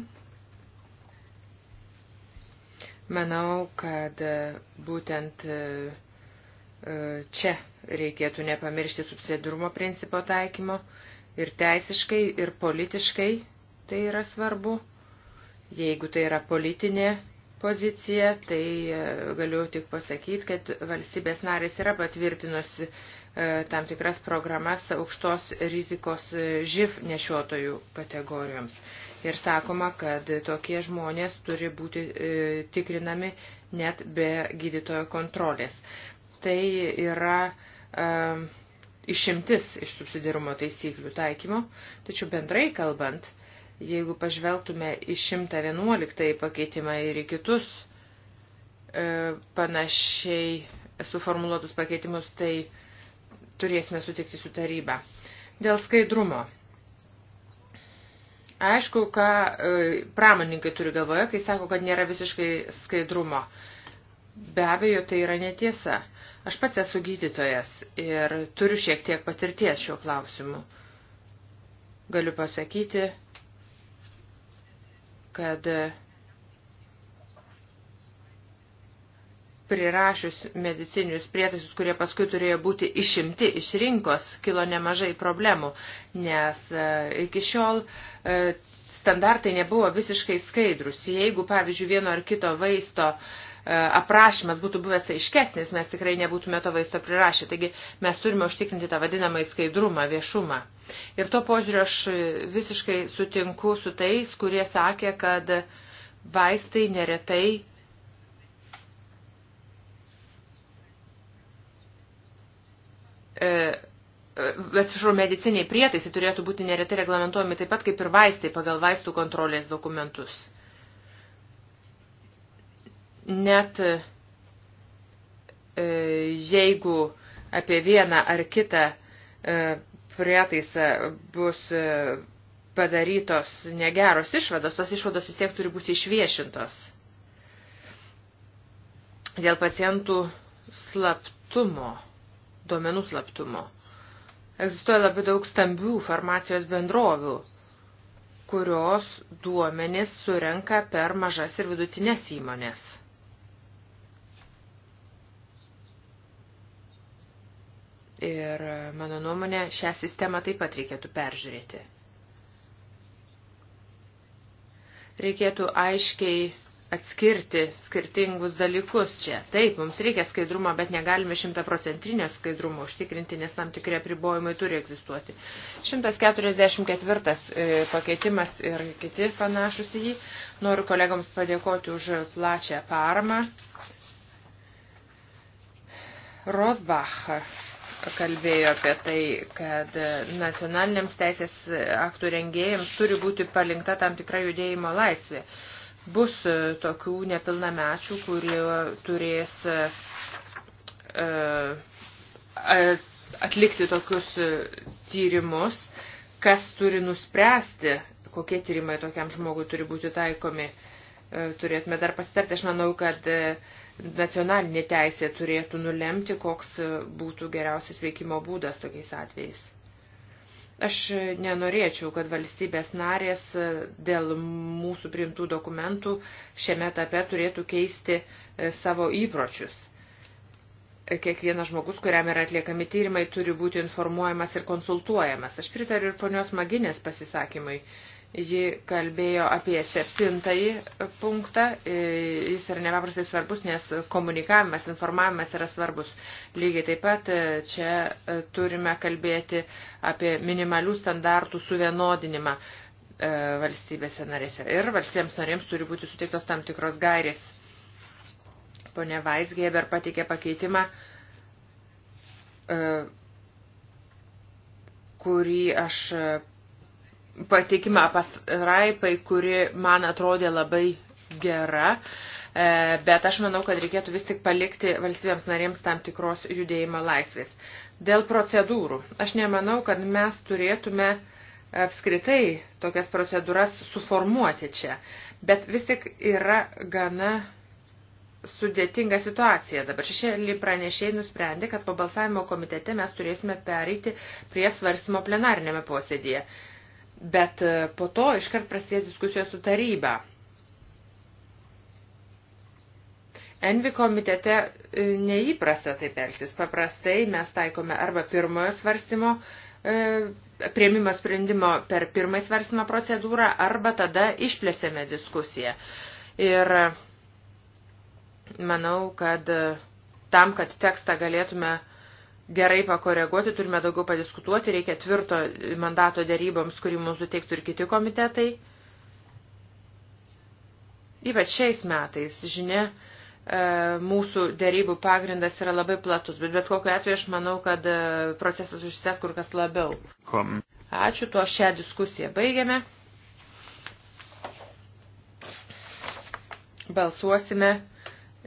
Manau, kad būtent e, e, čia reikėtų nepamiršti subsidirumo principo taikymo ir teisiškai, ir politiškai tai yra svarbu. Jeigu tai yra politinė pozicija, tai e, galiu tik pasakyti, kad valstybės narės yra patvirtinusi e, tam tikras programas aukštos rizikos e, živ nešiotojų kategorijoms. Ir sakoma, kad tokie žmonės turi būti tikrinami net be gydytojo kontrolės. Tai yra um, išimtis iš subsidirumo taisyklių taikymo, tačiau bendrai kalbant, uh, Jeigu pažvelgtume į 111 pakeitimą ir į kitus e, panašiai suformuluotus pakeitimus, tai turėsime sutikti su taryba. Dėl skaidrumo. Aišku, ką e, pramoninkai turi galvoje, kai sako, kad nėra visiškai skaidrumo. Be abejo, tai yra netiesa. Aš pats esu gydytojas ir turiu šiek tiek patirties šiuo klausimu. Galiu pasakyti, kad prirašius medicinius prietaisus, kurie paskui turėjo būti išimti iš rinkos, kilo nemažai problemų, nes e, iki šiol e, standartai nebuvo visiškai skaidrus. Jeigu, pavyzdžiui, vieno ar kito vaisto aprašymas būtų buvęs aiškesnis, mes tikrai nebūtume to vaisto prirašę. Taigi mes turime užtikrinti tą vadinamą skaidrumą, viešumą. Ir to požiūriu aš visiškai sutinku su tais, kurie sakė, kad vaistai neretai e, e, atsiprašau, mediciniai prietaisai turėtų būti neretai reglamentuojami taip pat kaip ir vaistai pagal vaistų kontrolės dokumentus. Net e, jeigu apie vieną ar kitą e, prietaisą bus e, padarytos negeros išvados, tos išvados vis tiek turi būti išviešintos. Dėl pacientų slaptumo, duomenų slaptumo. Egzistuoja labai daug stambių farmacijos bendrovių, kurios duomenis surenka per mažas ir vidutinės įmonės. Ir mano nuomonė, šią sistemą taip pat reikėtų peržiūrėti. Reikėtų aiškiai atskirti skirtingus dalykus čia. Taip, mums reikia skaidrumo, bet negalime šimtaprocentrinio skaidrumo užtikrinti, nes tam tikri apribojimai turi egzistuoti. 144 e, pakeitimas ir kiti panašus į jį. Noriu kolegams padėkoti už plačią paramą. Rosbach kalbėjo apie tai, kad nacionaliniams teisės aktų rengėjams turi būti palinkta tam tikra judėjimo laisvė. Bus tokių nepilnamečių, kurie turės e, atlikti tokius tyrimus, kas turi nuspręsti, kokie tyrimai tokiam žmogui turi būti taikomi. E, turėtume dar pasitarti, aš manau, kad e, nacionalinė teisė turėtų nulemti, koks būtų geriausias veikimo būdas tokiais atvejais. Aš nenorėčiau, kad valstybės narės dėl mūsų priimtų dokumentų šiame etape turėtų keisti e, savo įpročius. Kiekvienas žmogus, kuriam yra atliekami tyrimai, turi būti informuojamas ir konsultuojamas. Aš pritariu ir ponios Maginės pasisakymui. Ji kalbėjo apie septintąjį punktą. E, jis yra nepaprastai svarbus, nes komunikavimas, informavimas yra svarbus. Lygiai taip pat e, čia e, turime kalbėti apie minimalių standartų suvienodinimą valstybėse narėse. Ir valstybėms narėms turi būti suteiktos tam tikros gairės. Pone Vaisgeber pateikė pakeitimą kurį aš pateikimą pasraipai, kuri man atrodė labai gera, e, bet aš manau, kad reikėtų vis tik palikti valstybėms narėms tam tikros judėjimo laisvės. Dėl procedūrų. Aš nemanau, kad mes turėtume apskritai tokias procedūras suformuoti čia, bet vis tik yra gana sudėtinga situacija. Dabar šešėlį pranešėjai nusprendė, kad po balsavimo komitete mes turėsime pereiti prie svarstymo plenarinėme posėdėje bet e, po to iškart prasidės diskusijos su taryba. Envi komitete e, neįprasta taip elgtis. Paprastai mes taikome arba pirmojo svarstymo, e, prieimimo sprendimo per pirmąjį svarstymą procedūrą, arba tada išplėsėme diskusiją. Ir manau, kad tam, kad tekstą galėtume uh, gerai pakoreguoti, turime daugiau padiskutuoti, reikia tvirto mandato deryboms, kurį mums suteiktų ir kiti komitetai. Ypač šiais metais, žinia, e, mūsų dėrybų pagrindas yra labai platus, bet bet kokiu atveju aš manau, kad e, procesas užsitęs kur kas labiau. Kom. Ačiū, tuo šią diskusiją baigiame. Balsuosime.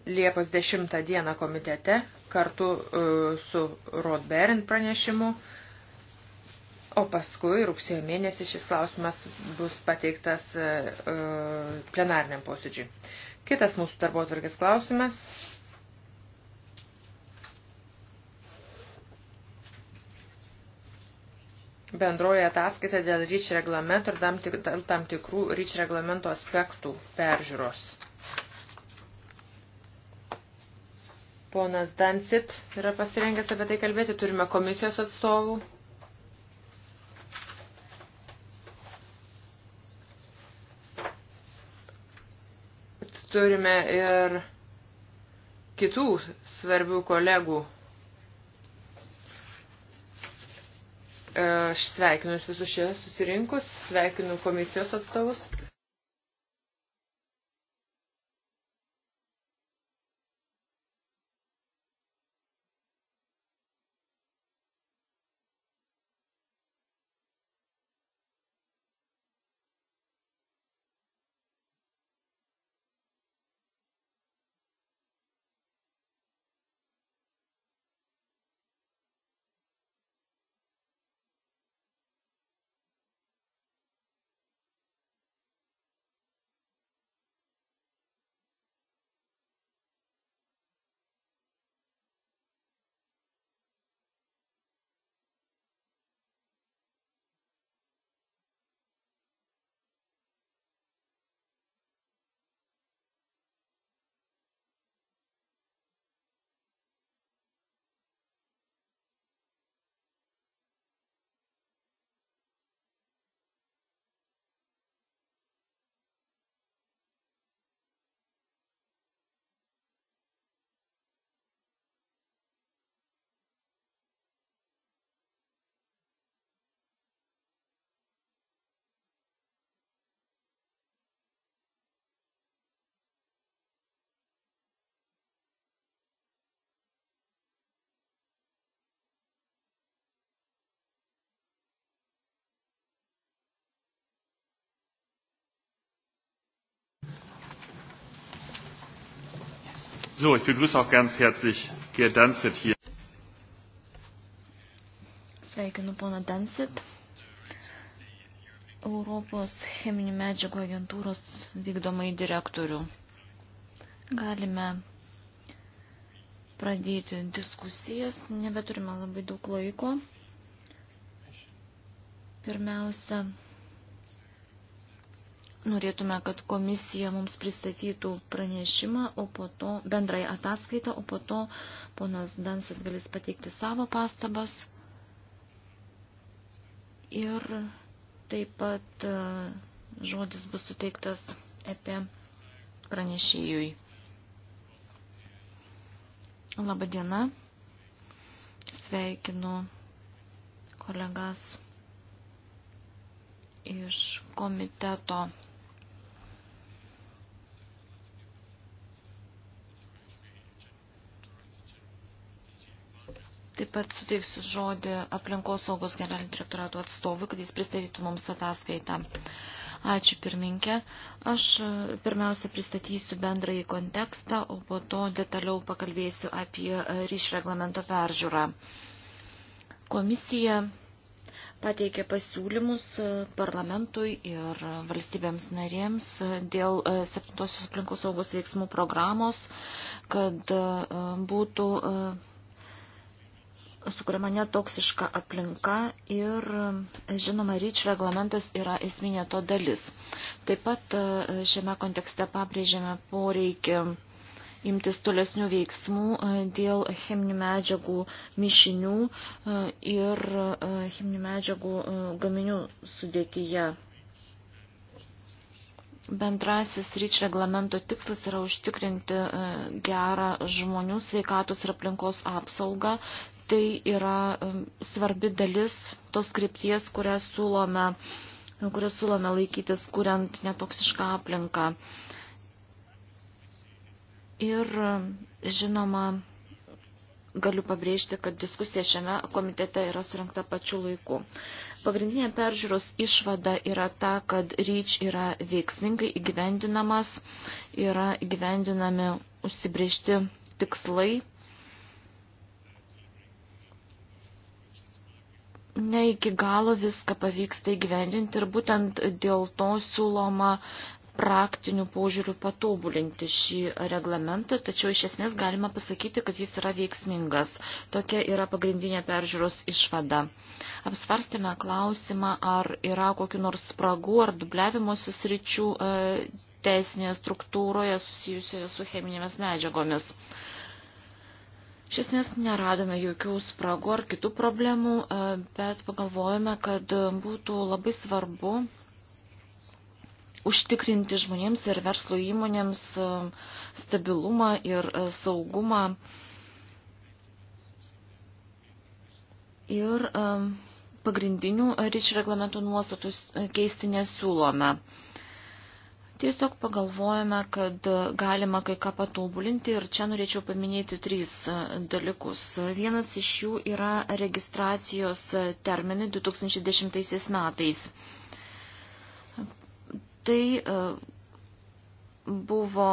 Liepos 10 dieną komitete kartu e, su Rodberin pranešimu, o paskui rugsėjo mėnesį šis klausimas bus pateiktas e, e, plenariniam posėdžiui. Kitas mūsų darbo atvarkės klausimas. Bendroji ataskaita dėl ryč reglamento ir tam tikrų ryč reglamento aspektų peržiūros. Ponas Dansit yra pasirengęs apie tai kalbėti. Turime komisijos atstovų. Turime ir kitų svarbių kolegų. Aš sveikinu visus šie susirinkus, sveikinu komisijos atstovus. So, ich begrüße auch ganz herzlich Gerd Danzit hier. Sveikinu poną Dansit, Europos cheminių medžiagų agentūros vykdomai direktorių. Galime pradėti diskusijas, nebeturime labai daug laiko. Pirmiausia, Norėtume, kad komisija mums pristatytų pranešimą, o po to bendrai ataskaitą, o po to ponas Dansas galės pateikti savo pastabas. Ir taip pat e, žodis bus suteiktas apie pranešėjui. Labadiena, sveikinu kolegas iš komiteto Taip pat suteiksiu žodį aplinkos saugos generalinio direktorato atstovui, kad jis pristatytų mums ataskaitą. Ačiū pirminkė. Aš e, pirmiausia pristatysiu bendrąjį kontekstą, o po to detaliau pakalbėsiu apie e, ryš reglamento peržiūrą. Komisija pateikė pasiūlymus e, parlamentui ir valstybėms narėms dėl 7 aplinkos saugos veiksmų programos, kad būtų sukuriama netoksiška aplinka ir, žinoma, ryč reglamentas yra esminė to dalis. Taip pat šiame kontekste pabrėžėme poreikį imtis tolesnių veiksmų e, dėl cheminių medžiagų mišinių e, ir e, cheminių medžiagų gaminių sudėtyje. Bendrasis ryč reglamento tikslas yra užtikrinti e, gerą žmonių sveikatos ir aplinkos apsaugą. Tai yra e, svarbi dalis tos krypties, kurią siūlome, kurią siūlome laikytis, kuriant netoksišką aplinką. Ir e, žinoma, galiu pabrėžti, kad diskusija šiame komitete yra surinkta pačiu laiku. Pagrindinė peržiūros išvada yra ta, kad REACH yra veiksmingai įgyvendinamas, yra įgyvendinami užsibriežti tikslai. Ne iki galo viską pavyksta įgyvendinti ir būtent dėl to siūloma praktinių požiūrių patobulinti šį reglamentą, tačiau iš esmės galima pasakyti, kad jis yra veiksmingas. Tokia yra pagrindinė peržiūros išvada. Apsvarstėme klausimą, ar yra kokiu nors spragų ar dubliavimosi sričių e, teisinėje struktūroje susijusioje su cheminėmis medžiagomis. Iš esmės neradome jokių spragų ar kitų problemų, e, bet pagalvojame, kad būtų labai svarbu užtikrinti žmonėms ir verslo įmonėms e, stabilumą ir e, saugumą. Ir e, pagrindinių ryč reglamento nuostatų keisti nesiūlome. Tiesiog pagalvojame, kad galima kai ką patobulinti ir čia norėčiau paminėti trys dalykus. Vienas iš jų yra registracijos terminai 2010 metais tai e, buvo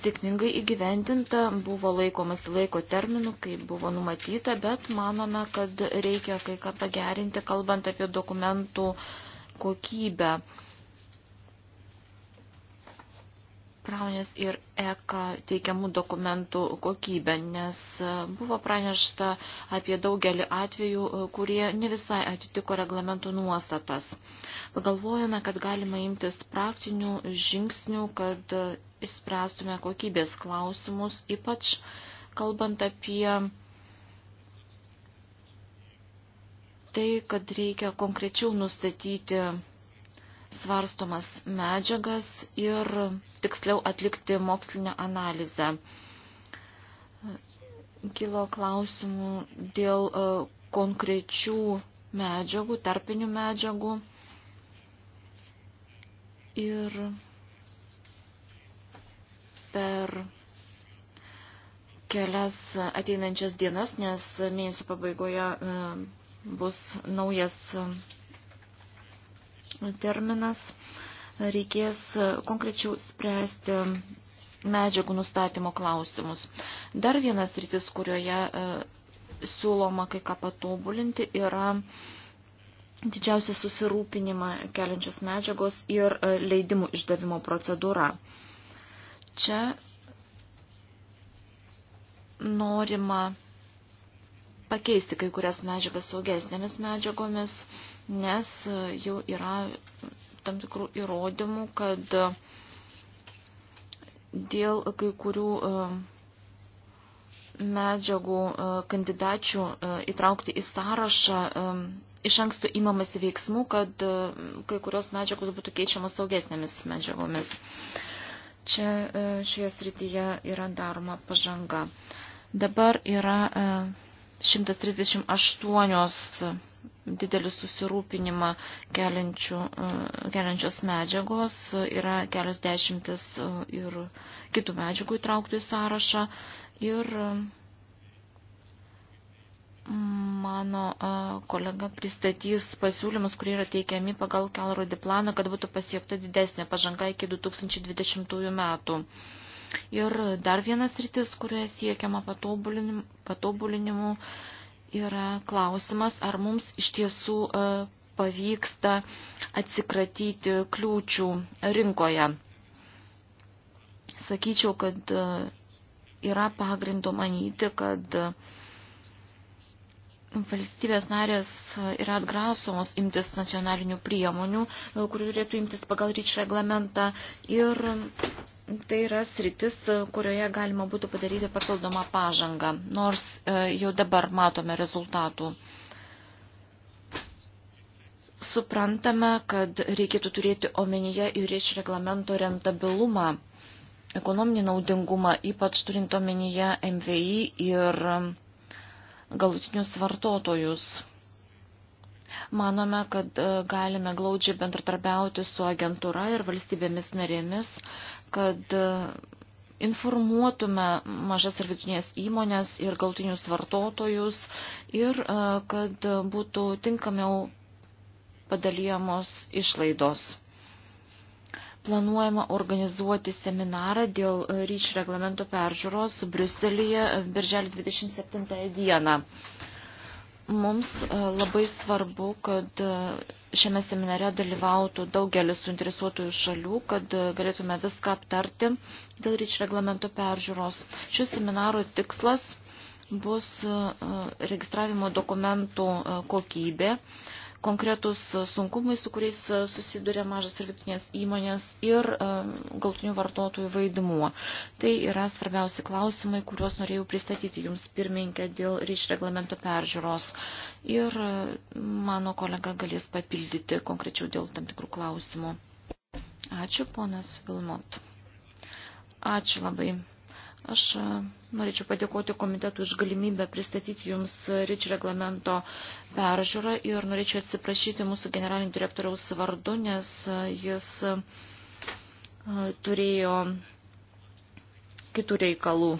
sėkmingai įgyvendinta, buvo laikomas laiko terminų, kaip buvo numatyta, bet manome, kad reikia kai ką pagerinti, kalbant apie dokumentų kokybę. saunės ir eka teikiamų dokumentų kokybę, nes e, buvo pranešta apie daugelį atvejų, e, kurie ne visai atitiko reglamentų nuostatas. Pagalvojame, kad galima imtis praktinių žingsnių, kad e, išspręstume kokybės klausimus, ypač kalbant apie tai, kad reikia konkrečiau nustatyti svarstomas medžiagas ir tiksliau atlikti mokslinę analizę. Kilo klausimų dėl e, konkrečių medžiagų, tarpinių medžiagų ir per kelias ateinančias dienas, nes mėnesio pabaigoje e, bus naujas terminas, reikės konkrečiau spręsti medžiagų nustatymo klausimus. Dar vienas rytis, kurioje e, siūloma kai ką patobulinti, yra didžiausia susirūpinimą keliančios medžiagos ir e, leidimų išdavimo procedūra. Čia norima pakeisti kai kurias medžiagas saugesnėmis medžiagomis, nes e, jau yra tam tikrų įrodymų, kad e, dėl kai kurių e, medžiagų kandidačių įtraukti į sąrašą iš anksto įmamasi veiksmų, kad kai kurios medžiagos būtų keičiamos saugesnėmis medžiagomis. Čia šioje srityje yra daroma pažanga. Dabar yra 138 didelį susirūpinimą e, keliančios medžiagos, yra kelios dešimtis e, ir kitų medžiagų įtrauktų į sąrašą ir e, mano kolega pristatys pasiūlymus, kurie yra teikiami pagal kelrodį planą, kad būtų pasiekta didesnė pažanga iki 2020 metų. Ir dar vienas rytis, kurioje siekiama patobulinimu, patobulinimu yra klausimas, ar mums iš tiesų e, pavyksta atsikratyti kliūčių rinkoje. Sakyčiau, kad e, yra pagrindo manyti, kad e, valstybės narės yra atgrasomos imtis nacionalinių priemonių, kurių turėtų imtis pagal ryč reglamentą ir tai yra sritis, kurioje galima būtų padaryti papildomą pažangą, nors e, jau dabar matome rezultatų. Suprantame, kad reikėtų turėti omenyje ir iš reglamento rentabilumą, ekonominį naudingumą, ypač turint omenyje MVI ir galutinius vartotojus. Manome, kad e, galime glaudžiai bendratarbiauti su agentūra ir valstybėmis narėmis, kad e, informuotume mažas ir vidutinės įmonės ir galtinius vartotojus ir e, kad būtų tinkamiau padalyjamos išlaidos. Planuojama organizuoti seminarą dėl ryč reglamento peržiūros Briuselėje birželio 27 dieną. Mums e, labai svarbu, kad e, šiame seminare dalyvautų daugelis suinteresuotųjų šalių, kad e, galėtume viską aptarti dėl ryč reglamento peržiūros. Šių seminarų tikslas bus registravimo dokumentų kokybė, konkretus e, sunkumai, su kuriais e, susiduria mažas ir vidutinės įmonės ir e, galtinių vartotojų vaidmuo. Tai yra svarbiausi klausimai, kuriuos norėjau pristatyti Jums pirmininkę dėl ryš reglamento peržiūros. Ir mano kolega galės papildyti konkrečiau dėl tam tikrų klausimų. Ačiū, ponas Vilmot. Ačiū labai. Aš e, norėčiau padėkoti komitetu už galimybę pristatyti Jums RIČ reglamento peržiūrą ir norėčiau atsiprašyti mūsų generalinio direktoriaus vardu, nes e, jis e, turėjo kitų reikalų.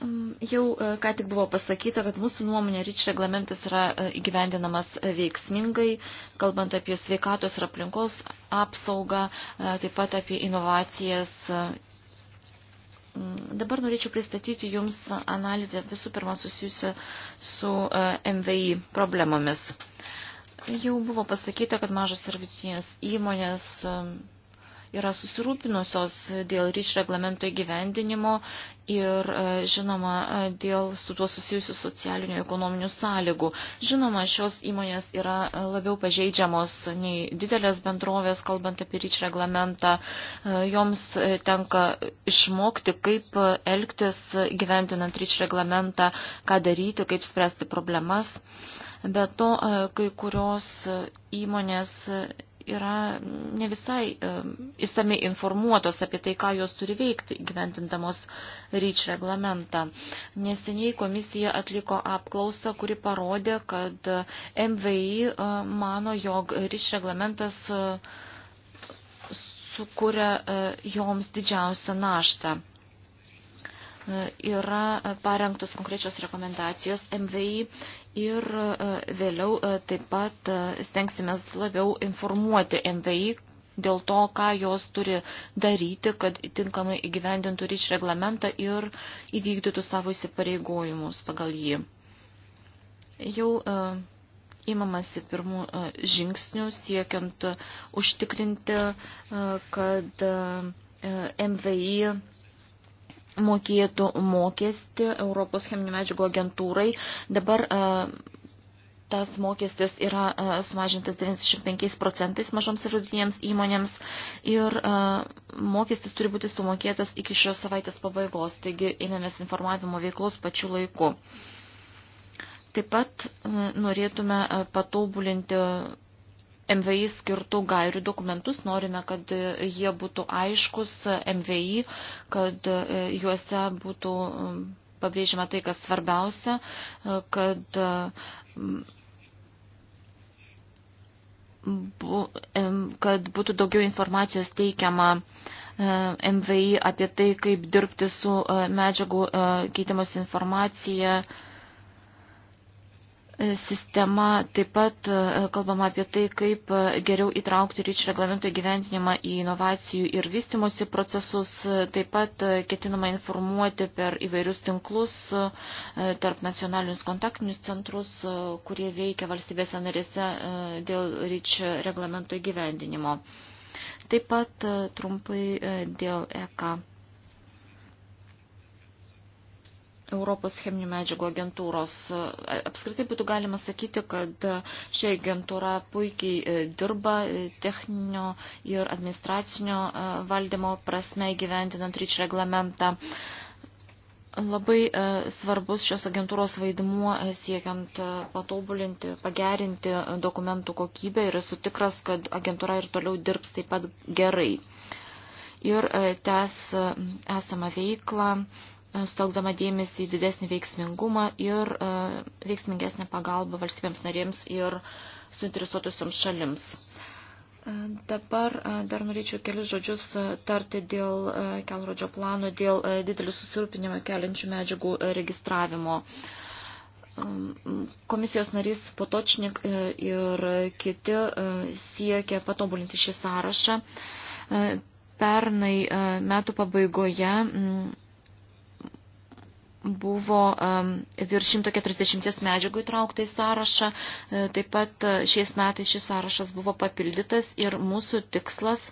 Mm, jau e, ką tik buvo pasakyta, kad mūsų nuomonė ryč reglamentas yra e, įgyvendinamas e, veiksmingai, kalbant apie sveikatos ir aplinkos apsaugą, taip pat apie inovacijas. Mm, dabar norėčiau pristatyti Jums analizę visų pirma susijusią su MVI problemomis. Jau buvo pasakyta, kad mažos ir vidutinės įmonės yra susirūpinusios dėl ryšio reglamento įgyvendinimo ir, e, žinoma, e, dėl su tuo susijusių socialinių ekonominių sąlygų. Žinoma, šios įmonės yra e, labiau pažeidžiamos nei didelės bendrovės, kalbant apie ryšio reglamentą. Joms tenka išmokti, kaip elgtis gyvendinant ryšio reglamentą, ką daryti, kaip spręsti problemas. Be to, kai kurios įmonės yra ne visai įsami informuotos apie tai, ką jos turi veikti gyventindamos REACH reglamentą. Neseniai komisija atliko apklausą, kuri parodė, kad MVI e, mano, jog REACH reglamentas e, sukuria e, joms didžiausią naštą yra parengtos konkrečios rekomendacijos MVI ir e, vėliau e, taip pat e, stengsimės labiau informuoti MVI dėl to, ką jos turi daryti, kad tinkamai įgyvendintų ryč reglamentą ir įvykdytų savo įsipareigojimus pagal jį. Jau įmamasi pirmų žingsnių siekiant užtikrinti, kad MVI mokėtų mokestį Europos cheminių medžiagų agentūrai. Dabar e, tas mokestis yra e, sumažintas 95 procentais mažoms ir vidutinėms įmonėms ir e, mokestis turi būti sumokėtas iki šios savaitės pabaigos, taigi ėmėmės informavimo veiklos pačiu laiku. Taip pat norėtume patobulinti MVI skirtų gairių dokumentus, norime, kad e, jie būtų aiškus e, MVI, kad e, juose būtų pabrėžima tai, kas svarbiausia, kad kad būtų daugiau informacijos teikiama MVI apie tai, kaip dirbti su medžiagų keitimos informacija, sistema, taip pat e, kalbama apie tai, kaip e, geriau įtraukti ryčių reglamento įgyventinimą į inovacijų ir vystimosi procesus, e, taip pat ketinama informuoti per įvairius tinklus, tarp nacionalinius kontaktinius centrus, kurie veikia valstybėse narėse dėl ryčių reglamento įgyvendinimo. Taip pat trumpai dėl EK Europos cheminių medžiagų agentūros. E, apskritai būtų galima sakyti, kad ši agentūra puikiai e, dirba e, techninio ir administracinio valdymo prasme įgyvendinant ryč reglamentą. Labai svarbus šios agentūros vaidmuo siekiant patobulinti, pagerinti dokumentų kokybę ir esu tikras, kad agentūra ir toliau dirbs taip pat gerai. Ir tęs esamą veiklą E, stokdama dėmesį į didesnį veiksmingumą ir e, veiksmingesnę pagalbą valstybėms narėms ir suinteresuotusioms šalims. E, dabar dar norėčiau kelius žodžius tarti dėl kelrodžio plano, dėl didelį susirūpinimą keliančių medžiagų registravimo. Komisijos narys Potočnik ir kiti siekia patobulinti šį sąrašą. Pernai metų pabaigoje buvo um, virš 140 medžiagų įtraukta į sąrašą. E, taip pat e, šiais metais šis sąrašas buvo papildytas ir mūsų tikslas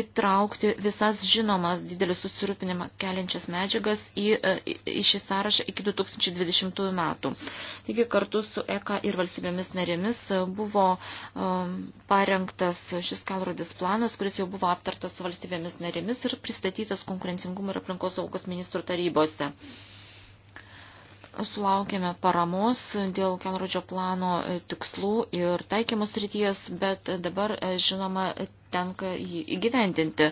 įtraukti visas žinomas didelį susirūpinimą keliančias medžiagas į, į, e, į šį sąrašą iki 2020 metų. Taigi kartu su ECA ir valstybėmis narėmis buvo um, parengtas šis kelrodis planas, kuris jau buvo aptartas su valstybėmis narėmis ir pristatytas konkurencingumo ir aplinkos saugos ministrų tarybose. Sulaukėme paramos dėl kelrodžio plano e, tikslų ir taikymus ryties, bet dabar, e, žinoma, tenka jį įgyvendinti.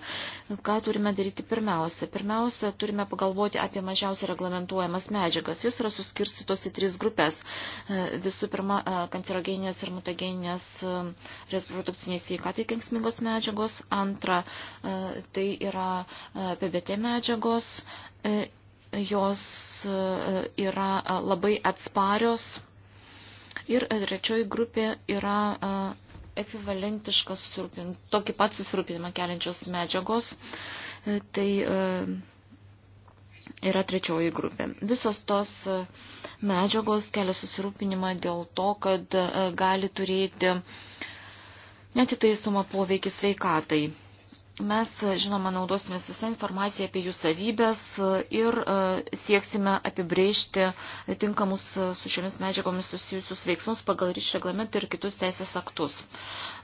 Ką turime daryti pirmiausia? Pirmiausia, turime pagalvoti apie mažiausiai reglamentuojamas medžiagas. Jūs yra suskirstytos į tris grupės. E, visų pirma, kancerogeninės ir mutageninės reprodukciniai sveikatai kenksmingos medžiagos. Antra, tai yra PBT medžiagos jos e, yra e, labai atsparios. Ir trečioji grupė yra e, ekvivalentiškas susirūpin, tokį pat susirūpinimą keliančios medžiagos. Tai yra trečioji grupė. Visos tos medžiagos kelia susirūpinimą dėl to, kad gali turėti netitaisomą poveikį sveikatai. Mes, žinoma, naudosimės visą informaciją apie jų savybės ir e, sieksime apibrėžti tinkamus su šiomis medžiagomis susijusius veiksmus pagal ryšį reglamentą ir kitus teisės aktus.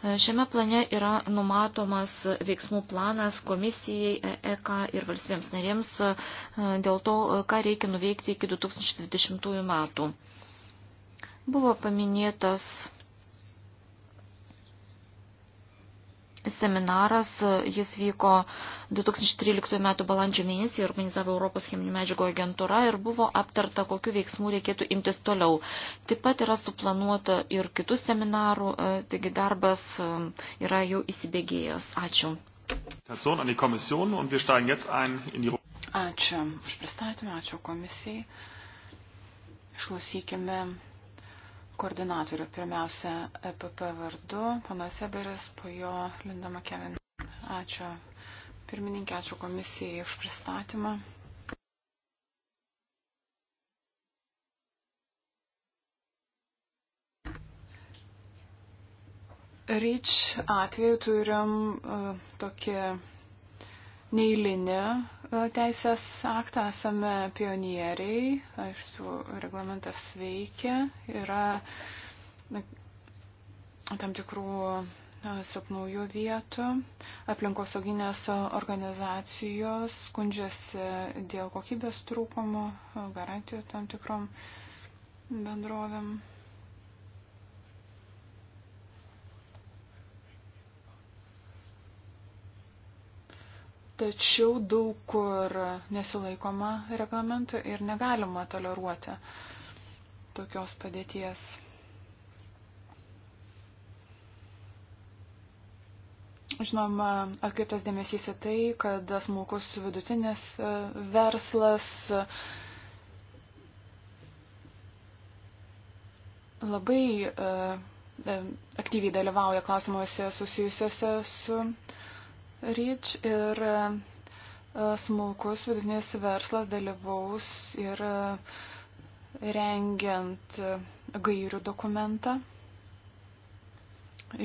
E, šiame plane yra numatomas veiksmų planas komisijai, EK e ir valstybėms narėms dėl to, ką reikia nuveikti iki 2020 metų. Buvo paminėtas seminaras, jis vyko 2013 m. balandžio mėnesį, organizavo Europos cheminių medžiagų agentūra ir buvo aptarta, kokiu veiksmu reikėtų imtis toliau. Taip pat yra suplanuota ir kitų seminarų, e, taigi darbas e, yra jau įsibėgėjęs. Ačiū. Ačiū už pristatymą, ačiū komisijai. Išklausykime koordinatorių. Pirmiausia, EPP vardu, panas Eberis, po jo Linda Makevin. Ačiū pirmininkė, ačiū komisijai už pristatymą. Ryč atveju turim uh, tokį neįlinį E, teisės aktą esame pionieriai, aišku, reglamentas veikia, yra tam tikrų e, silpnųjų vietų. Aplinkosauginės organizacijos skundžiasi dėl kokybės trūkumų, e, garantijų tam tikrom bendrovėm. tačiau daug kur nesilaikoma reglamentų ir negalima toleruoti tokios padėties. Žinoma, atkreiptas dėmesys į tai, kad smulkus vidutinis e, verslas labai e, e, aktyviai dalyvauja klausimuose susijusiuose su Ryč ir e, smulkus vidutinis verslas dalyvaus ir e, rengiant e, gairių dokumentą.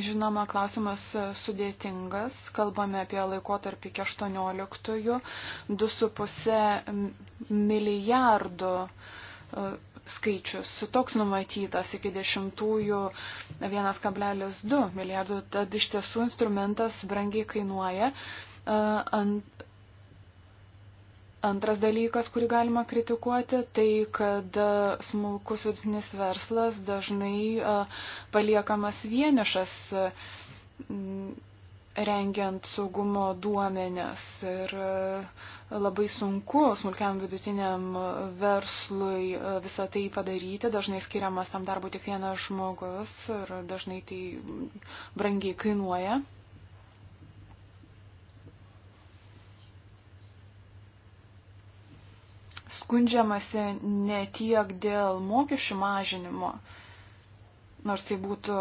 Žinoma, klausimas sudėtingas. Kalbame apie laikotarpį iki 18-ųjų. 2,5 milijardų skaičius toks numatytas iki dešimtųjų 1,2 milijardų, tad iš tiesų instrumentas brangiai kainuoja. Ant, Antras dalykas, kurį galima kritikuoti, tai kad smulkus vidutinis verslas dažnai paliekamas vienišas rengiant saugumo duomenės ir e, labai sunku smulkiam vidutiniam e, verslui e, visą tai padaryti, dažnai skiriamas tam darbu tik vienas žmogus ir dažnai tai brangiai kainuoja. skundžiamasi ne tiek dėl mokesčių mažinimo, nors tai būtų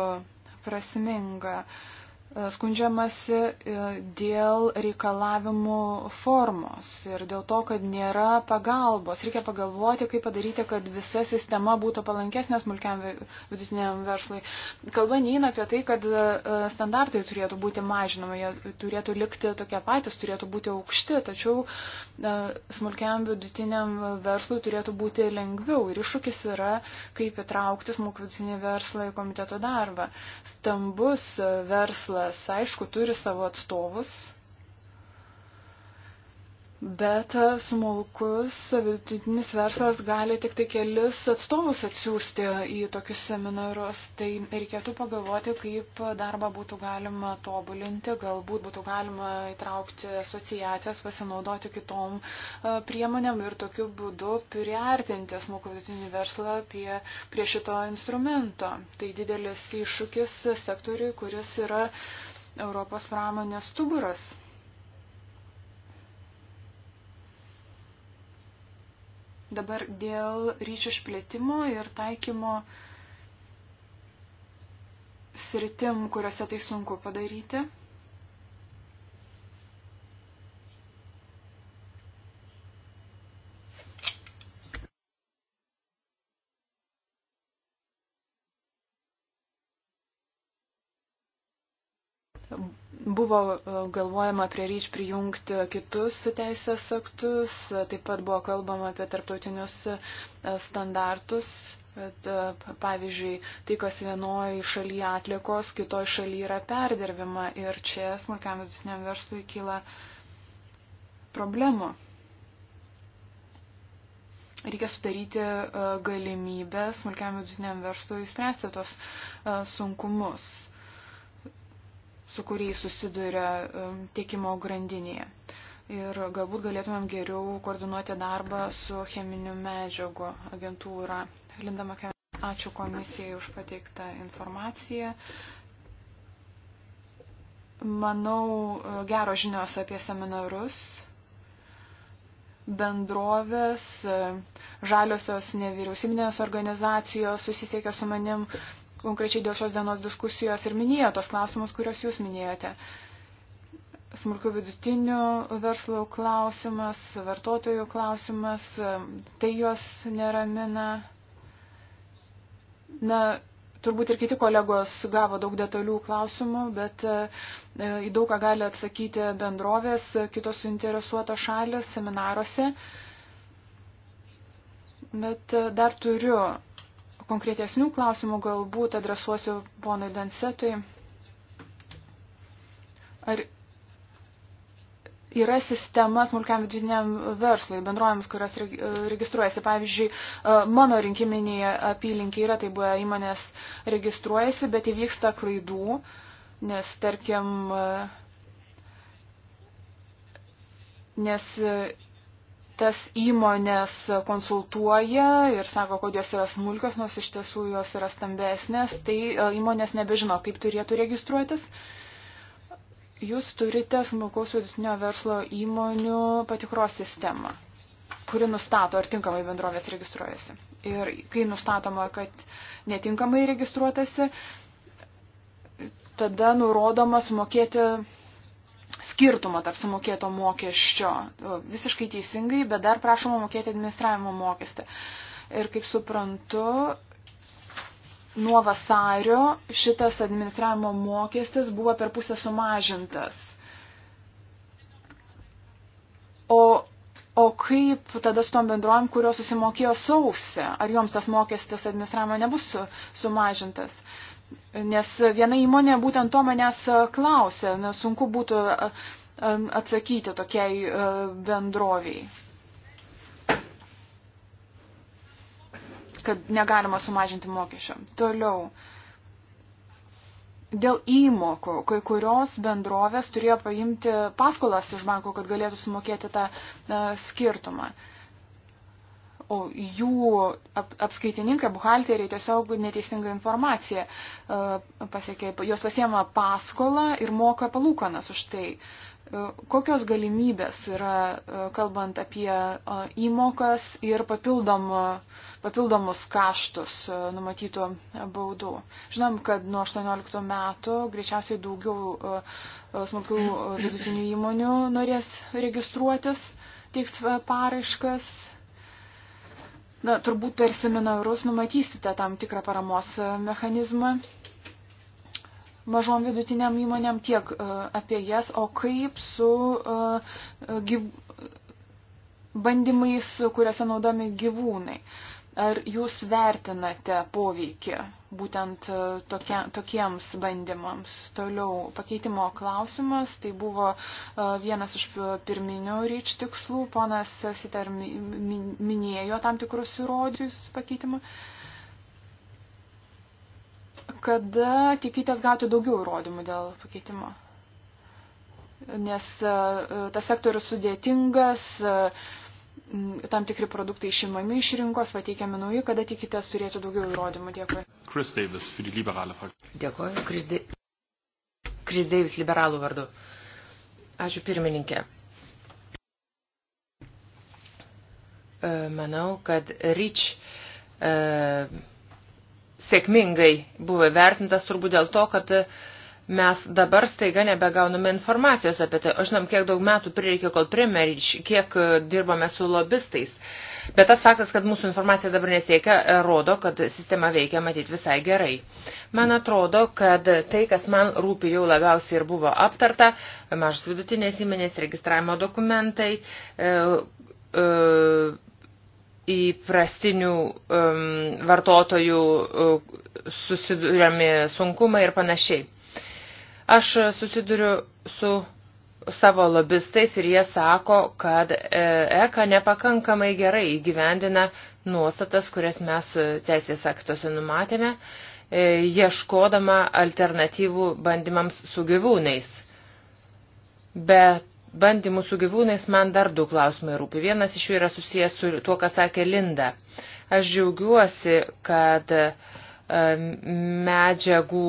prasminga. Uh, skundžiamasi e, dėl reikalavimų formos ir dėl to, kad nėra pagalbos. Reikia pagalvoti, kaip padaryti, kad visa sistema būtų palankesnė smulkiam vidutiniam verslui. Kalba neina apie tai, kad e, standartai turėtų būti mažinami, jie turėtų likti tokie patys, turėtų būti aukšti, tačiau e, smulkiam vidutiniam verslui turėtų būti lengviau. Ir iššūkis yra, kaip įtraukti smulkų vidutinį verslą į komiteto darbą. Stambus verslas parlamentas, aišku, turi savo atstovus bet smulkus vidutinis verslas gali tik tai kelis atstovus atsiųsti į tokius seminarus. Tai reikėtų pagalvoti, kaip darbą būtų galima tobulinti, galbūt būtų galima įtraukti asociacijas, pasinaudoti kitom e, priemonėm ir tokiu būdu priartinti smulkų vidutinį verslą prie, prie šito instrumento. Tai didelis iššūkis sektoriui, kuris yra Europos pramonės stuburas. Dabar dėl ryšių išplėtimo ir taikymo sritim, kuriuose tai sunku padaryti. buvo e, galvojama prie ryč prijungti kitus teisės aktus, e, taip pat buvo kalbama apie tarptautinius e, standartus. Bet, pavyzdžiui, tai, kas vienoje šalyje atlikos, kitoje šalyje yra perdirbima ir čia smulkiam vidutiniam verslui kyla problemų. Reikia sudaryti galimybę smulkiam vidutiniam verslui spręsti tos sunkumus su kuriais susiduria tiekimo grandinėje. Ir galbūt galėtumėm geriau koordinuoti darbą su cheminių medžiagų agentūra. Lindama, ačiū komisijai už pateiktą informaciją. Manau, e, geros žinios apie seminarus bendrovės, e, žaliosios nevyriausybinės organizacijos susisiekė su manim konkrečiai dėl šios dienos diskusijos ir minėjo tos klausimus, kuriuos jūs minėjote. Smulkių vidutinių verslo klausimas, vartotojų klausimas, tai juos neramina. Na, turbūt ir kiti kolegos gavo daug detalių klausimų, bet e, į daug ką gali atsakyti bendrovės, kitos suinteresuotos šalis seminaruose. Bet e, dar turiu konkretesnių klausimų galbūt adresuosiu ponui Dansetui. Ar yra sistema smulkiam vidiniam verslui, bendrojams, kurios registruojasi. Pavyzdžiui, e, mano rinkiminėje apylinkė yra, tai buvo įmonės registruojasi, bet įvyksta klaidų, nes tarkim, e, nes tas įmonės konsultuoja ir sako, kad jos yra smulkios, nors iš tiesų jos yra stambesnės, tai e, įmonės nebežino, kaip turėtų registruotis. Jūs turite smulkaus vidutinio verslo įmonių patikros sistemą, kuri nustato, ar tinkamai bendrovės registruojasi. Ir kai nustatoma, kad netinkamai registruotasi, tada nurodoma sumokėti skirtumą tarp sumokėto mokesčio. E, visiškai teisingai, bet dar prašoma mokėti administravimo mokestį. Ir kaip suprantu, nuo vasario šitas administravimo mokestis buvo per pusę sumažintas. O, o kaip tada su tom bendruom, kurios susimokėjo sausį, ar joms tas mokestis administravimo nebus su, sumažintas? Uh, Nes viena įmonė būtent to manęs e, klausė, nes sunku būtų e, e, atsakyti tokiai bendroviai, kad negalima sumažinti mokesčio. Toliau, dėl įmokų, kai kurios bendrovės turėjo paimti paskolas iš banko, kad galėtų sumokėti tą skirtumą o jų ap, apskaitininkai, buhalteriai tiesiog neteisinga informacija e, pasiekė, jos pasiema paskolą ir moka palūkanas už tai. E, kokios galimybės yra, e, kalbant apie įmokas ir papildomą papildomus kaštus numatytų baudų. Žinom, kad nuo 18 metų greičiausiai daugiau smulkių vidutinių įmonių norės registruotis, teiks paraiškas Na, turbūt per seminarus numatysite tam tikrą paramos e, mechanizmą mažom vidutiniam įmonėm tiek e, apie jas, o kaip su e, gyv... bandymais, kuriuose naudami gyvūnai. Uh, Ar jūs vertinate poveikį būtent e, tokia, tokiems bandymams? Toliau pakeitimo klausimas, tai buvo e, vienas iš pirminių ryč tikslų, ponas Sitar minėjo tam tikrus įrodžius pakeitimą. Kada tikitės gauti daugiau įrodymų dėl pakeitimo? Nes e, tas sektorius sudėtingas, Mm, tam tikri produktai išimami iš rinkos, pateikiami nauji, kada tikitės turėti daugiau įrodymų. Dėkui. Chris Davis, liberalų frakcija. Dėkuoju, Chris, De... Chris Davis, liberalų vardu. Ačiū pirmininkė. E, manau, kad Rich e, sėkmingai buvo vertintas turbūt dėl to, kad e, mes dabar staiga nebegauname informacijos apie tai. Aš žinom, kiek daug metų prireikė, kol primerč, kiek e, dirbame su lobistais. Bet tas faktas, kad mūsų informacija dabar nesiekia, e, rodo, kad sistema veikia matyti visai gerai. Man atrodo, kad tai, kas man rūpi jau labiausiai ir buvo aptarta, mažas vidutinės įmenės registravimo dokumentai, e, e, įprastinių um, vartotojų uh, e, susidurėmi sunkumai ir panašiai. Aš susiduriu su savo lobistais ir jie sako, kad ECA e nepakankamai gerai įgyvendina nuostatas, kurias mes e, teisės aktuose numatėme, e, ieškodama alternatyvų bandymams su gyvūnais. Bet bandymų su gyvūnais man dar du klausimai rūpi. Vienas iš jų yra susijęs su tuo, ką sakė Linda. Aš džiaugiuosi, kad uh, E, medžiagų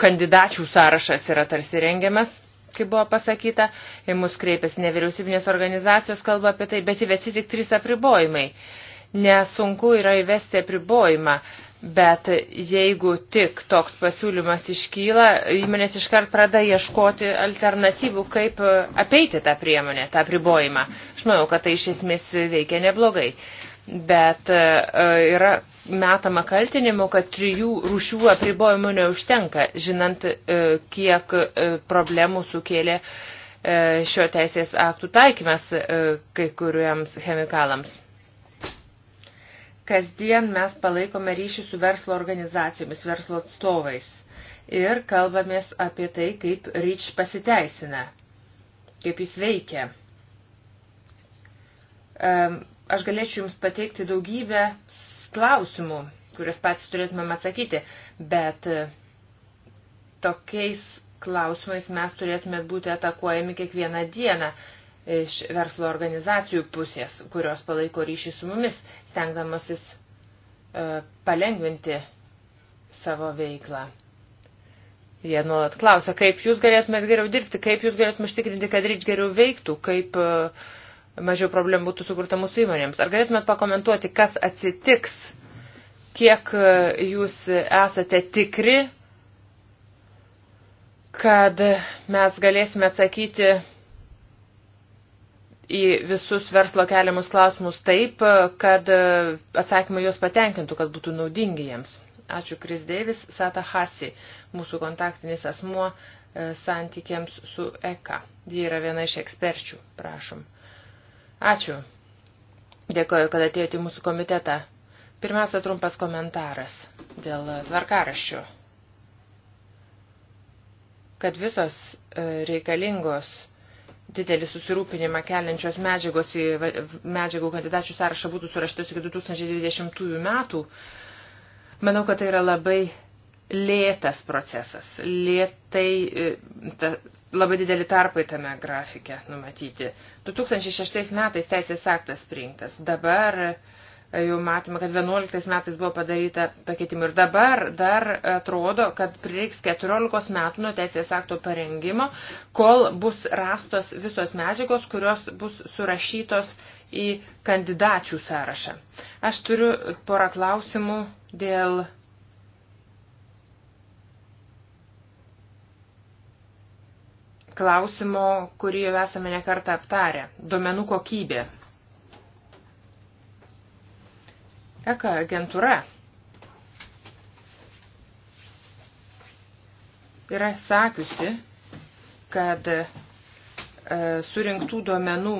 kandidačių sąrašas yra tarsi rengiamas, kaip buvo pasakyta, ir mus kreipiasi nevyriausybinės organizacijos kalba apie tai, bet įvesti tik trys apribojimai. Nesunku yra įvesti apribojimą, bet jeigu tik toks pasiūlymas iškyla, įmonės iškart pradeda ieškoti alternatyvų, kaip e, apeiti tą priemonę, tą apribojimą. Aš manau, kad tai iš esmės veikia neblogai. Bet e, yra metama kaltinimu, kad trijų rūšių apribojimų neužtenka, žinant, e, kiek e, problemų sukėlė e, šio teisės aktų taikymas kai kuriuoms chemikalams. Kasdien mes palaikome ryšį su verslo organizacijomis, verslo atstovais ir kalbamės apie tai, kaip ryč pasiteisina, kaip jis veikia. Aš galėčiau Jums pateikti daugybę klausimų, kuriuos patys turėtumėm atsakyti, bet e, tokiais klausimais mes turėtumėt būti atakuojami kiekvieną dieną iš verslo organizacijų pusės, kurios palaiko ryšį su mumis, stengdamasis e, palengvinti savo veiklą. Jie nuolat klausia, kaip jūs galėtumėt geriau dirbti, kaip jūs galėtumėt užtikrinti, kad ryč geriau veiktų, kaip uh, mažiau problemų būtų sukurta mūsų įmonėms. Ar galėtumėt pakomentuoti, kas atsitiks, kiek e, jūs esate tikri, kad mes galėsime atsakyti į visus verslo keliamus klausimus taip, kad e, atsakymai juos patenkintų, kad būtų naudingi jiems. Ačiū Kris Deivis, Sata Hasi, mūsų kontaktinis asmuo e, santykiams su ECA. Ji yra viena iš eksperčių, prašom. Ačiū. Dėkoju, kad atėjote į mūsų komitetą. Pirmiausia, trumpas komentaras dėl tvarkaraščių. Kad visos e, reikalingos didelį susirūpinimą keliančios medžiagos į medžiagų kandidačių sąrašą būtų surašytos iki 2020 metų, manau, kad tai yra labai lėtas procesas, lėtai, e, ta, labai didelį tarpai tame grafike numatyti. 2006 metais teisės aktas priimtas, dabar e, jau matome, kad 11 metais buvo padaryta pakeitimų ir dabar dar atrodo, kad prireiks 14 metų nuo teisės akto parengimo, kol bus rastos visos medžiagos, kurios bus surašytos į kandidačių sąrašą. Aš turiu porą klausimų dėl klausimo, kurį jau esame nekartą aptarę – duomenų kokybė. ECA agentūra yra sakiusi, kad e, surinktų duomenų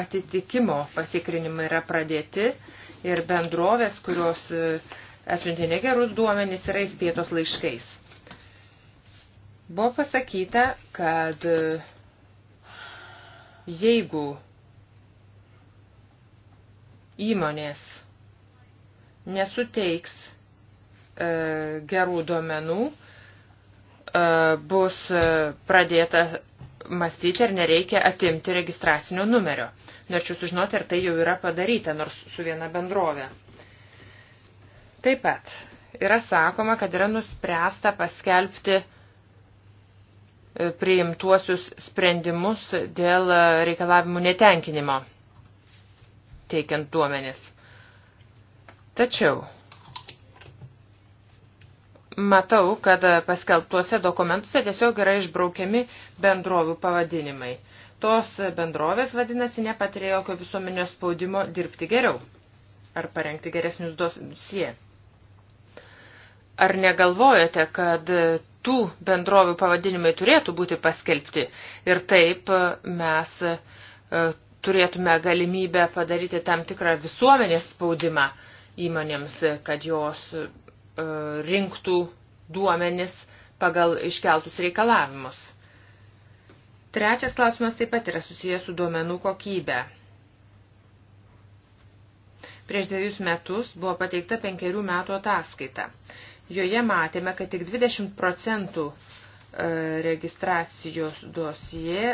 atitikimo patikrinimai yra pradėti ir bendrovės, kurios e, atsiuntė negerus duomenys, yra įspėtos laiškais. Buvo pasakyta, kad e, jeigu įmonės nesuteiks e, gerų duomenų, e, bus e, pradėta mąstyti, ar nereikia atimti registracinio numerio. Norčiau sužinoti, ar tai jau yra padaryta, nors su viena bendrovė. Taip pat yra sakoma, kad yra nuspręsta paskelbti priimtuosius sprendimus dėl reikalavimų netenkinimo, teikiant duomenis. Tačiau matau, kad paskelbtuose dokumentuose tiesiog yra išbraukiami bendrovių pavadinimai. Tos bendrovės, vadinasi, nepatirė jokio visuomenio spaudimo dirbti geriau ar parengti geresnius dosie. Ar negalvojate, kad tų bendrovių pavadinimai turėtų būti paskelbti. Ir taip e, mes e, turėtume galimybę padaryti tam tikrą visuomenės spaudimą įmonėms, e, kad jos rinktų duomenis pagal iškeltus reikalavimus. Trečias klausimas taip pat yra susijęs su duomenų kokybė. Prieš dviejus metus buvo pateikta penkerių metų ataskaita. Joje matėme, kad tik 20 procentų e, registracijos dosie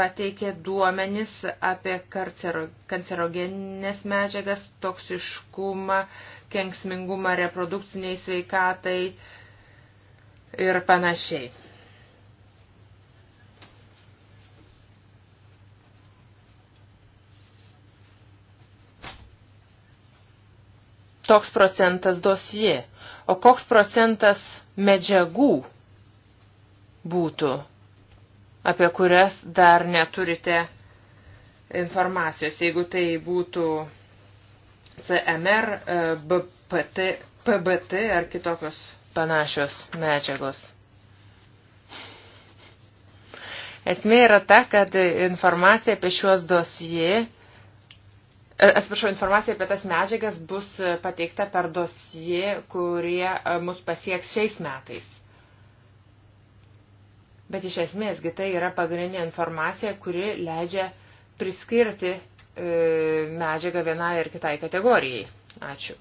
pateikė duomenis apie kancerogeninės medžiagas, toksiškumą, kenksmingumą reprodukciniai sveikatai ir panašiai. toks procentas dosie, o koks procentas medžiagų būtų, apie kurias dar neturite informacijos, jeigu tai būtų CMR, e, BPT, PBT ar kitokios panašios medžiagos. Esmė yra ta, kad informacija apie šiuos dosijai atsiprašau, informacija apie tas medžiagas bus pateikta per dosie, kurie mus pasieks šiais metais. Bet iš esmėsgi tai yra pagrindinė informacija, kuri leidžia priskirti e, medžiagą vienai ir kitai kategorijai. Ačiū.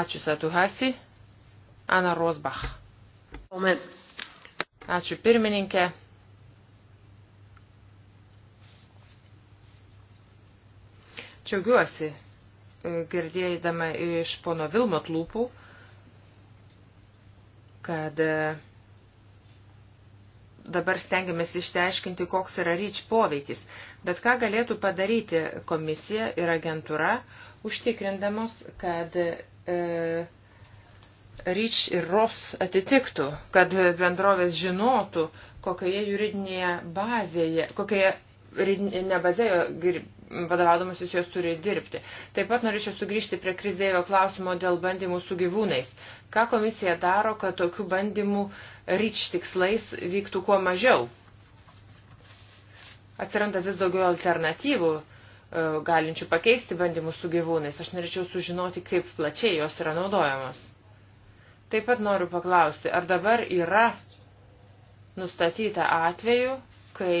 Ačiū Satuhasi. Ana Rosbach. Ačiū pirmininkė. Čiaugiuosi, e, girdėdama iš pono Vilmot lūpų, kad e, dabar stengiamės išteiškinti, koks yra ryč poveikis. Bet ką galėtų padaryti komisija ir agentūra, užtikrindamos, kad e, ryč ir ros atitiktų, kad bendrovės žinotų, kokioje juridinėje bazėje, kokioje juridinėje bazėje vadovaudamasis jos turi dirbti. Taip pat norėčiau sugrįžti prie krizdėjo klausimo dėl bandymų su gyvūnais. Ką komisija daro, kad tokių bandymų ryč tikslais vyktų kuo mažiau? Atsiranda vis daugiau alternatyvų e, galinčių pakeisti bandymus su gyvūnais. Aš norėčiau sužinoti, kaip plačiai jos yra naudojamos. Taip pat noriu paklausti, ar dabar yra nustatyta atveju, kai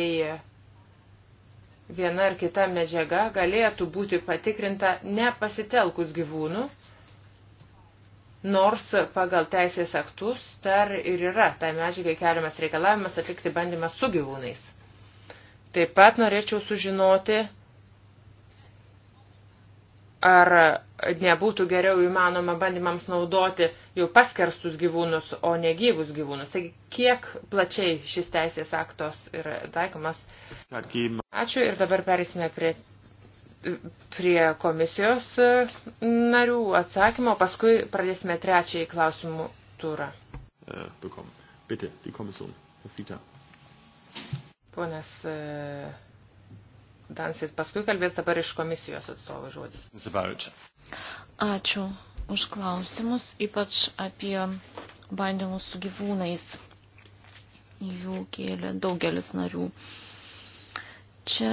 viena ar kita medžiaga galėtų būti patikrinta nepasitelkus gyvūnų, nors pagal teisės aktus dar ir yra tai medžiagai keliamas reikalavimas atlikti bandymą su gyvūnais. Taip pat norėčiau sužinoti, ar nebūtų geriau įmanoma bandymams naudoti jau paskerstus gyvūnus, o negyvus gyvūnus. Taigi, kiek plačiai šis teisės aktos yra taikomas? Ačiū ir dabar perėsime prie, prie komisijos narių atsakymo, paskui pradėsime trečiąjį klausimų turą. Ponas e, Dansis. Paskui kalbės dabar iš komisijos atstovų žodis. Ačiū už klausimus, ypač apie bandymus su gyvūnais. Jų kėlė daugelis narių. Čia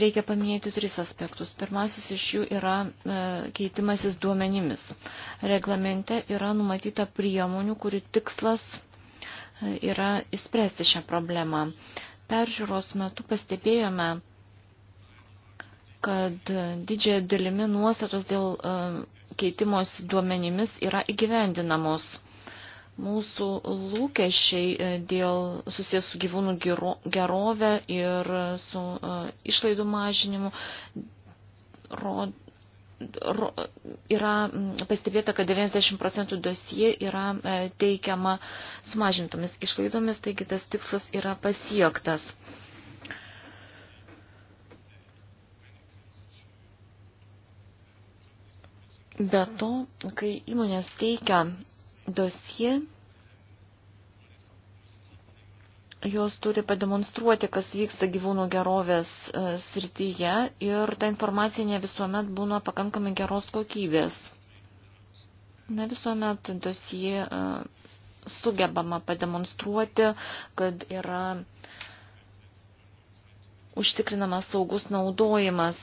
reikia paminėti tris aspektus. Pirmasis iš jų yra e, keitimasis duomenimis. Reglamente yra numatyta priemonių, kurių tikslas yra įspręsti šią problemą. Peržiūros metu pastebėjome, kad didžiąją dalimi nuostatos dėl e, keitimos duomenimis yra įgyvendinamos. Mūsų lūkesčiai e, dėl susijęs su gyvūnų gerove ir su e, išlaidų mažinimu yra pastebėta, kad 90 procentų dosie yra e, teikiama sumažintomis išlaidomis, taigi tas tikslas yra pasiektas. Be to, kai įmonės teikia dosie, Jos turi pademonstruoti, kas vyksta gyvūnų gerovės e, srityje ir ta informacija ne visuomet būna pakankamai geros kokybės. Ne visuomet dosie e, sugebama pademonstruoti, kad yra užtikrinamas saugus naudojimas,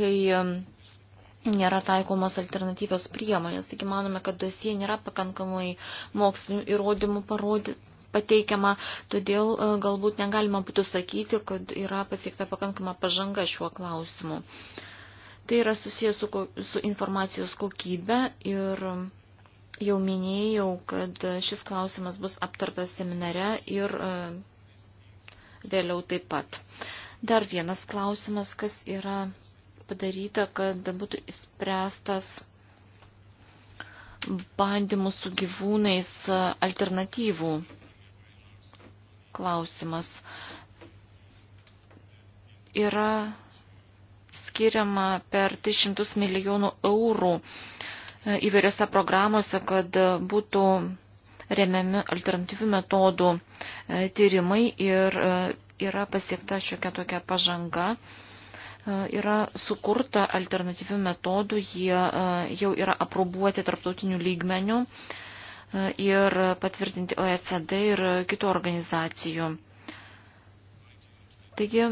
kai e, nėra taikomos alternatyvios priemonės. Taigi manome, kad dosie nėra pakankamai mokslinių įrodymų parody, pateikiama, todėl e, galbūt negalima būtų sakyti, kad yra pasiekta pakankama pažanga šiuo klausimu. Tai yra susijęs su, su informacijos kokybė ir jau minėjau, kad šis klausimas bus aptartas seminare ir e, vėliau taip pat. Dar vienas klausimas, kas yra padaryta, kad būtų įspręstas bandymų su gyvūnais e, alternatyvų klausimas. Yra skiriama per 300 milijonų eurų e, įvairiose programuose, kad būtų remiami alternatyvių metodų e, tyrimai ir e, yra pasiekta šiokia tokia pažanga. Yra sukurta alternatyvių metodų, jie jau yra aprobuoti tarptautinių lygmenių ir patvirtinti OECD ir kitų organizacijų. Taigi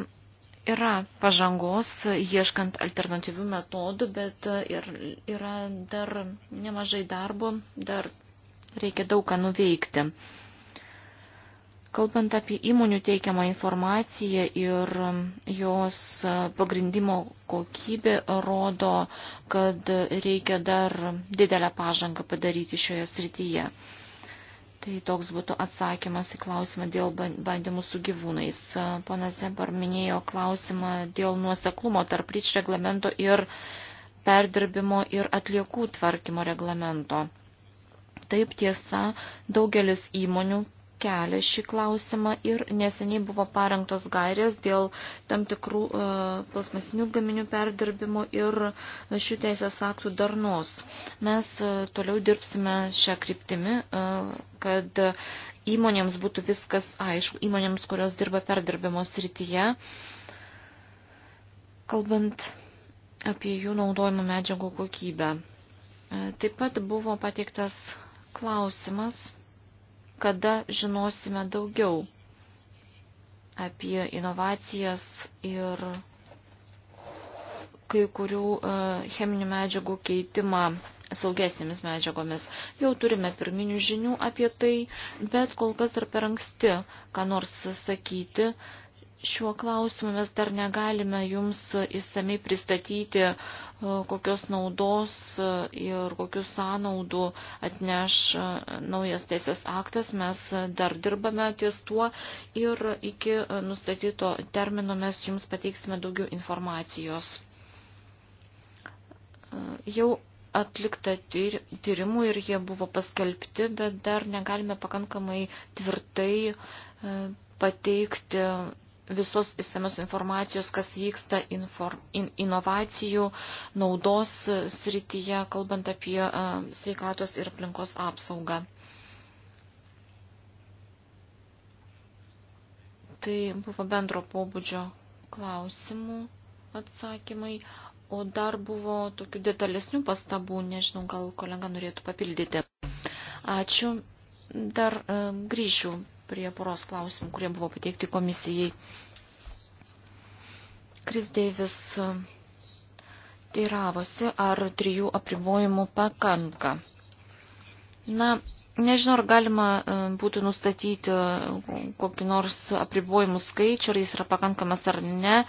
yra pažangos ieškant alternatyvių metodų, bet ir, yra dar nemažai darbo, dar reikia daug ką nuveikti. Kalbant apie įmonių teikiamą informaciją ir um, jos uh, pagrindimo kokybė rodo, kad reikia dar didelę pažangą padaryti šioje srityje. Tai toks būtų atsakymas į klausimą dėl bandymų su gyvūnais. Uh, Ponas Zembar minėjo klausimą dėl nuoseklumo tarp ryč reglamento ir perdirbimo ir atliekų tvarkymo reglamento. Taip tiesa, daugelis įmonių kelia šį klausimą ir neseniai buvo parengtos gairės dėl tam tikrų e, plasmasinių gaminių perdirbimo ir šių teisės aktų darnos. Mes e, toliau dirbsime šią kryptimį, e, kad įmonėms būtų viskas aišku, įmonėms, kurios dirba perdirbimo srityje, kalbant apie jų naudojimo medžiagų kokybę. E, taip pat buvo pateiktas klausimas kada žinosime daugiau apie inovacijas ir kai kurių e, cheminių medžiagų keitimą saugesnėmis medžiagomis. Jau turime pirminių žinių apie tai, bet kol kas dar per anksti, ką nors sakyti, Šiuo klausimu mes dar negalime jums įsamei pristatyti, e, kokios naudos e, ir kokius sąnaudų atneš e, naujas teisės aktas. Mes dar dirbame ties tuo ir iki nustatyto termino mes jums pateiksime daugiau informacijos. Jau atlikta tyrimų ir jie buvo paskelbti, bet dar negalime pakankamai tvirtai pateikti visos įsamios informacijos, kas vyksta inform, in, inovacijų naudos srityje, kalbant apie uh, sveikatos ir aplinkos apsaugą. Tai buvo bendro pobūdžio klausimų atsakymai, o dar buvo tokių detalesnių pastabų, nežinau, gal kolega norėtų papildyti. Ačiū. Dar um, grįšiu prie poros klausimų, kurie buvo pateikti komisijai. Kris Deivis e, teiravosi, ar trijų apribojimų pakanka. Na, nežinau, ar galima e, būtų nustatyti e, kokį nors apribojimų skaičių, ar jis yra pakankamas ar ne,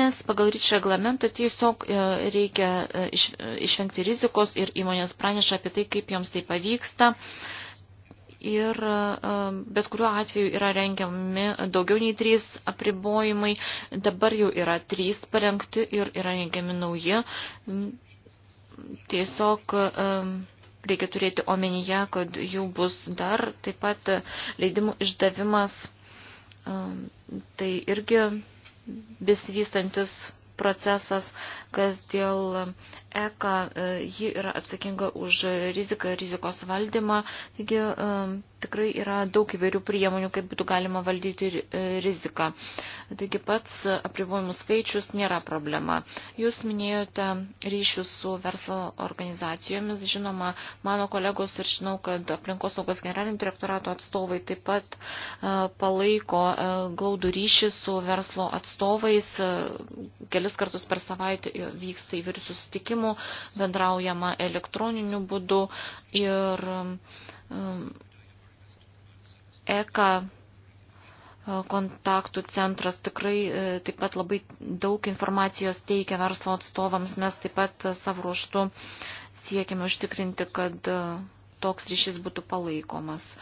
nes pagal ryčio reglamentą tiesiog reikia išvengti rizikos ir įmonės praneša apie tai, kaip joms tai pavyksta ir e, bet kuriuo atveju yra rengiami daugiau nei trys apribojimai. Dabar jau yra trys parengti ir yra rengiami nauji. Tiesiog e, reikia turėti omenyje, kad jų bus dar taip pat leidimų išdavimas. E, tai irgi besivystantis procesas, kas dėl ECA, e, ji yra atsakinga už riziką ir rizikos valdymą, taigi e, tikrai yra daug įvairių priemonių, kaip būtų galima valdyti e, riziką. Taigi pats apribojimų skaičius nėra problema. Jūs minėjote ryšius su verslo organizacijomis, žinoma, mano kolegos ir žinau, kad aplinkosaugos generalinio direktorato atstovai taip pat palaiko glaudų ryšį su verslo atstovais, kelis kartus per savaitę vyksta įvairių susitikimų pakeitimų, bendraujama elektroniniu būdu ir um, ECA uh, kontaktų centras tikrai uh, taip pat labai daug informacijos teikia verslo atstovams. Mes taip pat uh, savo ruoštų siekime užtikrinti, kad toks ryšys būtų palaikomas.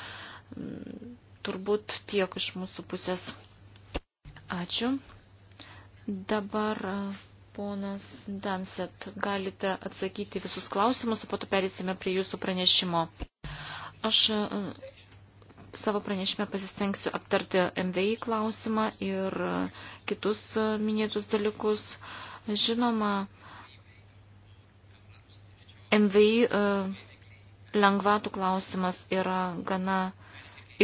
Mm, turbūt tiek iš mūsų pusės. Ačiū. Dabar Ponas Danset, galite atsakyti visus klausimus, o po to perėsime prie jūsų pranešimo. Aš e, savo pranešime pasistengsiu aptarti MVI klausimą ir kitus minėtus dalykus. Žinoma, MVI e, lengvatų klausimas yra gana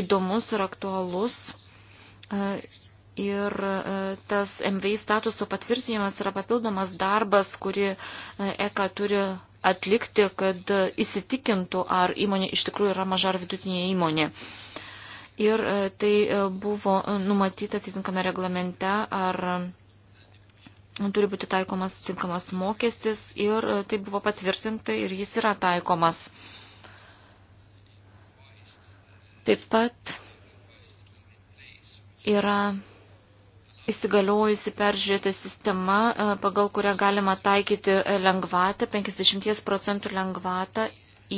įdomus ir aktualus. E, Ir e, tas MVI statuso patvirtinimas yra papildomas darbas, kurį ECA e turi atlikti, kad įsitikintų, ar įmonė iš tikrųjų yra maža ar vidutinė įmonė. Ir e, tai buvo numatyta atitinkame reglamente, ar turi būti taikomas tinkamas mokestis ir tai buvo patvirtinta ir jis yra taikomas. Taip pat yra įsigaliojusi peržiūrėta sistema, e, pagal kurią galima taikyti e, lengvatą, 50 procentų lengvatą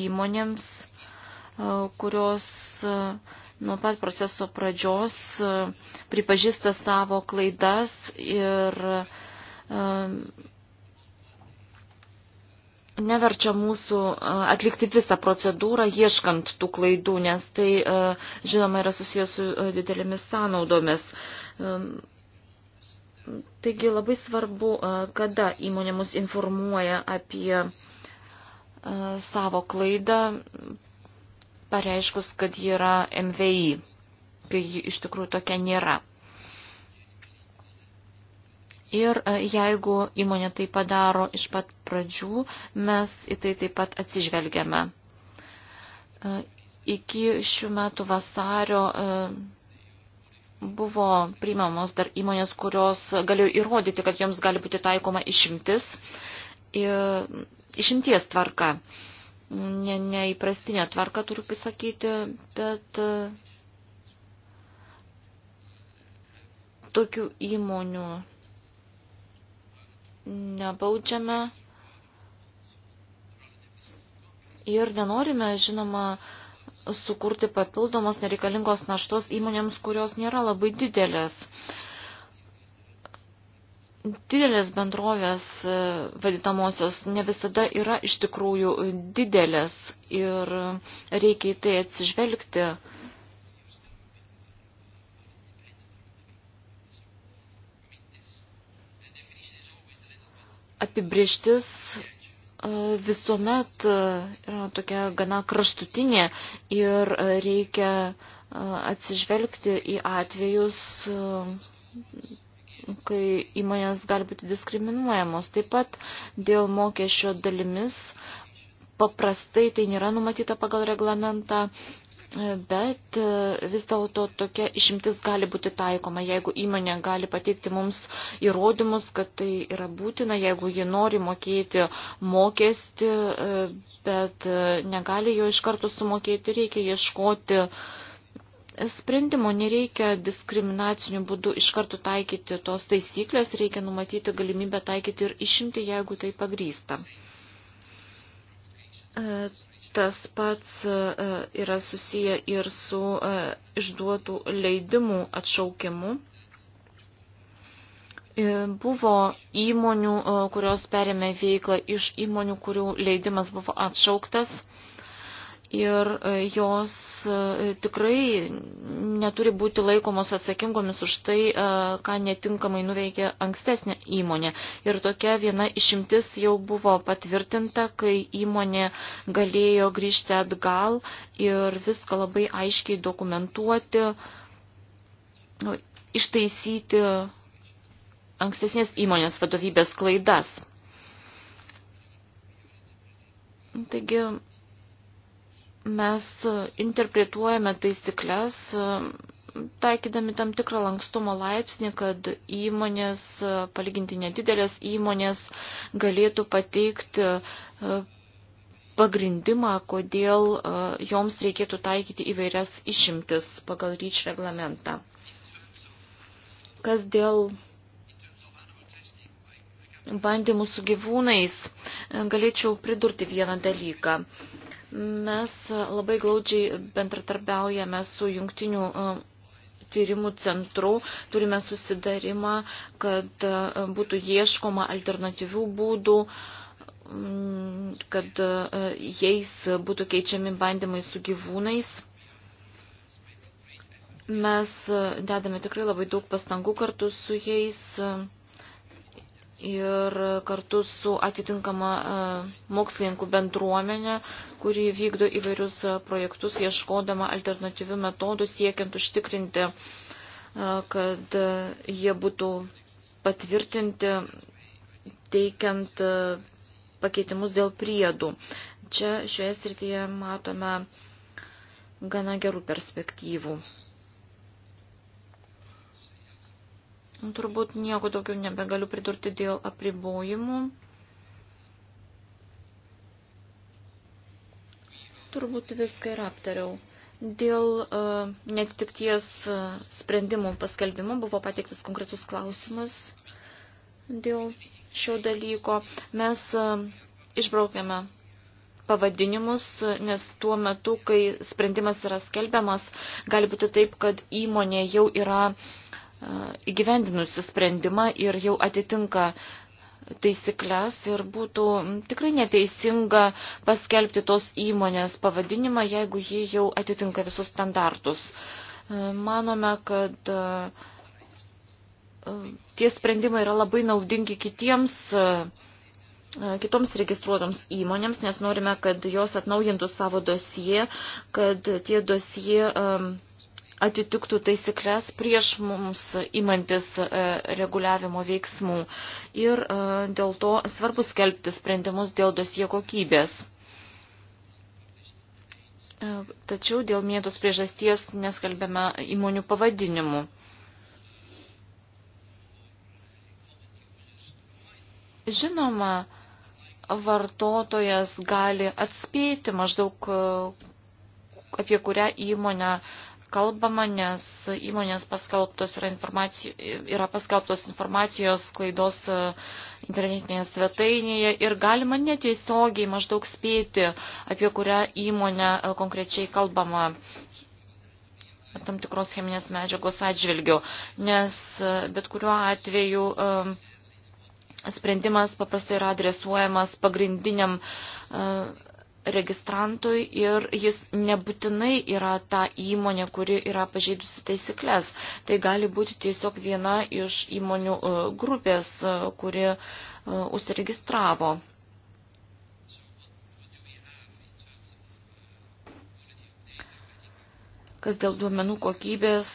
įmonėms, e, kurios nuo pat proceso pradžios pripažįsta savo klaidas ir neverčia mūsų atlikti visą procedūrą ieškant tų klaidų, nes tai, žinoma, yra susijęs su didelėmis sąnaudomis. Taigi labai svarbu, kada įmonė mus informuoja apie savo klaidą, pareiškus, kad ji yra MVI, kai ji iš tikrųjų tokia nėra. Ir jeigu įmonė tai padaro iš pat pradžių, mes į tai taip pat atsižvelgiame. Iki šių metų vasario buvo priimamos dar įmonės, kurios galėjo įrodyti, kad joms gali būti taikoma išimtis, išimties tvarka. Ne, neįprastinė tvarka turiu pasakyti, bet e, tokių įmonių nebaudžiame ir nenorime, žinoma, sukurti papildomos nereikalingos naštos įmonėms, kurios nėra labai didelės. Didelės bendrovės e, vadinamosios ne visada yra iš tikrųjų didelės ir reikia į tai atsižvelgti. Apibrieštis visuomet yra tokia gana kraštutinė ir reikia atsižvelgti į atvejus, kai įmonės gali būti diskriminuojamos. Taip pat dėl mokesčio dalimis paprastai tai nėra numatyta pagal reglamentą, bet e, vis dėlto tokia išimtis gali būti taikoma, jeigu įmonė gali pateikti mums įrodymus, kad tai yra būtina, jeigu ji nori mokėti mokestį, e, bet e, negali jo iš karto sumokėti, reikia ieškoti sprendimo, nereikia diskriminaciniu būdu iš karto taikyti tos taisyklės, reikia numatyti galimybę taikyti ir išimti, jeigu tai pagrysta. Tas pats e, yra susiję ir su e, išduotų leidimų atšaukimu. E, buvo įmonių, kurios perėmė veiklą iš įmonių, kurių leidimas buvo atšauktas ir e, jos e, tikrai neturi būti laikomos atsakingomis už tai, e, ką netinkamai nuveikė ankstesnė įmonė. Ir tokia viena išimtis jau buvo patvirtinta, kai įmonė galėjo grįžti atgal ir viską labai aiškiai dokumentuoti, nu, ištaisyti ankstesnės įmonės vadovybės klaidas. Taigi, mes interpretuojame taisyklės, taikydami tam tikrą lankstumo laipsnį, kad įmonės, palyginti nedidelės įmonės, galėtų pateikti e, pagrindimą, kodėl e, joms reikėtų taikyti įvairias išimtis pagal ryč reglamentą. Kas dėl bandymų su gyvūnais, e, galėčiau pridurti vieną dalyką. Mes labai glaudžiai bendratarbiaujame su jungtiniu e, tyrimų centru, turime susidarimą, kad e, būtų ieškoma alternatyvių būdų kad e, jais būtų keičiami bandymai su gyvūnais. Mes dedame tikrai labai daug pastangų kartu su jais ir kartu su atitinkama e, mokslininkų bendruomenė, kuri vykdo įvairius e, projektus, ieškodama alternatyvių metodų, siekiant užtikrinti, e, kad jie būtų patvirtinti, teikiant pakeitimus dėl priedų. Čia šioje srityje matome gana gerų perspektyvų. Turbūt nieko daugiau nebegaliu pridurti dėl apribojimų. Turbūt viską ir aptariau. Dėl uh, e, netitikties uh, e, sprendimų paskelbimo buvo pateiktas konkretus klausimas dėl šio dalyko. Mes uh, išbraukėme pavadinimus, nes tuo metu, kai sprendimas yra skelbiamas, gali būti taip, kad įmonė jau yra uh, įgyvendinusi sprendimą ir jau atitinka taisyklės ir būtų tikrai neteisinga paskelbti tos įmonės pavadinimą, jeigu ji jau atitinka visus standartus. Manome, kad tie sprendimai yra labai naudingi kitiems kitoms registruotoms įmonėms, nes norime, kad jos atnaujintų savo dosie, kad tie dosie um, atitiktų taisyklės prieš mums imantis e, reguliavimo veiksmų ir e, dėl to svarbu skelbti sprendimus dėl dosie kokybės. E, tačiau dėl mėtos priežasties neskelbėme įmonių pavadinimų. Žinoma, vartotojas gali atspėti maždaug apie kurią įmonę kalbama, nes įmonės paskelbtos yra, yra paskelbtos informacijos klaidos e, internetinėje svetainėje ir galima netiesiogiai maždaug spėti, apie kurią įmonę e, konkrečiai kalbama tam tikros cheminės medžiagos atžvilgiu, nes e, bet kuriuo atveju sprendimas paprastai yra adresuojamas pagrindiniam registrantui ir jis nebūtinai yra ta įmonė, kuri yra pažeidusi taisyklės. Tai gali būti tiesiog viena iš įmonių e, grupės, e, kuri e, užsiregistravo. Kas dėl duomenų kokybės,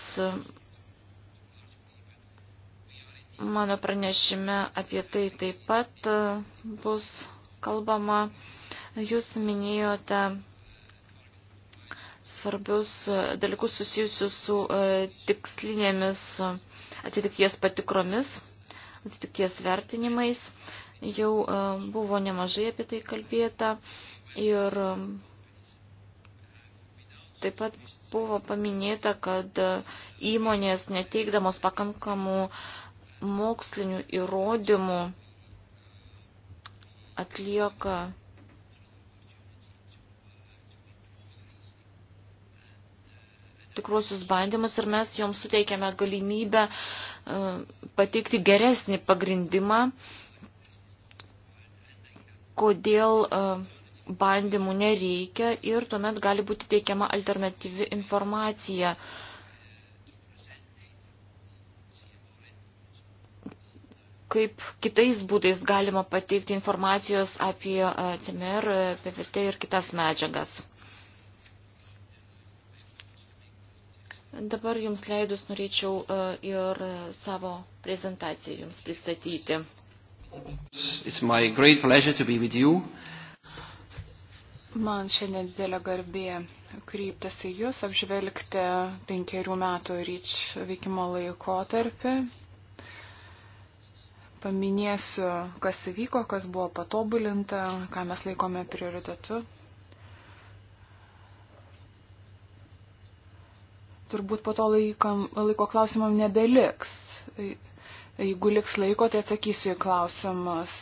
mano pranešime apie tai taip pat bus kalbama. Jūs minėjote svarbius dalykus susijusius su e, tikslinėmis atitikties patikromis, atitikties vertinimais. Jau e, buvo nemažai apie tai kalbėta ir e, taip pat buvo paminėta, kad įmonės neteikdamos pakankamų mokslinių įrodymų atlieka tikruosius bandymus ir mes joms suteikėme galimybę e, pateikti geresnį pagrindimą, kodėl e, bandymų nereikia ir tuomet gali būti teikiama alternatyvi informacija. kaip kitais būdais galima pateikti informacijos apie e, CMR, PVT ir kitas medžiagas. Dabar jums leidus norėčiau e, ir savo prezentaciją jums pristatyti. It's my great pleasure to be with you. Man šiandien didelė garbė kryptis į Jūs, apžvelgti penkerių metų ryč veikimo laikotarpį. Paminėsiu, kas įvyko, kas buvo patobulinta, ką mes laikome prioritetu turbūt po to laikom, laiko klausimam nebeliks. Jeigu liks laiko, tai atsakysiu į klausimus.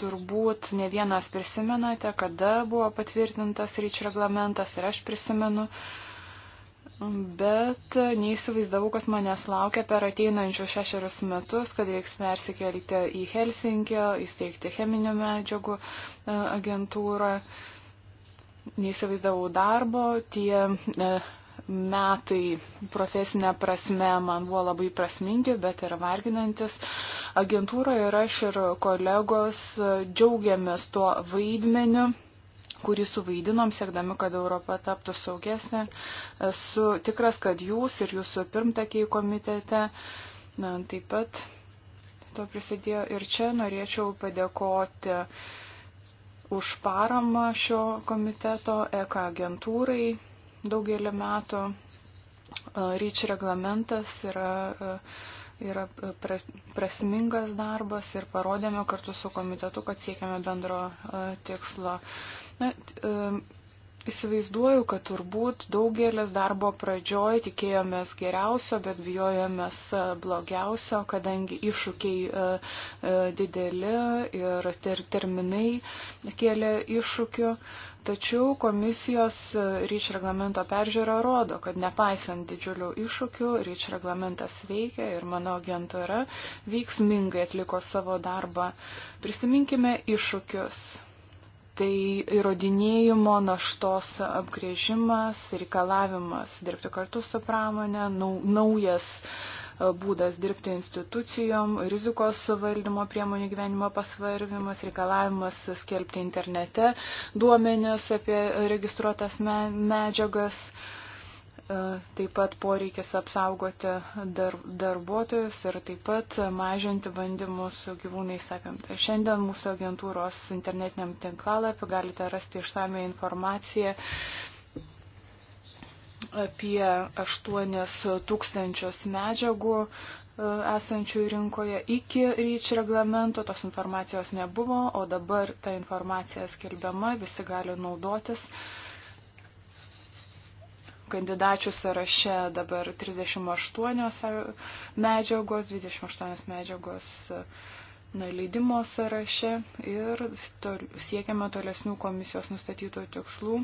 Turbūt ne vienas prisimenate, kada buvo patvirtintas ryčių reglamentas ir aš prisimenu. Bet neįsivaizdavau, kas manęs laukia per ateinančius šešerius metus, kad reiks persikelti į Helsinkį, įsteigti cheminių medžiagų e, agentūrą. Neįsivaizdavau darbo, tie e, metai profesinė prasme man buvo labai prasmingi, bet ir varginantis. Agentūroje ir aš ir kolegos džiaugiamės tuo vaidmeniu kurį suvaidinom, siekdami, kad Europa taptų saugesnė. Esu tikras, kad jūs ir jūsų pirmtakiai komitete na, taip pat to prisidėjo. Ir čia norėčiau padėkoti už paramą šio komiteto EK agentūrai daugelį metų e, ryč reglamentas yra, e, yra e, prasmingas darbas ir parodėme kartu su komitetu, kad siekiame bendro tikslo. Na, Įsivaizduoju, kad turbūt daugelis darbo pradžioj tikėjomės geriausio, bet bijojomės blogiausio, kadangi iššūkiai dideli ir ter terminai kėlė iššūkių. Tačiau komisijos ryč reglamento peržiūra rodo, kad nepaisant didžiulių iššūkių, ryč reglamentas veikia ir mano agentūra veiksmingai atliko savo darbą. Prisiminkime iššūkius. Tai įrodinėjimo naštos apgrėžimas, reikalavimas dirbti kartu su pramonė, naujas uh, būdas dirbti institucijom, rizikos valdymo priemonių gyvenimo pasvarvimas, reikalavimas skelbti internete duomenės apie registruotas medžiagas. E, taip pat poreikis apsaugoti dar, darbuotojus ir taip pat mažinti bandymus su gyvūnais apimta. Šiandien mūsų agentūros internetiniam tinklalapį galite rasti išsame informaciją apie 8 tūkstančius medžiagų e, esančių rinkoje iki ryč reglamento, tos informacijos nebuvo, o dabar ta informacija skelbiama, visi gali naudotis. Kandidačių sąraše dabar 38 e, medžiagos, 28 medžiagos e, na, leidimo sąraše ir tol, siekiame tolesnių komisijos nustatytų tikslų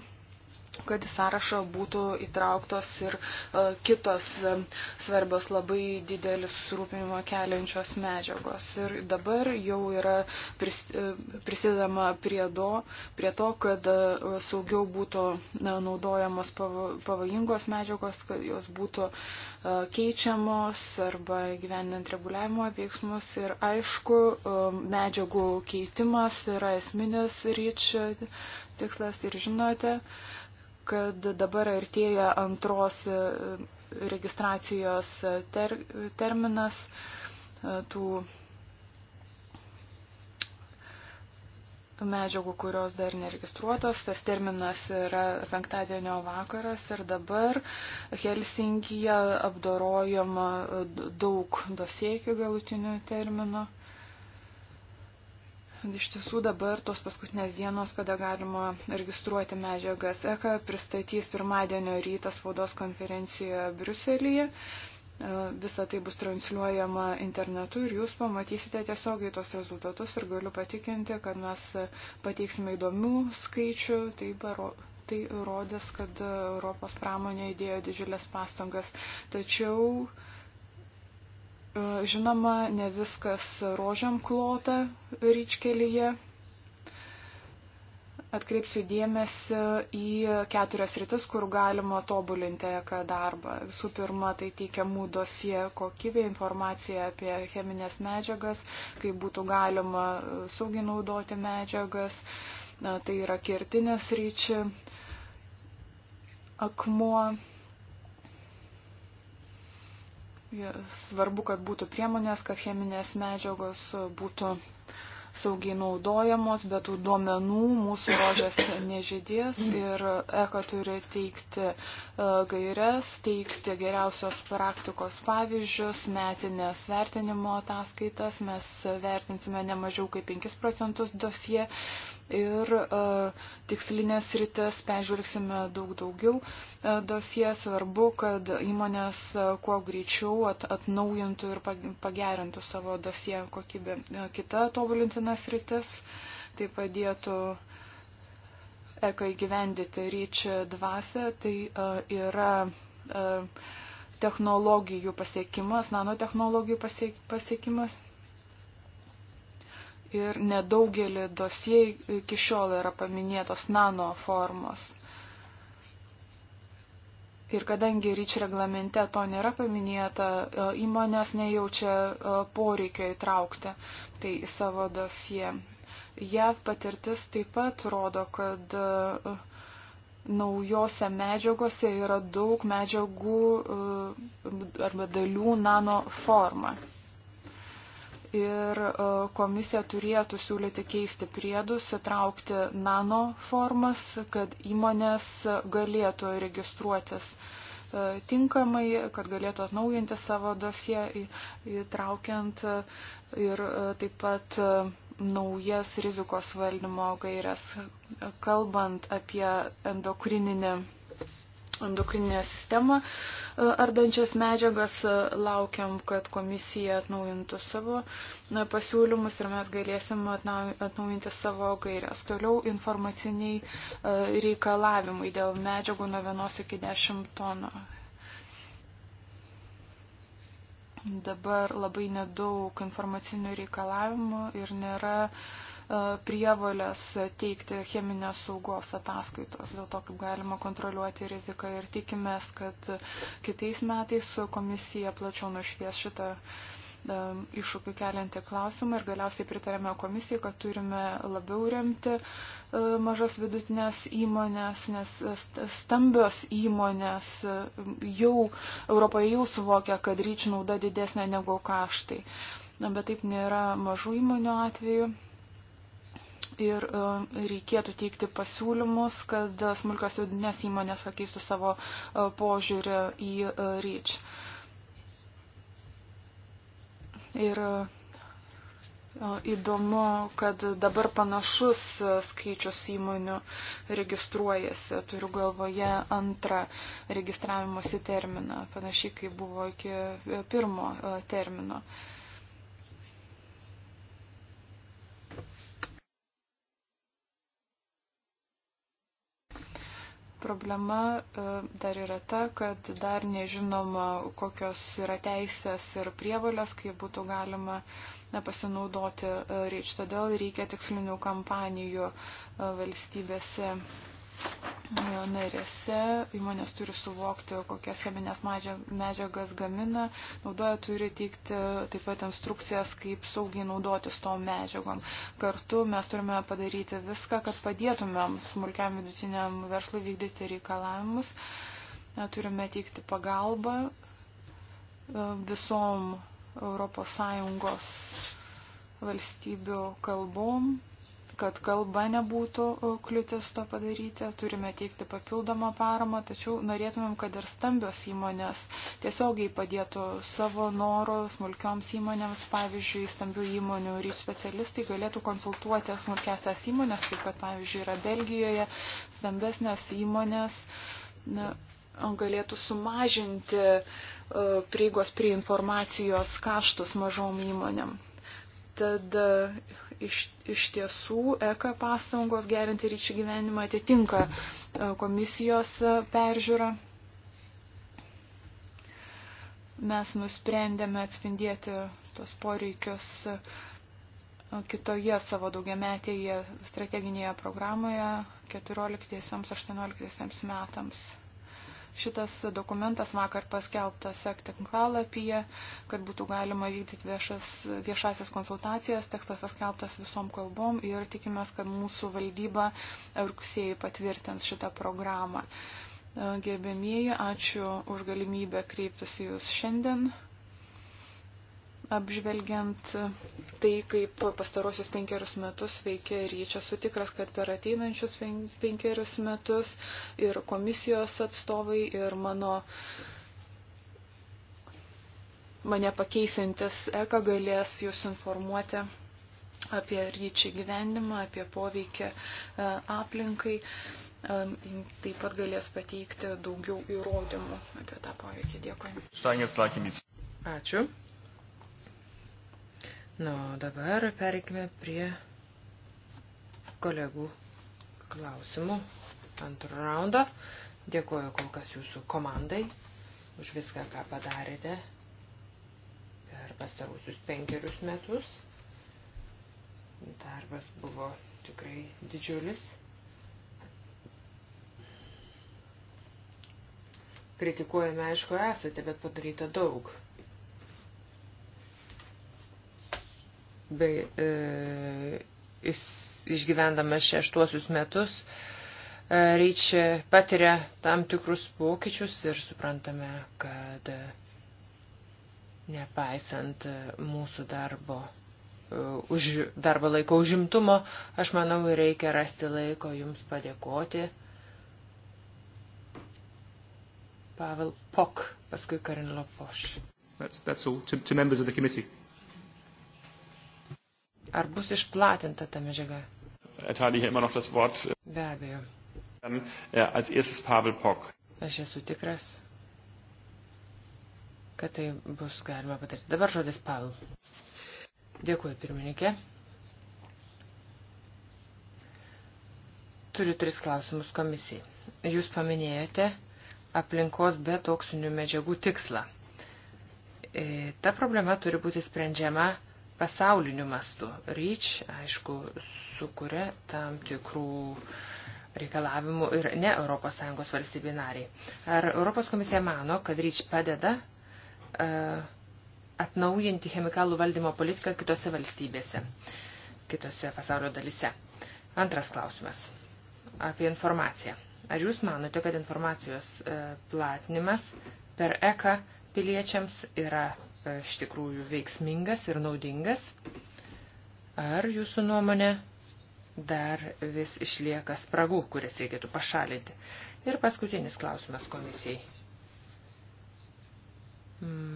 kad į sąrašą būtų įtrauktos ir e, kitos e, svarbios labai didelis susirūpinimo keliančios medžiagos. Ir dabar jau yra e, prisidama prie, do, prie to, kad saugiau būtų naudojamos pavojingos medžiagos, kad jos būtų keičiamos arba gyvenant reguliavimo veiksmus. Ir aišku, medžiagų keitimas yra esminis ryčio tikslas ir žinote, uh, kad dabar artėja antros e, registracijos ter, terminas e, tų medžiagų, kurios dar neregistruotos. Tas terminas yra penktadienio vakaras ir dabar Helsinkija apdorojama daug dosiekių galutinių terminų. Iš tiesų dabar tos paskutinės dienos, kada galima registruoti medžiagas, ECA pristatys pirmadienio rytą spaudos konferencijoje Bruselėje. E, Visa tai bus transliuojama internetu ir jūs pamatysite tiesiogiai tos rezultatus ir galiu patikinti, kad mes pateiksime įdomių skaičių. Tai, baro, tai rodės, kad Europos pramonė įdėjo didžiulės pastangas. Tačiau uh, E, žinoma, ne viskas rožiam klota ryčkelyje. Atkreipsiu dėmesį į keturias rytis, kur galima tobulinti EK darbą. Visų pirma, tai teikiamų dosie kokybė, informacija apie cheminės medžiagas, kaip būtų galima saugiai naudoti medžiagas. E, tai yra kirtinės ryčiai akmuo Svarbu, kad būtų priemonės, kad cheminės medžiagos būtų uh, saugiai naudojamos, bet tų duomenų mūsų rožės nežydės ir ECA turi teikti e, gairias, teikti geriausios praktikos pavyzdžius, metinės vertinimo ataskaitas, mes vertinsime ne mažiau kaip 5 procentus dosie ir uh, tikslinės rytis pežvelgsime daug daugiau. Uh, dosie svarbu, kad įmonės uh, kuo greičiau at, atnaujintų ir pagerintų savo dosie kokybę. Uh, kita tobulintina silpnas rytis, tai padėtų eko įgyvendyti ryčią dvasę, tai uh, yra uh, technologijų pasiekimas, nanotehnologijų pasiek, pasiekimas. Ir nedaugelį dosijai iki šiol yra paminėtos nano formos. Ir kadangi ryč reglamente to nėra paminėta, e, įmonės nejaučia e, poreikio įtraukti tai į savo dosiją. JAV patirtis taip pat rodo, kad e, naujose medžiagose yra daug medžiagų arba dalių nano forma ir e, komisija turėtų siūlyti keisti priedus, įtraukti nano formas, kad įmonės galėtų registruotis e, tinkamai, kad galėtų atnaujinti savo dosiją, įtraukiant e, ir taip pat naujas rizikos valdymo gairias. Kalbant apie endokrininį endokrininę sistemą e, ardančias medžiagas. E, laukiam, kad komisija atnaujintų savo pasiūlymus ir mes galėsim atnaujinti savo gairias. Toliau informaciniai e, reikalavimai dėl medžiagų nuo 1 iki 10 tonų. Dabar labai nedaug informacinių reikalavimų ir nėra uh, E, prievalės teikti cheminės saugos ataskaitos, dėl to, kaip galima kontroliuoti riziką ir tikimės, kad kitais metais komisija plačiau nušvies šitą e, iššūkių keliantį klausimą ir galiausiai pritarėme komisijai, kad turime labiau remti e, mažas vidutinės įmonės, nes stambios įmonės jau Europoje jau suvokia, kad ryč nauda didesnė negu kaštai. Na, bet taip nėra mažų įmonių atveju ir e, reikėtų teikti pasiūlymus, kad smulkios judinės įmonės pakeistų savo e, požiūrį į e, REACH. Ir Įdomu, kad dabar panašus skaičius įmonių registruojasi, turiu galvoje antrą registravimuose terminą, panašiai kaip buvo iki pirmo termino. Uh, Problema e, dar yra ta, kad dar nežinoma, kokios yra teisės ir prievalės, kaip būtų galima pasinaudoti e, reič. Todėl reikia tikslinių kampanijų e, valstybėse narėse įmonės turi suvokti, kokias cheminės medžiagas gamina, naudoja turi teikti taip pat instrukcijas, kaip saugiai naudotis tom medžiagom. Kartu mes turime padaryti viską, kad padėtumėm smulkiam vidutiniam verslui vykdyti reikalavimus. Turime teikti pagalbą e, visom ES valstybių kalbom kad kalba nebūtų kliūtis to padaryti, turime teikti papildomą paramą, tačiau norėtumėm, kad ir stambios įmonės tiesiogiai padėtų savo norų smulkioms įmonėms, pavyzdžiui, stambių įmonių ir specialistai galėtų konsultuoti smulkesias įmonės, kaip kad, pavyzdžiui, yra Belgijoje, stambesnės įmonės na, galėtų sumažinti prieigos prie informacijos kaštus mažom įmonėm. Tad e, iš, iš tiesų ECA pastangos gerinti ryčių gyvenimą atitinka e, komisijos e, peržiūrą. Mes nusprendėme atspindėti tos poreikius kitoje savo daugiametėje strateginėje programoje 14-18 metams. Šitas dokumentas vakar paskelbtas sektinklalapyje, kad būtų galima vykdyti viešas, viešasias konsultacijas. Tekstas paskelbtas visom kalbom ir tikimės, kad mūsų valdyba rugsėjai patvirtins šitą programą. Gerbėmieji, ačiū už galimybę kreiptis į Jūs šiandien apžvelgiant tai, kaip pastarosius penkerius metus veikia ryčia, sutikras, kad per ateinančius penkerius metus ir komisijos atstovai ir mano mane pakeisintis eka galės jūs informuoti apie ryčių gyvenimą, apie poveikį e, aplinkai. E, taip pat galės pateikti daugiau įrodymų apie tą poveikį. Dėkui. Ačiū. Na, nu, dabar perikime prie kolegų klausimų antrą raundą. Dėkuoju kol kas jūsų komandai už viską, ką padarėte per pastarusius penkerius metus. Darbas buvo tikrai didžiulis. Kritikuojame, aišku, esate, bet padaryta daug. bei e, išgyvendamas šeštuosius metus, e, Reič patiria tam tikrus pokyčius ir suprantame, kad e, nepaisant mūsų darbo, e, už, darbo laiko užimtumo, aš manau, reikia rasti laiko jums padėkoti. Pavel Pok, paskui Karin Lopoš. That's, that's all to, to members of the committee. Ar bus išplatinta ta medžiaga? Erteile hier immer noch das Wort. Be abejo. Dann äh, als erstes Pavel Pock. Aš esu tikras, kad tai bus galima padaryti. Dabar žodis Pavel. Dėkuoju, pirmininkė. Turiu tris klausimus komisijai. Jūs paminėjote aplinkos be toksinių medžiagų tikslą. E, ta problema turi būti sprendžiama pasauliniu mastu. REACH, aišku, sukuria tam tikrų reikalavimų ir ne ES valstybė nariai. Ar Europos komisija mano, kad REACH padeda uh, atnaujinti chemikalų valdymo politiką kitose valstybėse, kitose pasaulio dalise? Antras klausimas apie informaciją. Ar jūs manote, kad informacijos e, platinimas per ECA piliečiams yra iš tikrųjų veiksmingas ir naudingas, ar jūsų nuomonė dar vis išlieka spragų, kurias reikėtų pašalinti. Ir paskutinis klausimas komisijai.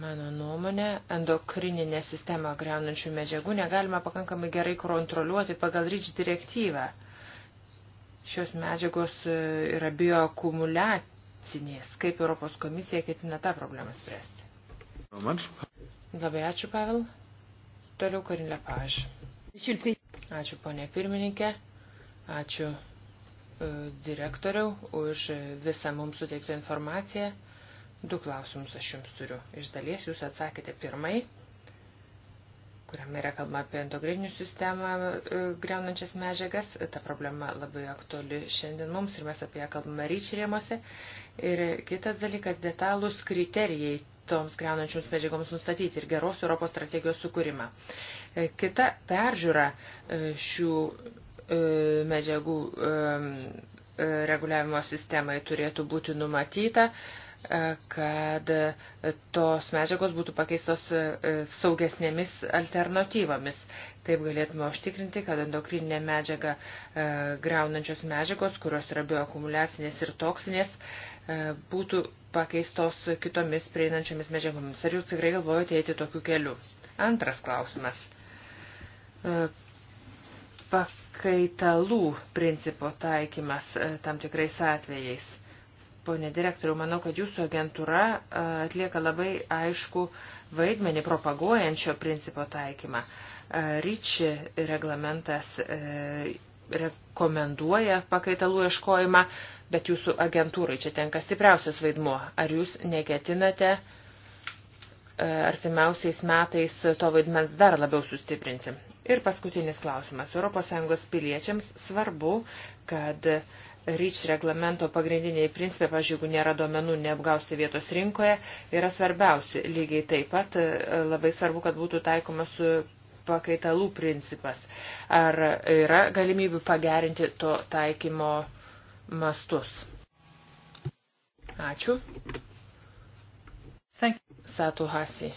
Mano nuomonė, endokrininę sistemą greunančių medžiagų negalima pakankamai gerai kontroliuoti pagal RIČ direktyvą. Šios medžiagos e, yra bioakumuliacinės. Kaip Europos komisija ketina tą problemą spręsti? Labai ačiū, Pavel. Toliau Karin Lepaž. Ačiū, ponė pirmininkė. Ačiū e, direktoriau už visą mums suteiktą informaciją. Du klausimus aš jums turiu. Iš dalies jūs atsakėte pirmai, kuriame yra kalba apie endokrininių sistemą e, greunančias medžiagas. Ta problema labai aktuali šiandien mums ir mes apie ją kalbame ryčyrėmose. Ir kitas dalykas - detalūs kriterijai toms greunančioms medžiagoms nustatyti ir geros Europos strategijos sukūrimą. E, kita peržiūra e, šių e, medžiagų reguliavimo sistemai turėtų būti numatyta, kad tos medžiagos būtų pakeistos saugesnėmis alternatyvomis. Taip galėtume užtikrinti, kad endokrininė medžiaga greunančios medžiagos, kurios yra bioakumuliacinės ir toksinės, būtų pakeistos kitomis prieinančiomis medžiagomis. Ar jūs tikrai galvojate eiti tokiu keliu? Antras klausimas. E, pakaitalų principo taikymas e, tam tikrais atvejais. Pone direktoriu, manau, kad jūsų agentūra e, atlieka labai aišku vaidmenį propaguojančio principo taikymą. Ryči reglamentas rekomenduoja pakaitalų ieškojimą, bet jūsų agentūrai čia tenka stipriausias vaidmuo. Ar jūs neketinate e, artimiausiais metais to vaidmens dar labiau sustiprinti? Ir paskutinis klausimas. ES piliečiams svarbu, kad REACH reglamento pagrindiniai principai, pažiūrėjau, jeigu nėra duomenų, neapgausi vietos rinkoje, yra svarbiausi. Lygiai taip pat e, labai svarbu, kad būtų taikomas pakaitalų principas. Ar yra galimybių pagerinti to taikymo mastus. Ačiū. Satu Hasi.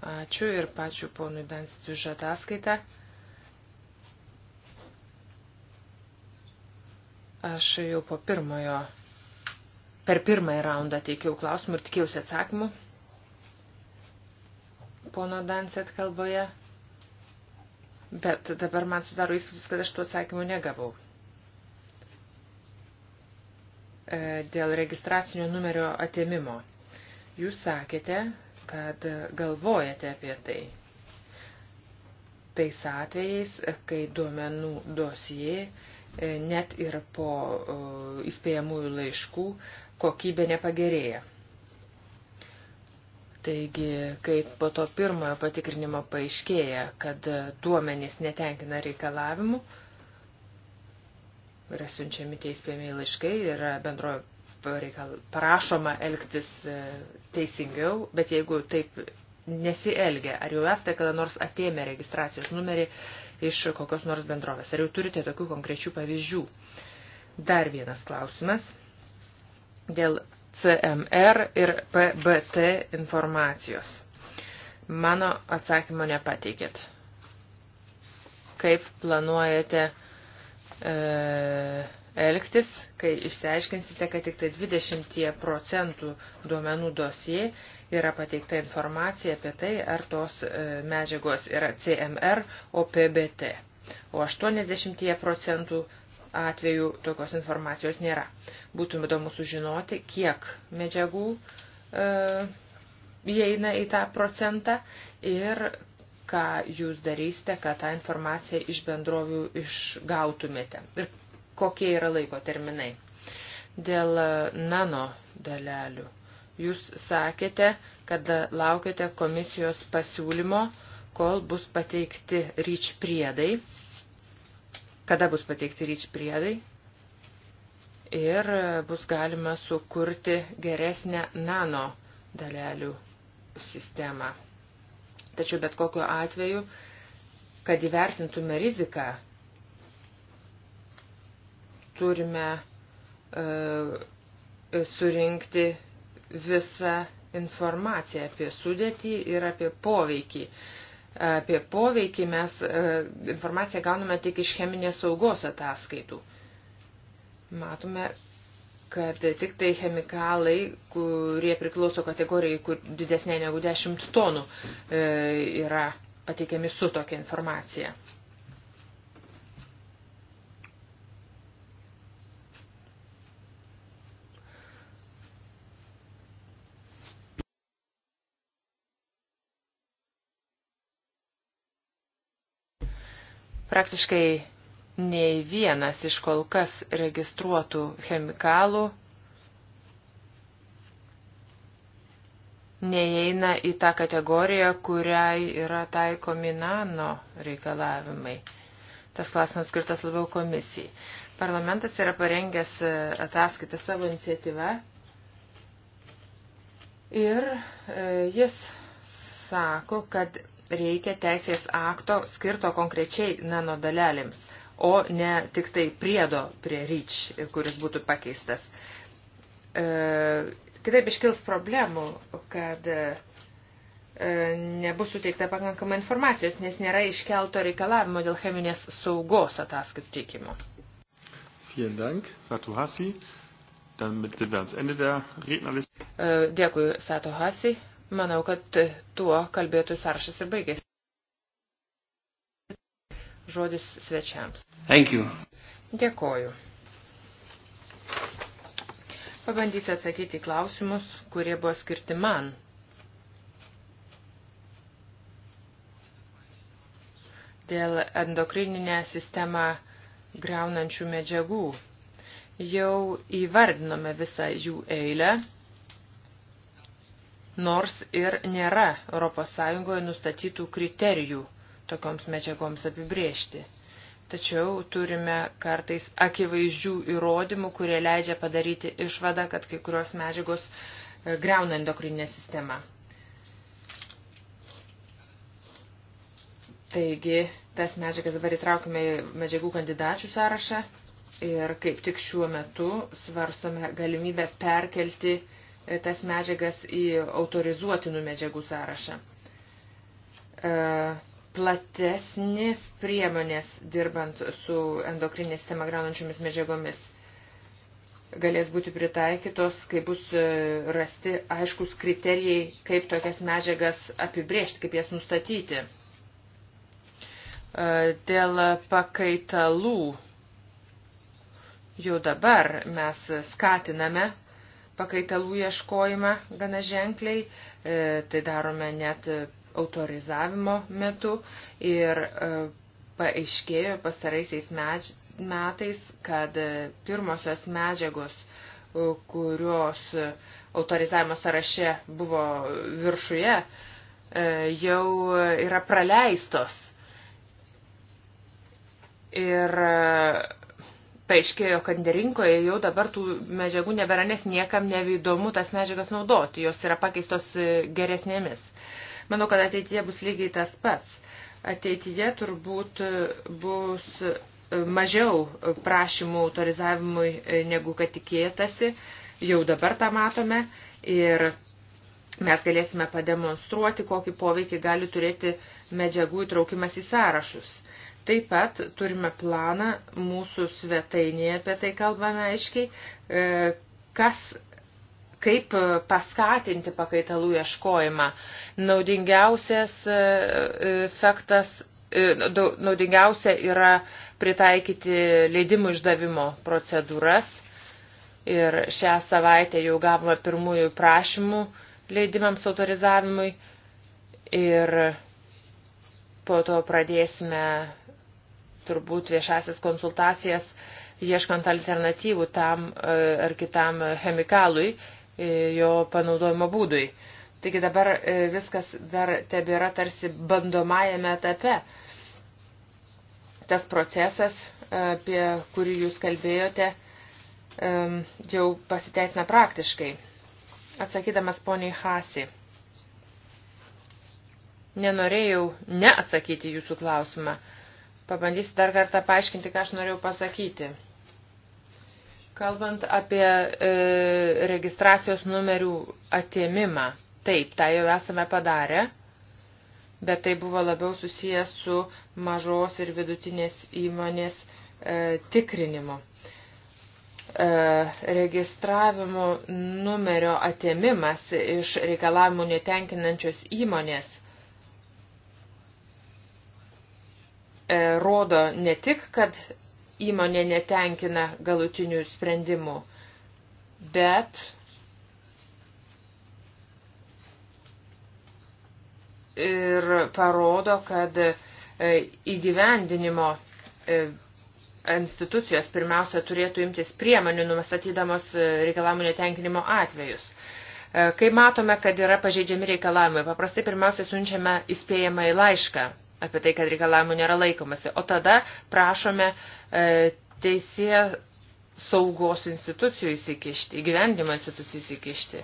Ačiū ir pačiu ponui Danstui už ataskaitą. Aš jau po pirmojo, per pirmąjį raundą teikiau klausimų ir tikėjausi atsakymų. Pono Danset kalboje Bet dabar man sudaro įspūdis, kad aš tų atsakymų negavau. E, dėl registracinio numerio atėmimo. Jūs sakėte, kad galvojate apie tai. Tais atvejais, kai duomenų dosijai e, net ir po e, įspėjamųjų laiškų kokybė nepagerėja. Taigi, kaip po to pirmojo patikrinimo paaiškėja, kad duomenys netenkina reikalavimų, yra siunčiami teisėmiai laiškai ir bendrojo prašoma elgtis e, teisingiau, bet jeigu taip nesielgia, ar jau esate kada nors atėmę registracijos numerį iš kokios nors bendrovės, ar jau turite tokių konkrečių pavyzdžių. Dar vienas klausimas dėl CMR ir PBT informacijos. Mano atsakymo nepateikėt. Kaip planuojate e, elgtis, kai išsiaiškinsite, kad tik tai 20 procentų duomenų dosijai yra pateikta informacija apie tai, ar tos e, medžiagos yra CMR, o PBT. O 80 procentų atveju tokios informacijos nėra. Būtų įdomu sužinoti, kiek medžiagų e, įeina į tą procentą ir ką jūs darysite, kad tą informaciją iš bendrovių išgautumėte ir kokie yra laiko terminai. Dėl nano dalelių. Jūs sakėte, kad laukiate komisijos pasiūlymo, kol bus pateikti ryč priedai kada bus pateikti ryč priedai ir bus galima sukurti geresnę nano dalelių sistemą. Tačiau bet kokiu atveju, kad įvertintume riziką, turime e, surinkti visą informaciją apie sudėtį ir apie poveikį. E, apie poveikį mes e, informaciją gauname tik iš cheminės saugos ataskaitų. Matome, kad tik tai chemikalai, kurie priklauso kategorijai, kur didesnė negu 10 tonų, e, yra pateikiami su tokia informacija. Praktiškai nei vienas iš kol kas registruotų chemikalų neįeina į tą kategoriją, kuriai yra taikomi nano reikalavimai. Tas klausimas skirtas labiau komisijai. Parlamentas yra parengęs e, ataskaitą savo iniciatyvą ir e, jis sako, kad reikia teisės akto skirto konkrečiai nanodalelėms, o ne tik tai priedo prie REACH, kuris būtų pakeistas. E, kitaip iškils problemų, kad e, nebus suteikta pakankama informacijos, nes nėra iškelto reikalavimo dėl cheminės saugos ataskaitų teikimo. Vielen Dank, Satu Hasi. Damit sind wir ans Ende der Rednerliste. E, dėkui, Satu Hasi. Manau, kad tuo kalbėtų sąrašas ir baigėsi. Žodis svečiams. Thank you. Dėkoju. Pabandysiu atsakyti klausimus, kurie buvo skirti man. Dėl endokrininę sistemą greunančių medžiagų. Jau įvardinome visą jų eilę nors ir nėra ES nustatytų kriterijų tokioms medžiagoms apibriežti. Tačiau turime kartais akivaizdžių įrodymų, kurie leidžia padaryti išvadą, kad kai kurios medžiagos e, greuna endokrininę sistemą. Taigi, tas medžiagas dabar įtraukime į medžiagų kandidačių sąrašą ir kaip tik šiuo metu svarstome galimybę perkelti uh, E, tas medžiagas į autorizuotinų medžiagų sąrašą. E, platesnės priemonės dirbant su endokrinės sistemą graunančiomis medžiagomis galės būti pritaikytos, kai bus e, rasti aiškus kriterijai, kaip tokias medžiagas apibrėžti, kaip jas nustatyti. Dėl pakaitalų jau dabar mes skatiname uh, pakaitalų ieškojimą gana ženkliai, e, tai darome net e, autorizavimo metu ir e, paaiškėjo pastaraisiais metais, kad pirmosios medžiagos, kurios autorizavimo sąraše buvo viršuje, jau yra praleistos. Ir paaiškėjo, kad rinkoje jau dabar tų medžiagų nebėra, nes niekam nevydomu tas medžiagas naudoti, jos yra pakeistos e, geresnėmis. Manau, kad ateityje bus lygiai tas pats. Ateityje turbūt e, bus e, mažiau prašymų autorizavimui negu kad tikėtasi, jau dabar tą matome ir mes galėsime pademonstruoti, kokį poveikį gali turėti medžiagų įtraukimas į sąrašus. Taip pat turime planą mūsų svetainėje, apie tai kalbame aiškiai, e, kas, kaip e, paskatinti pakaitalų ieškojimą. Naudingiausias e, efektas, naudingiausia yra pritaikyti leidimų išdavimo procedūras. Ir šią savaitę jau gavome pirmųjų prašymų leidimams autorizavimui. Ir po to pradėsime turbūt viešasias konsultacijas, ieškant alternatyvų tam e, ar kitam chemikalui, e, jo panaudojimo būdui. Taigi dabar e, viskas dar tebėra tarsi bandomajame etape. Tas procesas, apie kurį jūs kalbėjote, jau pasiteisina praktiškai. Atsakydamas poniai Hasi, nenorėjau neatsakyti jūsų klausimą. Pabandysiu dar kartą paaiškinti, ką aš norėjau pasakyti. Kalbant apie e, registracijos numerių atėmimą, taip, tą jau esame padarę, bet tai buvo labiau susijęs su mažos ir vidutinės įmonės e, tikrinimu. E, registravimo numerio atėmimas iš reikalavimų netenkinančios įmonės E, rodo ne tik, kad įmonė netenkina galutinių sprendimų, bet ir parodo, kad e, įgyvendinimo e, institucijos pirmiausia turėtų imtis priemonių nustatydamos reikalavimų netenkinimo atvejus. Kai matome, kad yra pažeidžiami reikalavimai, paprastai pirmiausia siunčiame įspėjamą į laišką apie tai, kad reikalavimų nėra laikomasi. O tada prašome e, teisė saugos institucijų įsikišti, įgyvendimo institucijų įsikišti.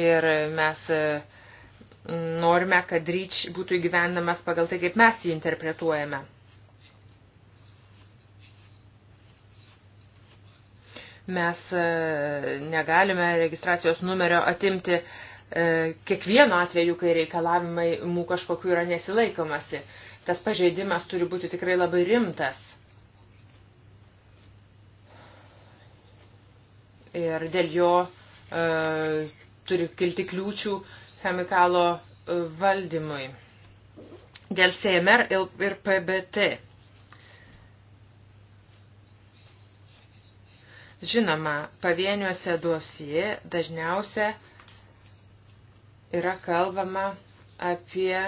Ir mes e, norime, kad ryč būtų įgyvendamas pagal tai, kaip mes jį interpretuojame. Mes e, negalime registracijos numerio atimti e, E, kiekvienu atveju, kai reikalavimai mū kažkokiu yra nesilaikomasi. Tas pažeidimas turi būti tikrai labai rimtas. Ir dėl jo e, turi kilti kliūčių chemikalo e, valdymui. Dėl CMR ir PBT. Žinoma, pavieniuose dosie dažniausia yra kalbama apie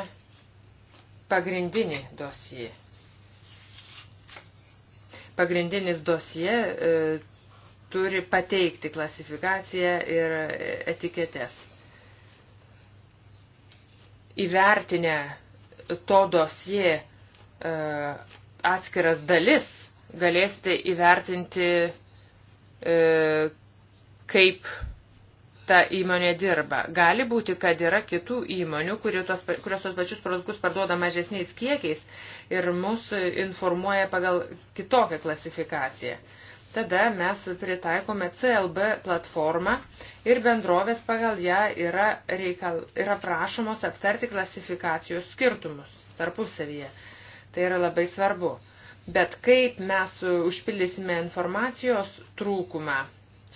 pagrindinį dosiją. Pagrindinis dosie e, turi pateikti klasifikaciją ir etiketes. Įvertinę to dosie e, atskiras dalis galėsite įvertinti, e, kaip ta įmonė dirba. Gali būti, kad yra kitų įmonių, tos, kurios tos pačius produktus parduoda mažesniais kiekiais ir mus informuoja pagal kitokią klasifikaciją. Tada mes pritaikome CLB platformą ir bendrovės pagal ją yra, reikal, yra prašomos aptarti klasifikacijos skirtumus tarpusavyje. Tai yra labai svarbu. Bet kaip mes užpildysime informacijos trūkumą,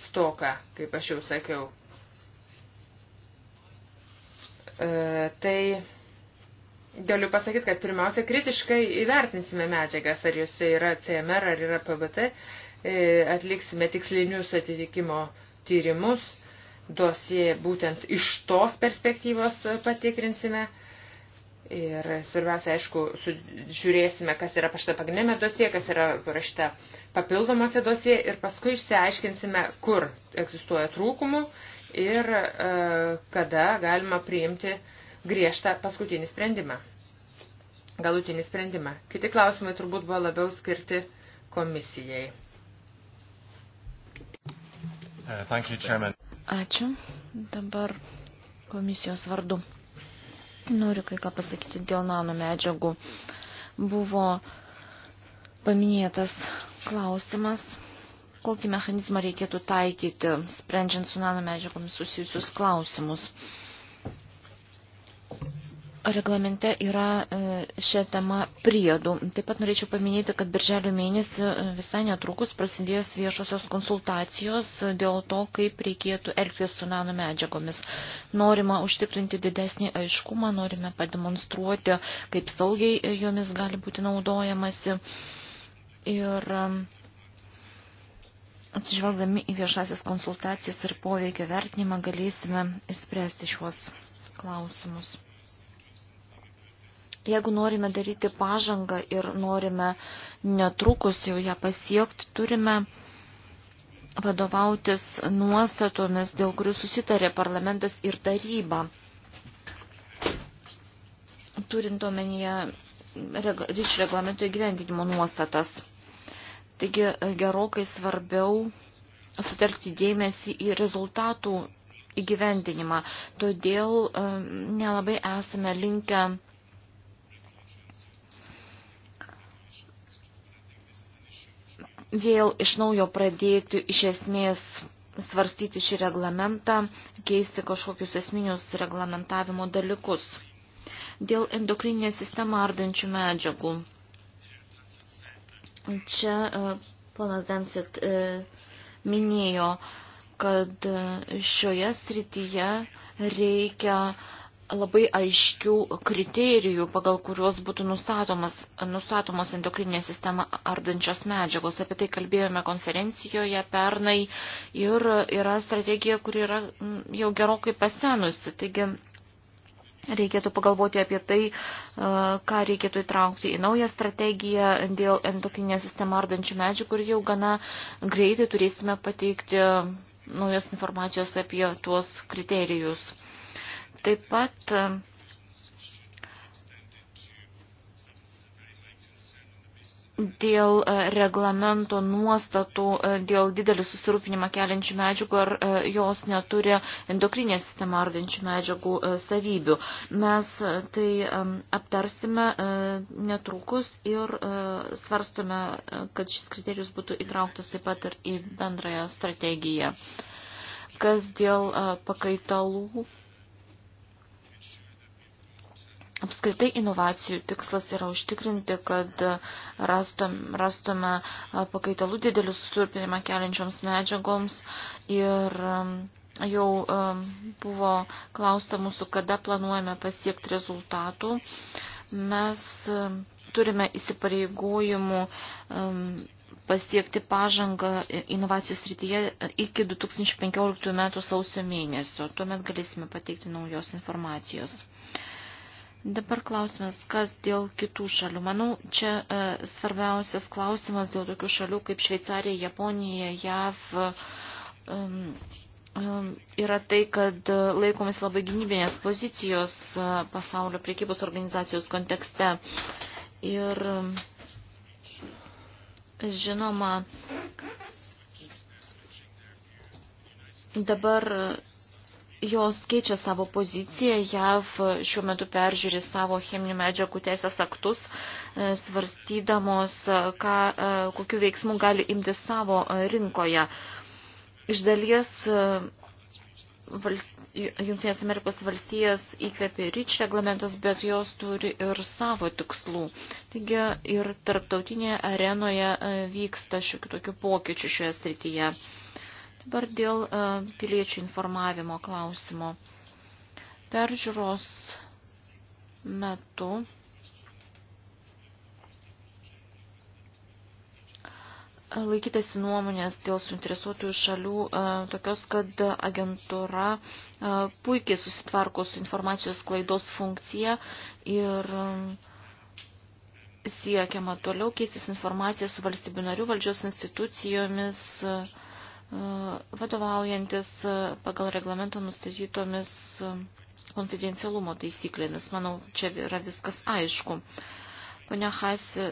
stoką, kaip aš jau sakiau, E, tai galiu pasakyti, kad pirmiausia kritiškai įvertinsime medžiagas, ar jose yra CMR, ar yra PBT, e, atliksime tikslinius atitikimo tyrimus, dosie būtent iš tos perspektyvos patikrinsime. Ir svarbiausia, aišku, žiūrėsime, kas yra pašta pagrindinėme dosie, kas yra parašta papildomose dosie ir paskui išsiaiškinsime, kur egzistuoja trūkumų ir e, kada galima priimti griežtą paskutinį sprendimą, galutinį sprendimą. Kiti klausimai turbūt buvo labiau skirti komisijai. Uh, Ačiū. Dabar komisijos vardu. Noriu kai ką pasakyti dėl nano medžiagų. Buvo paminėtas klausimas kokį mechanizmą reikėtų taikyti, sprendžiant su nanomedžiagomis susijusius klausimus. Reglamente yra e, šią temą priedų. Taip pat norėčiau paminėti, kad birželio mėnesį e, visai netrukus prasidės viešosios konsultacijos e, dėl to, kaip reikėtų elgtis su nanomedžiagomis. Norima užtikrinti didesnį aiškumą, norime pademonstruoti, kaip saugiai jomis gali būti naudojamasi. Ir Atsižvelgdami į viešasias konsultacijas ir poveikio vertinimą galėsime įspręsti šiuos klausimus. Jeigu norime daryti pažangą ir norime netrukus jau ją pasiekti, turime vadovautis nuostatomis, dėl kurių susitarė parlamentas ir taryba. Turint omenyje ryšių reglamento įgyvendinimo nuostatas. Taigi e, gerokai svarbiau sutelkti dėmesį į rezultatų įgyvendinimą. Todėl e, nelabai esame linkę vėl iš naujo pradėti iš esmės svarstyti šį reglamentą, keisti kažkokius esminius reglamentavimo dalykus. Dėl endokrininę sistemą ardančių medžiagų Čia e, ponas Densit e, minėjo, kad e, šioje srityje reikia labai aiškių kriterijų, pagal kuriuos būtų nustatomas, nustatomos endokrininė sistema ardančios medžiagos. Apie tai kalbėjome konferencijoje pernai ir yra strategija, kuri yra jau gerokai pasenusi. Taigi Reikėtų pagalvoti apie tai, e, ką reikėtų įtraukti į naują strategiją dėl endokrinę sistemą ardančių medžių, kur jau gana greitai turėsime pateikti naujos informacijos apie tuos kriterijus. Taip pat dėl e, reglamento nuostatų, e, dėl didelį susirūpinimą keliančių medžiagų, ar e, jos neturi endokrinė sistema ardančių medžiagų savybių. Mes tai aptarsime netrukus ir svarstome, kad šis kriterijus būtų įtrauktas taip pat ir į bendrąją strategiją. Kas dėl pakaitalų Apskritai inovacijų tikslas yra užtikrinti, kad rastum, rastume pakaitalų didelius susirūpinimą keliančioms medžiagoms ir jau buvo klausta mūsų, kada planuojame pasiekti rezultatų. Mes turime įsipareigojimų pasiekti pažangą inovacijų srityje iki 2015 metų sausio mėnesio. Tuomet galėsime pateikti naujos informacijos. Dabar klausimas, kas dėl kitų šalių. Manau, čia e, svarbiausias klausimas dėl tokių šalių kaip Šveicarija, Japonija, JAV e, e, yra tai, kad e, laikomis labai gynybinės pozicijos e, pasaulio priekybos organizacijos kontekste. Ir žinoma, dabar. E, Jos keičia savo poziciją, JAV šiuo metu peržiūri savo cheminių medžiagų teisės aktus, e, svarstydamos, e, ką, e, kokiu veiksmu gali imti savo rinkoje. Iš dalies valst... Junktinės Amerikos valstijas įkvėpė ryč reglamentas, bet jos turi ir savo tikslų. Taigi ir tarptautinėje arenoje vyksta šiokių tokių pokyčių šioje srityje. Dabar dėl e, piliečių informavimo klausimo. Peržiūros metu laikytasi nuomonės dėl suinteresuotųjų šalių e, tokios, kad agentūra e, puikiai susitvarko su informacijos klaidos funkcija ir siekiama toliau keistis informaciją su valstybių narių valdžios institucijomis, vadovaujantis e, pagal reglamentą nustatytomis e, konfidencialumo taisyklėmis. Manau, čia yra viskas aišku. Pane Hais e,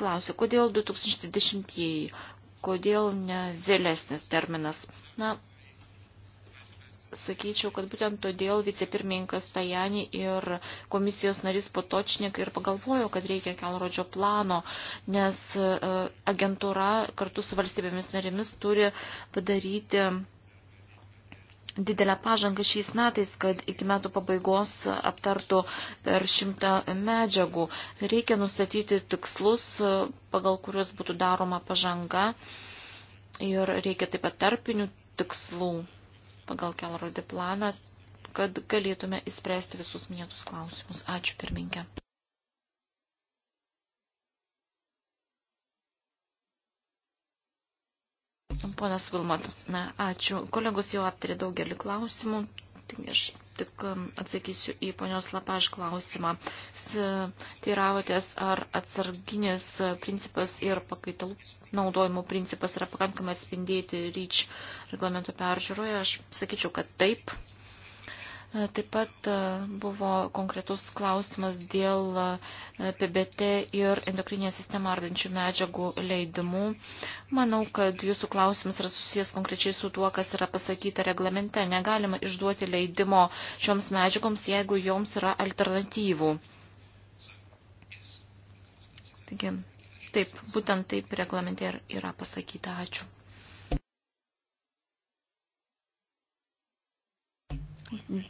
klausė, kodėl 2020-ieji, kodėl ne vėlesnis terminas. Na, sakyčiau, kad būtent todėl vicepirmininkas Tajani ir komisijos narys Potočnik ir pagalvojo, kad reikia kelrodžio plano, nes e, agentūra kartu su valstybėmis narėmis turi padaryti didelę pažangą šiais metais, kad iki metų pabaigos aptartų per šimtą medžiagų. Reikia nustatyti tikslus, e, pagal kuriuos būtų daroma pažanga ir reikia taip pat tarpinių tikslų pagal kelrodį planą, kad galėtume įspręsti visus minėtus klausimus. Ačiū pirminkė. Ponas Vilmat, ačiū. Kolegos jau aptarė daugelį klausimų. Taigi aš tik um, atsakysiu į ponios Lapaš klausimą. Jūs teiravotės, ar atsarginis principas ir pakaitalų naudojimo principas yra pakankamai atspindėti ryč reglamento peržiūroje. Aš sakyčiau, kad taip. Taip pat e, buvo konkretus klausimas dėl e, PBT ir endokrinė sistema ardančių medžiagų leidimų. Manau, kad jūsų klausimas yra susijęs konkrečiai su tuo, kas yra pasakyta reglamente. Negalima išduoti leidimo šioms medžiagoms, jeigu joms yra alternatyvų. Taigi, taip, būtent taip reglamente yra pasakyta. Ačiū.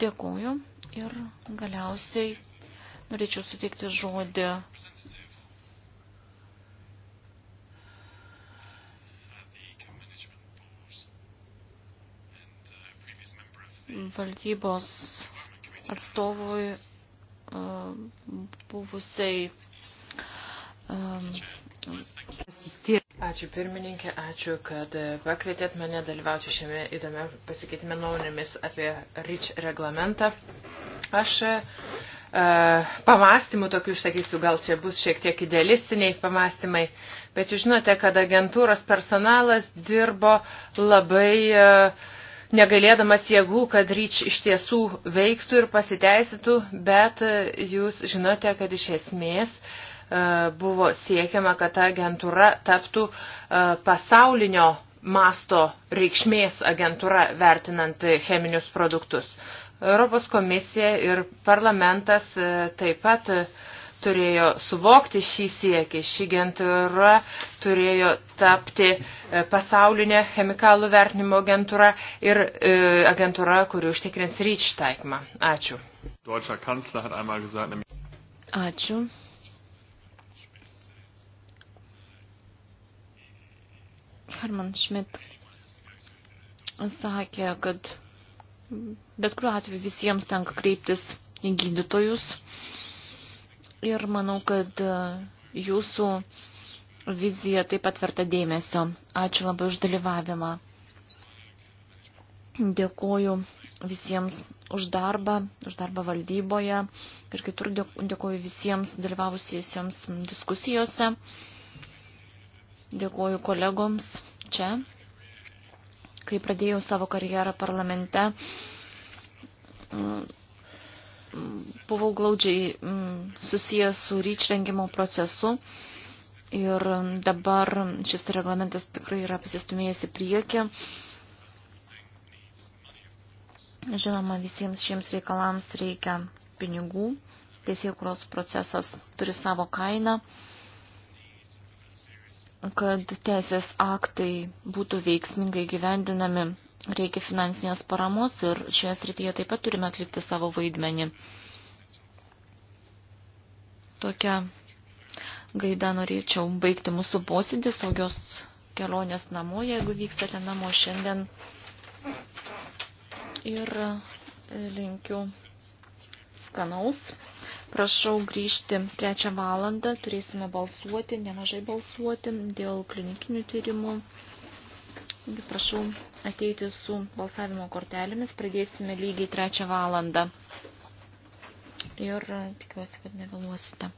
Dėkuoju ir galiausiai norėčiau suteikti žodį valdybos atstovui e, buvusiai um, Ačiū pirmininkė, ačiū, kad e, pakvietėt mane dalyvauti šiame įdomiame pasikeitime nuomonėmis apie REACH reglamentą. Aš e, e, pamastymų tokių išsakysiu, gal čia bus šiek tiek idealistiniai pamastymai, bet jūs žinote, kad agentūros personalas dirbo labai e, negalėdamas jėgų, kad REACH iš tiesų veiktų ir pasiteisytų, bet e, jūs žinote, kad iš esmės e, E, buvo siekiama, kad ta agentūra taptų e, pasaulinio masto reikšmės agentūra vertinant cheminius produktus. Europos komisija ir parlamentas e, taip pat turėjo suvokti šį siekį. Ši agentūra turėjo tapti pasaulinė chemikalų vertinimo agentūra ir agentūra, kuri užtikrins ryč taikymą. Ačiū. Ačiū. Herman Schmidt sakė, kad bet kuriuo atveju visiems tenka kreiptis į gydytojus. Ir manau, kad e, jūsų vizija taip pat verta dėmesio. Ačiū labai už dalyvavimą. Dėkuoju visiems už darbą, už darbą valdyboje ir kitur dėkuoju visiems dalyvavusiesiems diskusijose. Dėkuoju kolegoms čia, kai pradėjau savo karjerą parlamente, buvau glaudžiai mm, susijęs su ryč rengimo procesu ir dabar šis reglamentas tikrai yra pasistumėjęs į priekį. Žinoma, visiems šiems reikalams reikia pinigų, teisėkuros procesas turi savo kainą kad teisės aktai būtų veiksmingai gyvendinami, reikia finansinės paramos ir šioje srityje taip pat turime atlikti savo vaidmenį. Tokia gaida norėčiau baigti mūsų posėdį, saugios kelionės namo, jeigu vykstate namo šiandien. Ir linkiu skanaus. Prašau grįžti trečią valandą, turėsime balsuoti, nemažai balsuoti dėl klinikinių tyrimų. Prašau ateiti su balsavimo kortelėmis, pradėsime lygiai trečią valandą. Ir tikiuosi, kad nevėluosite.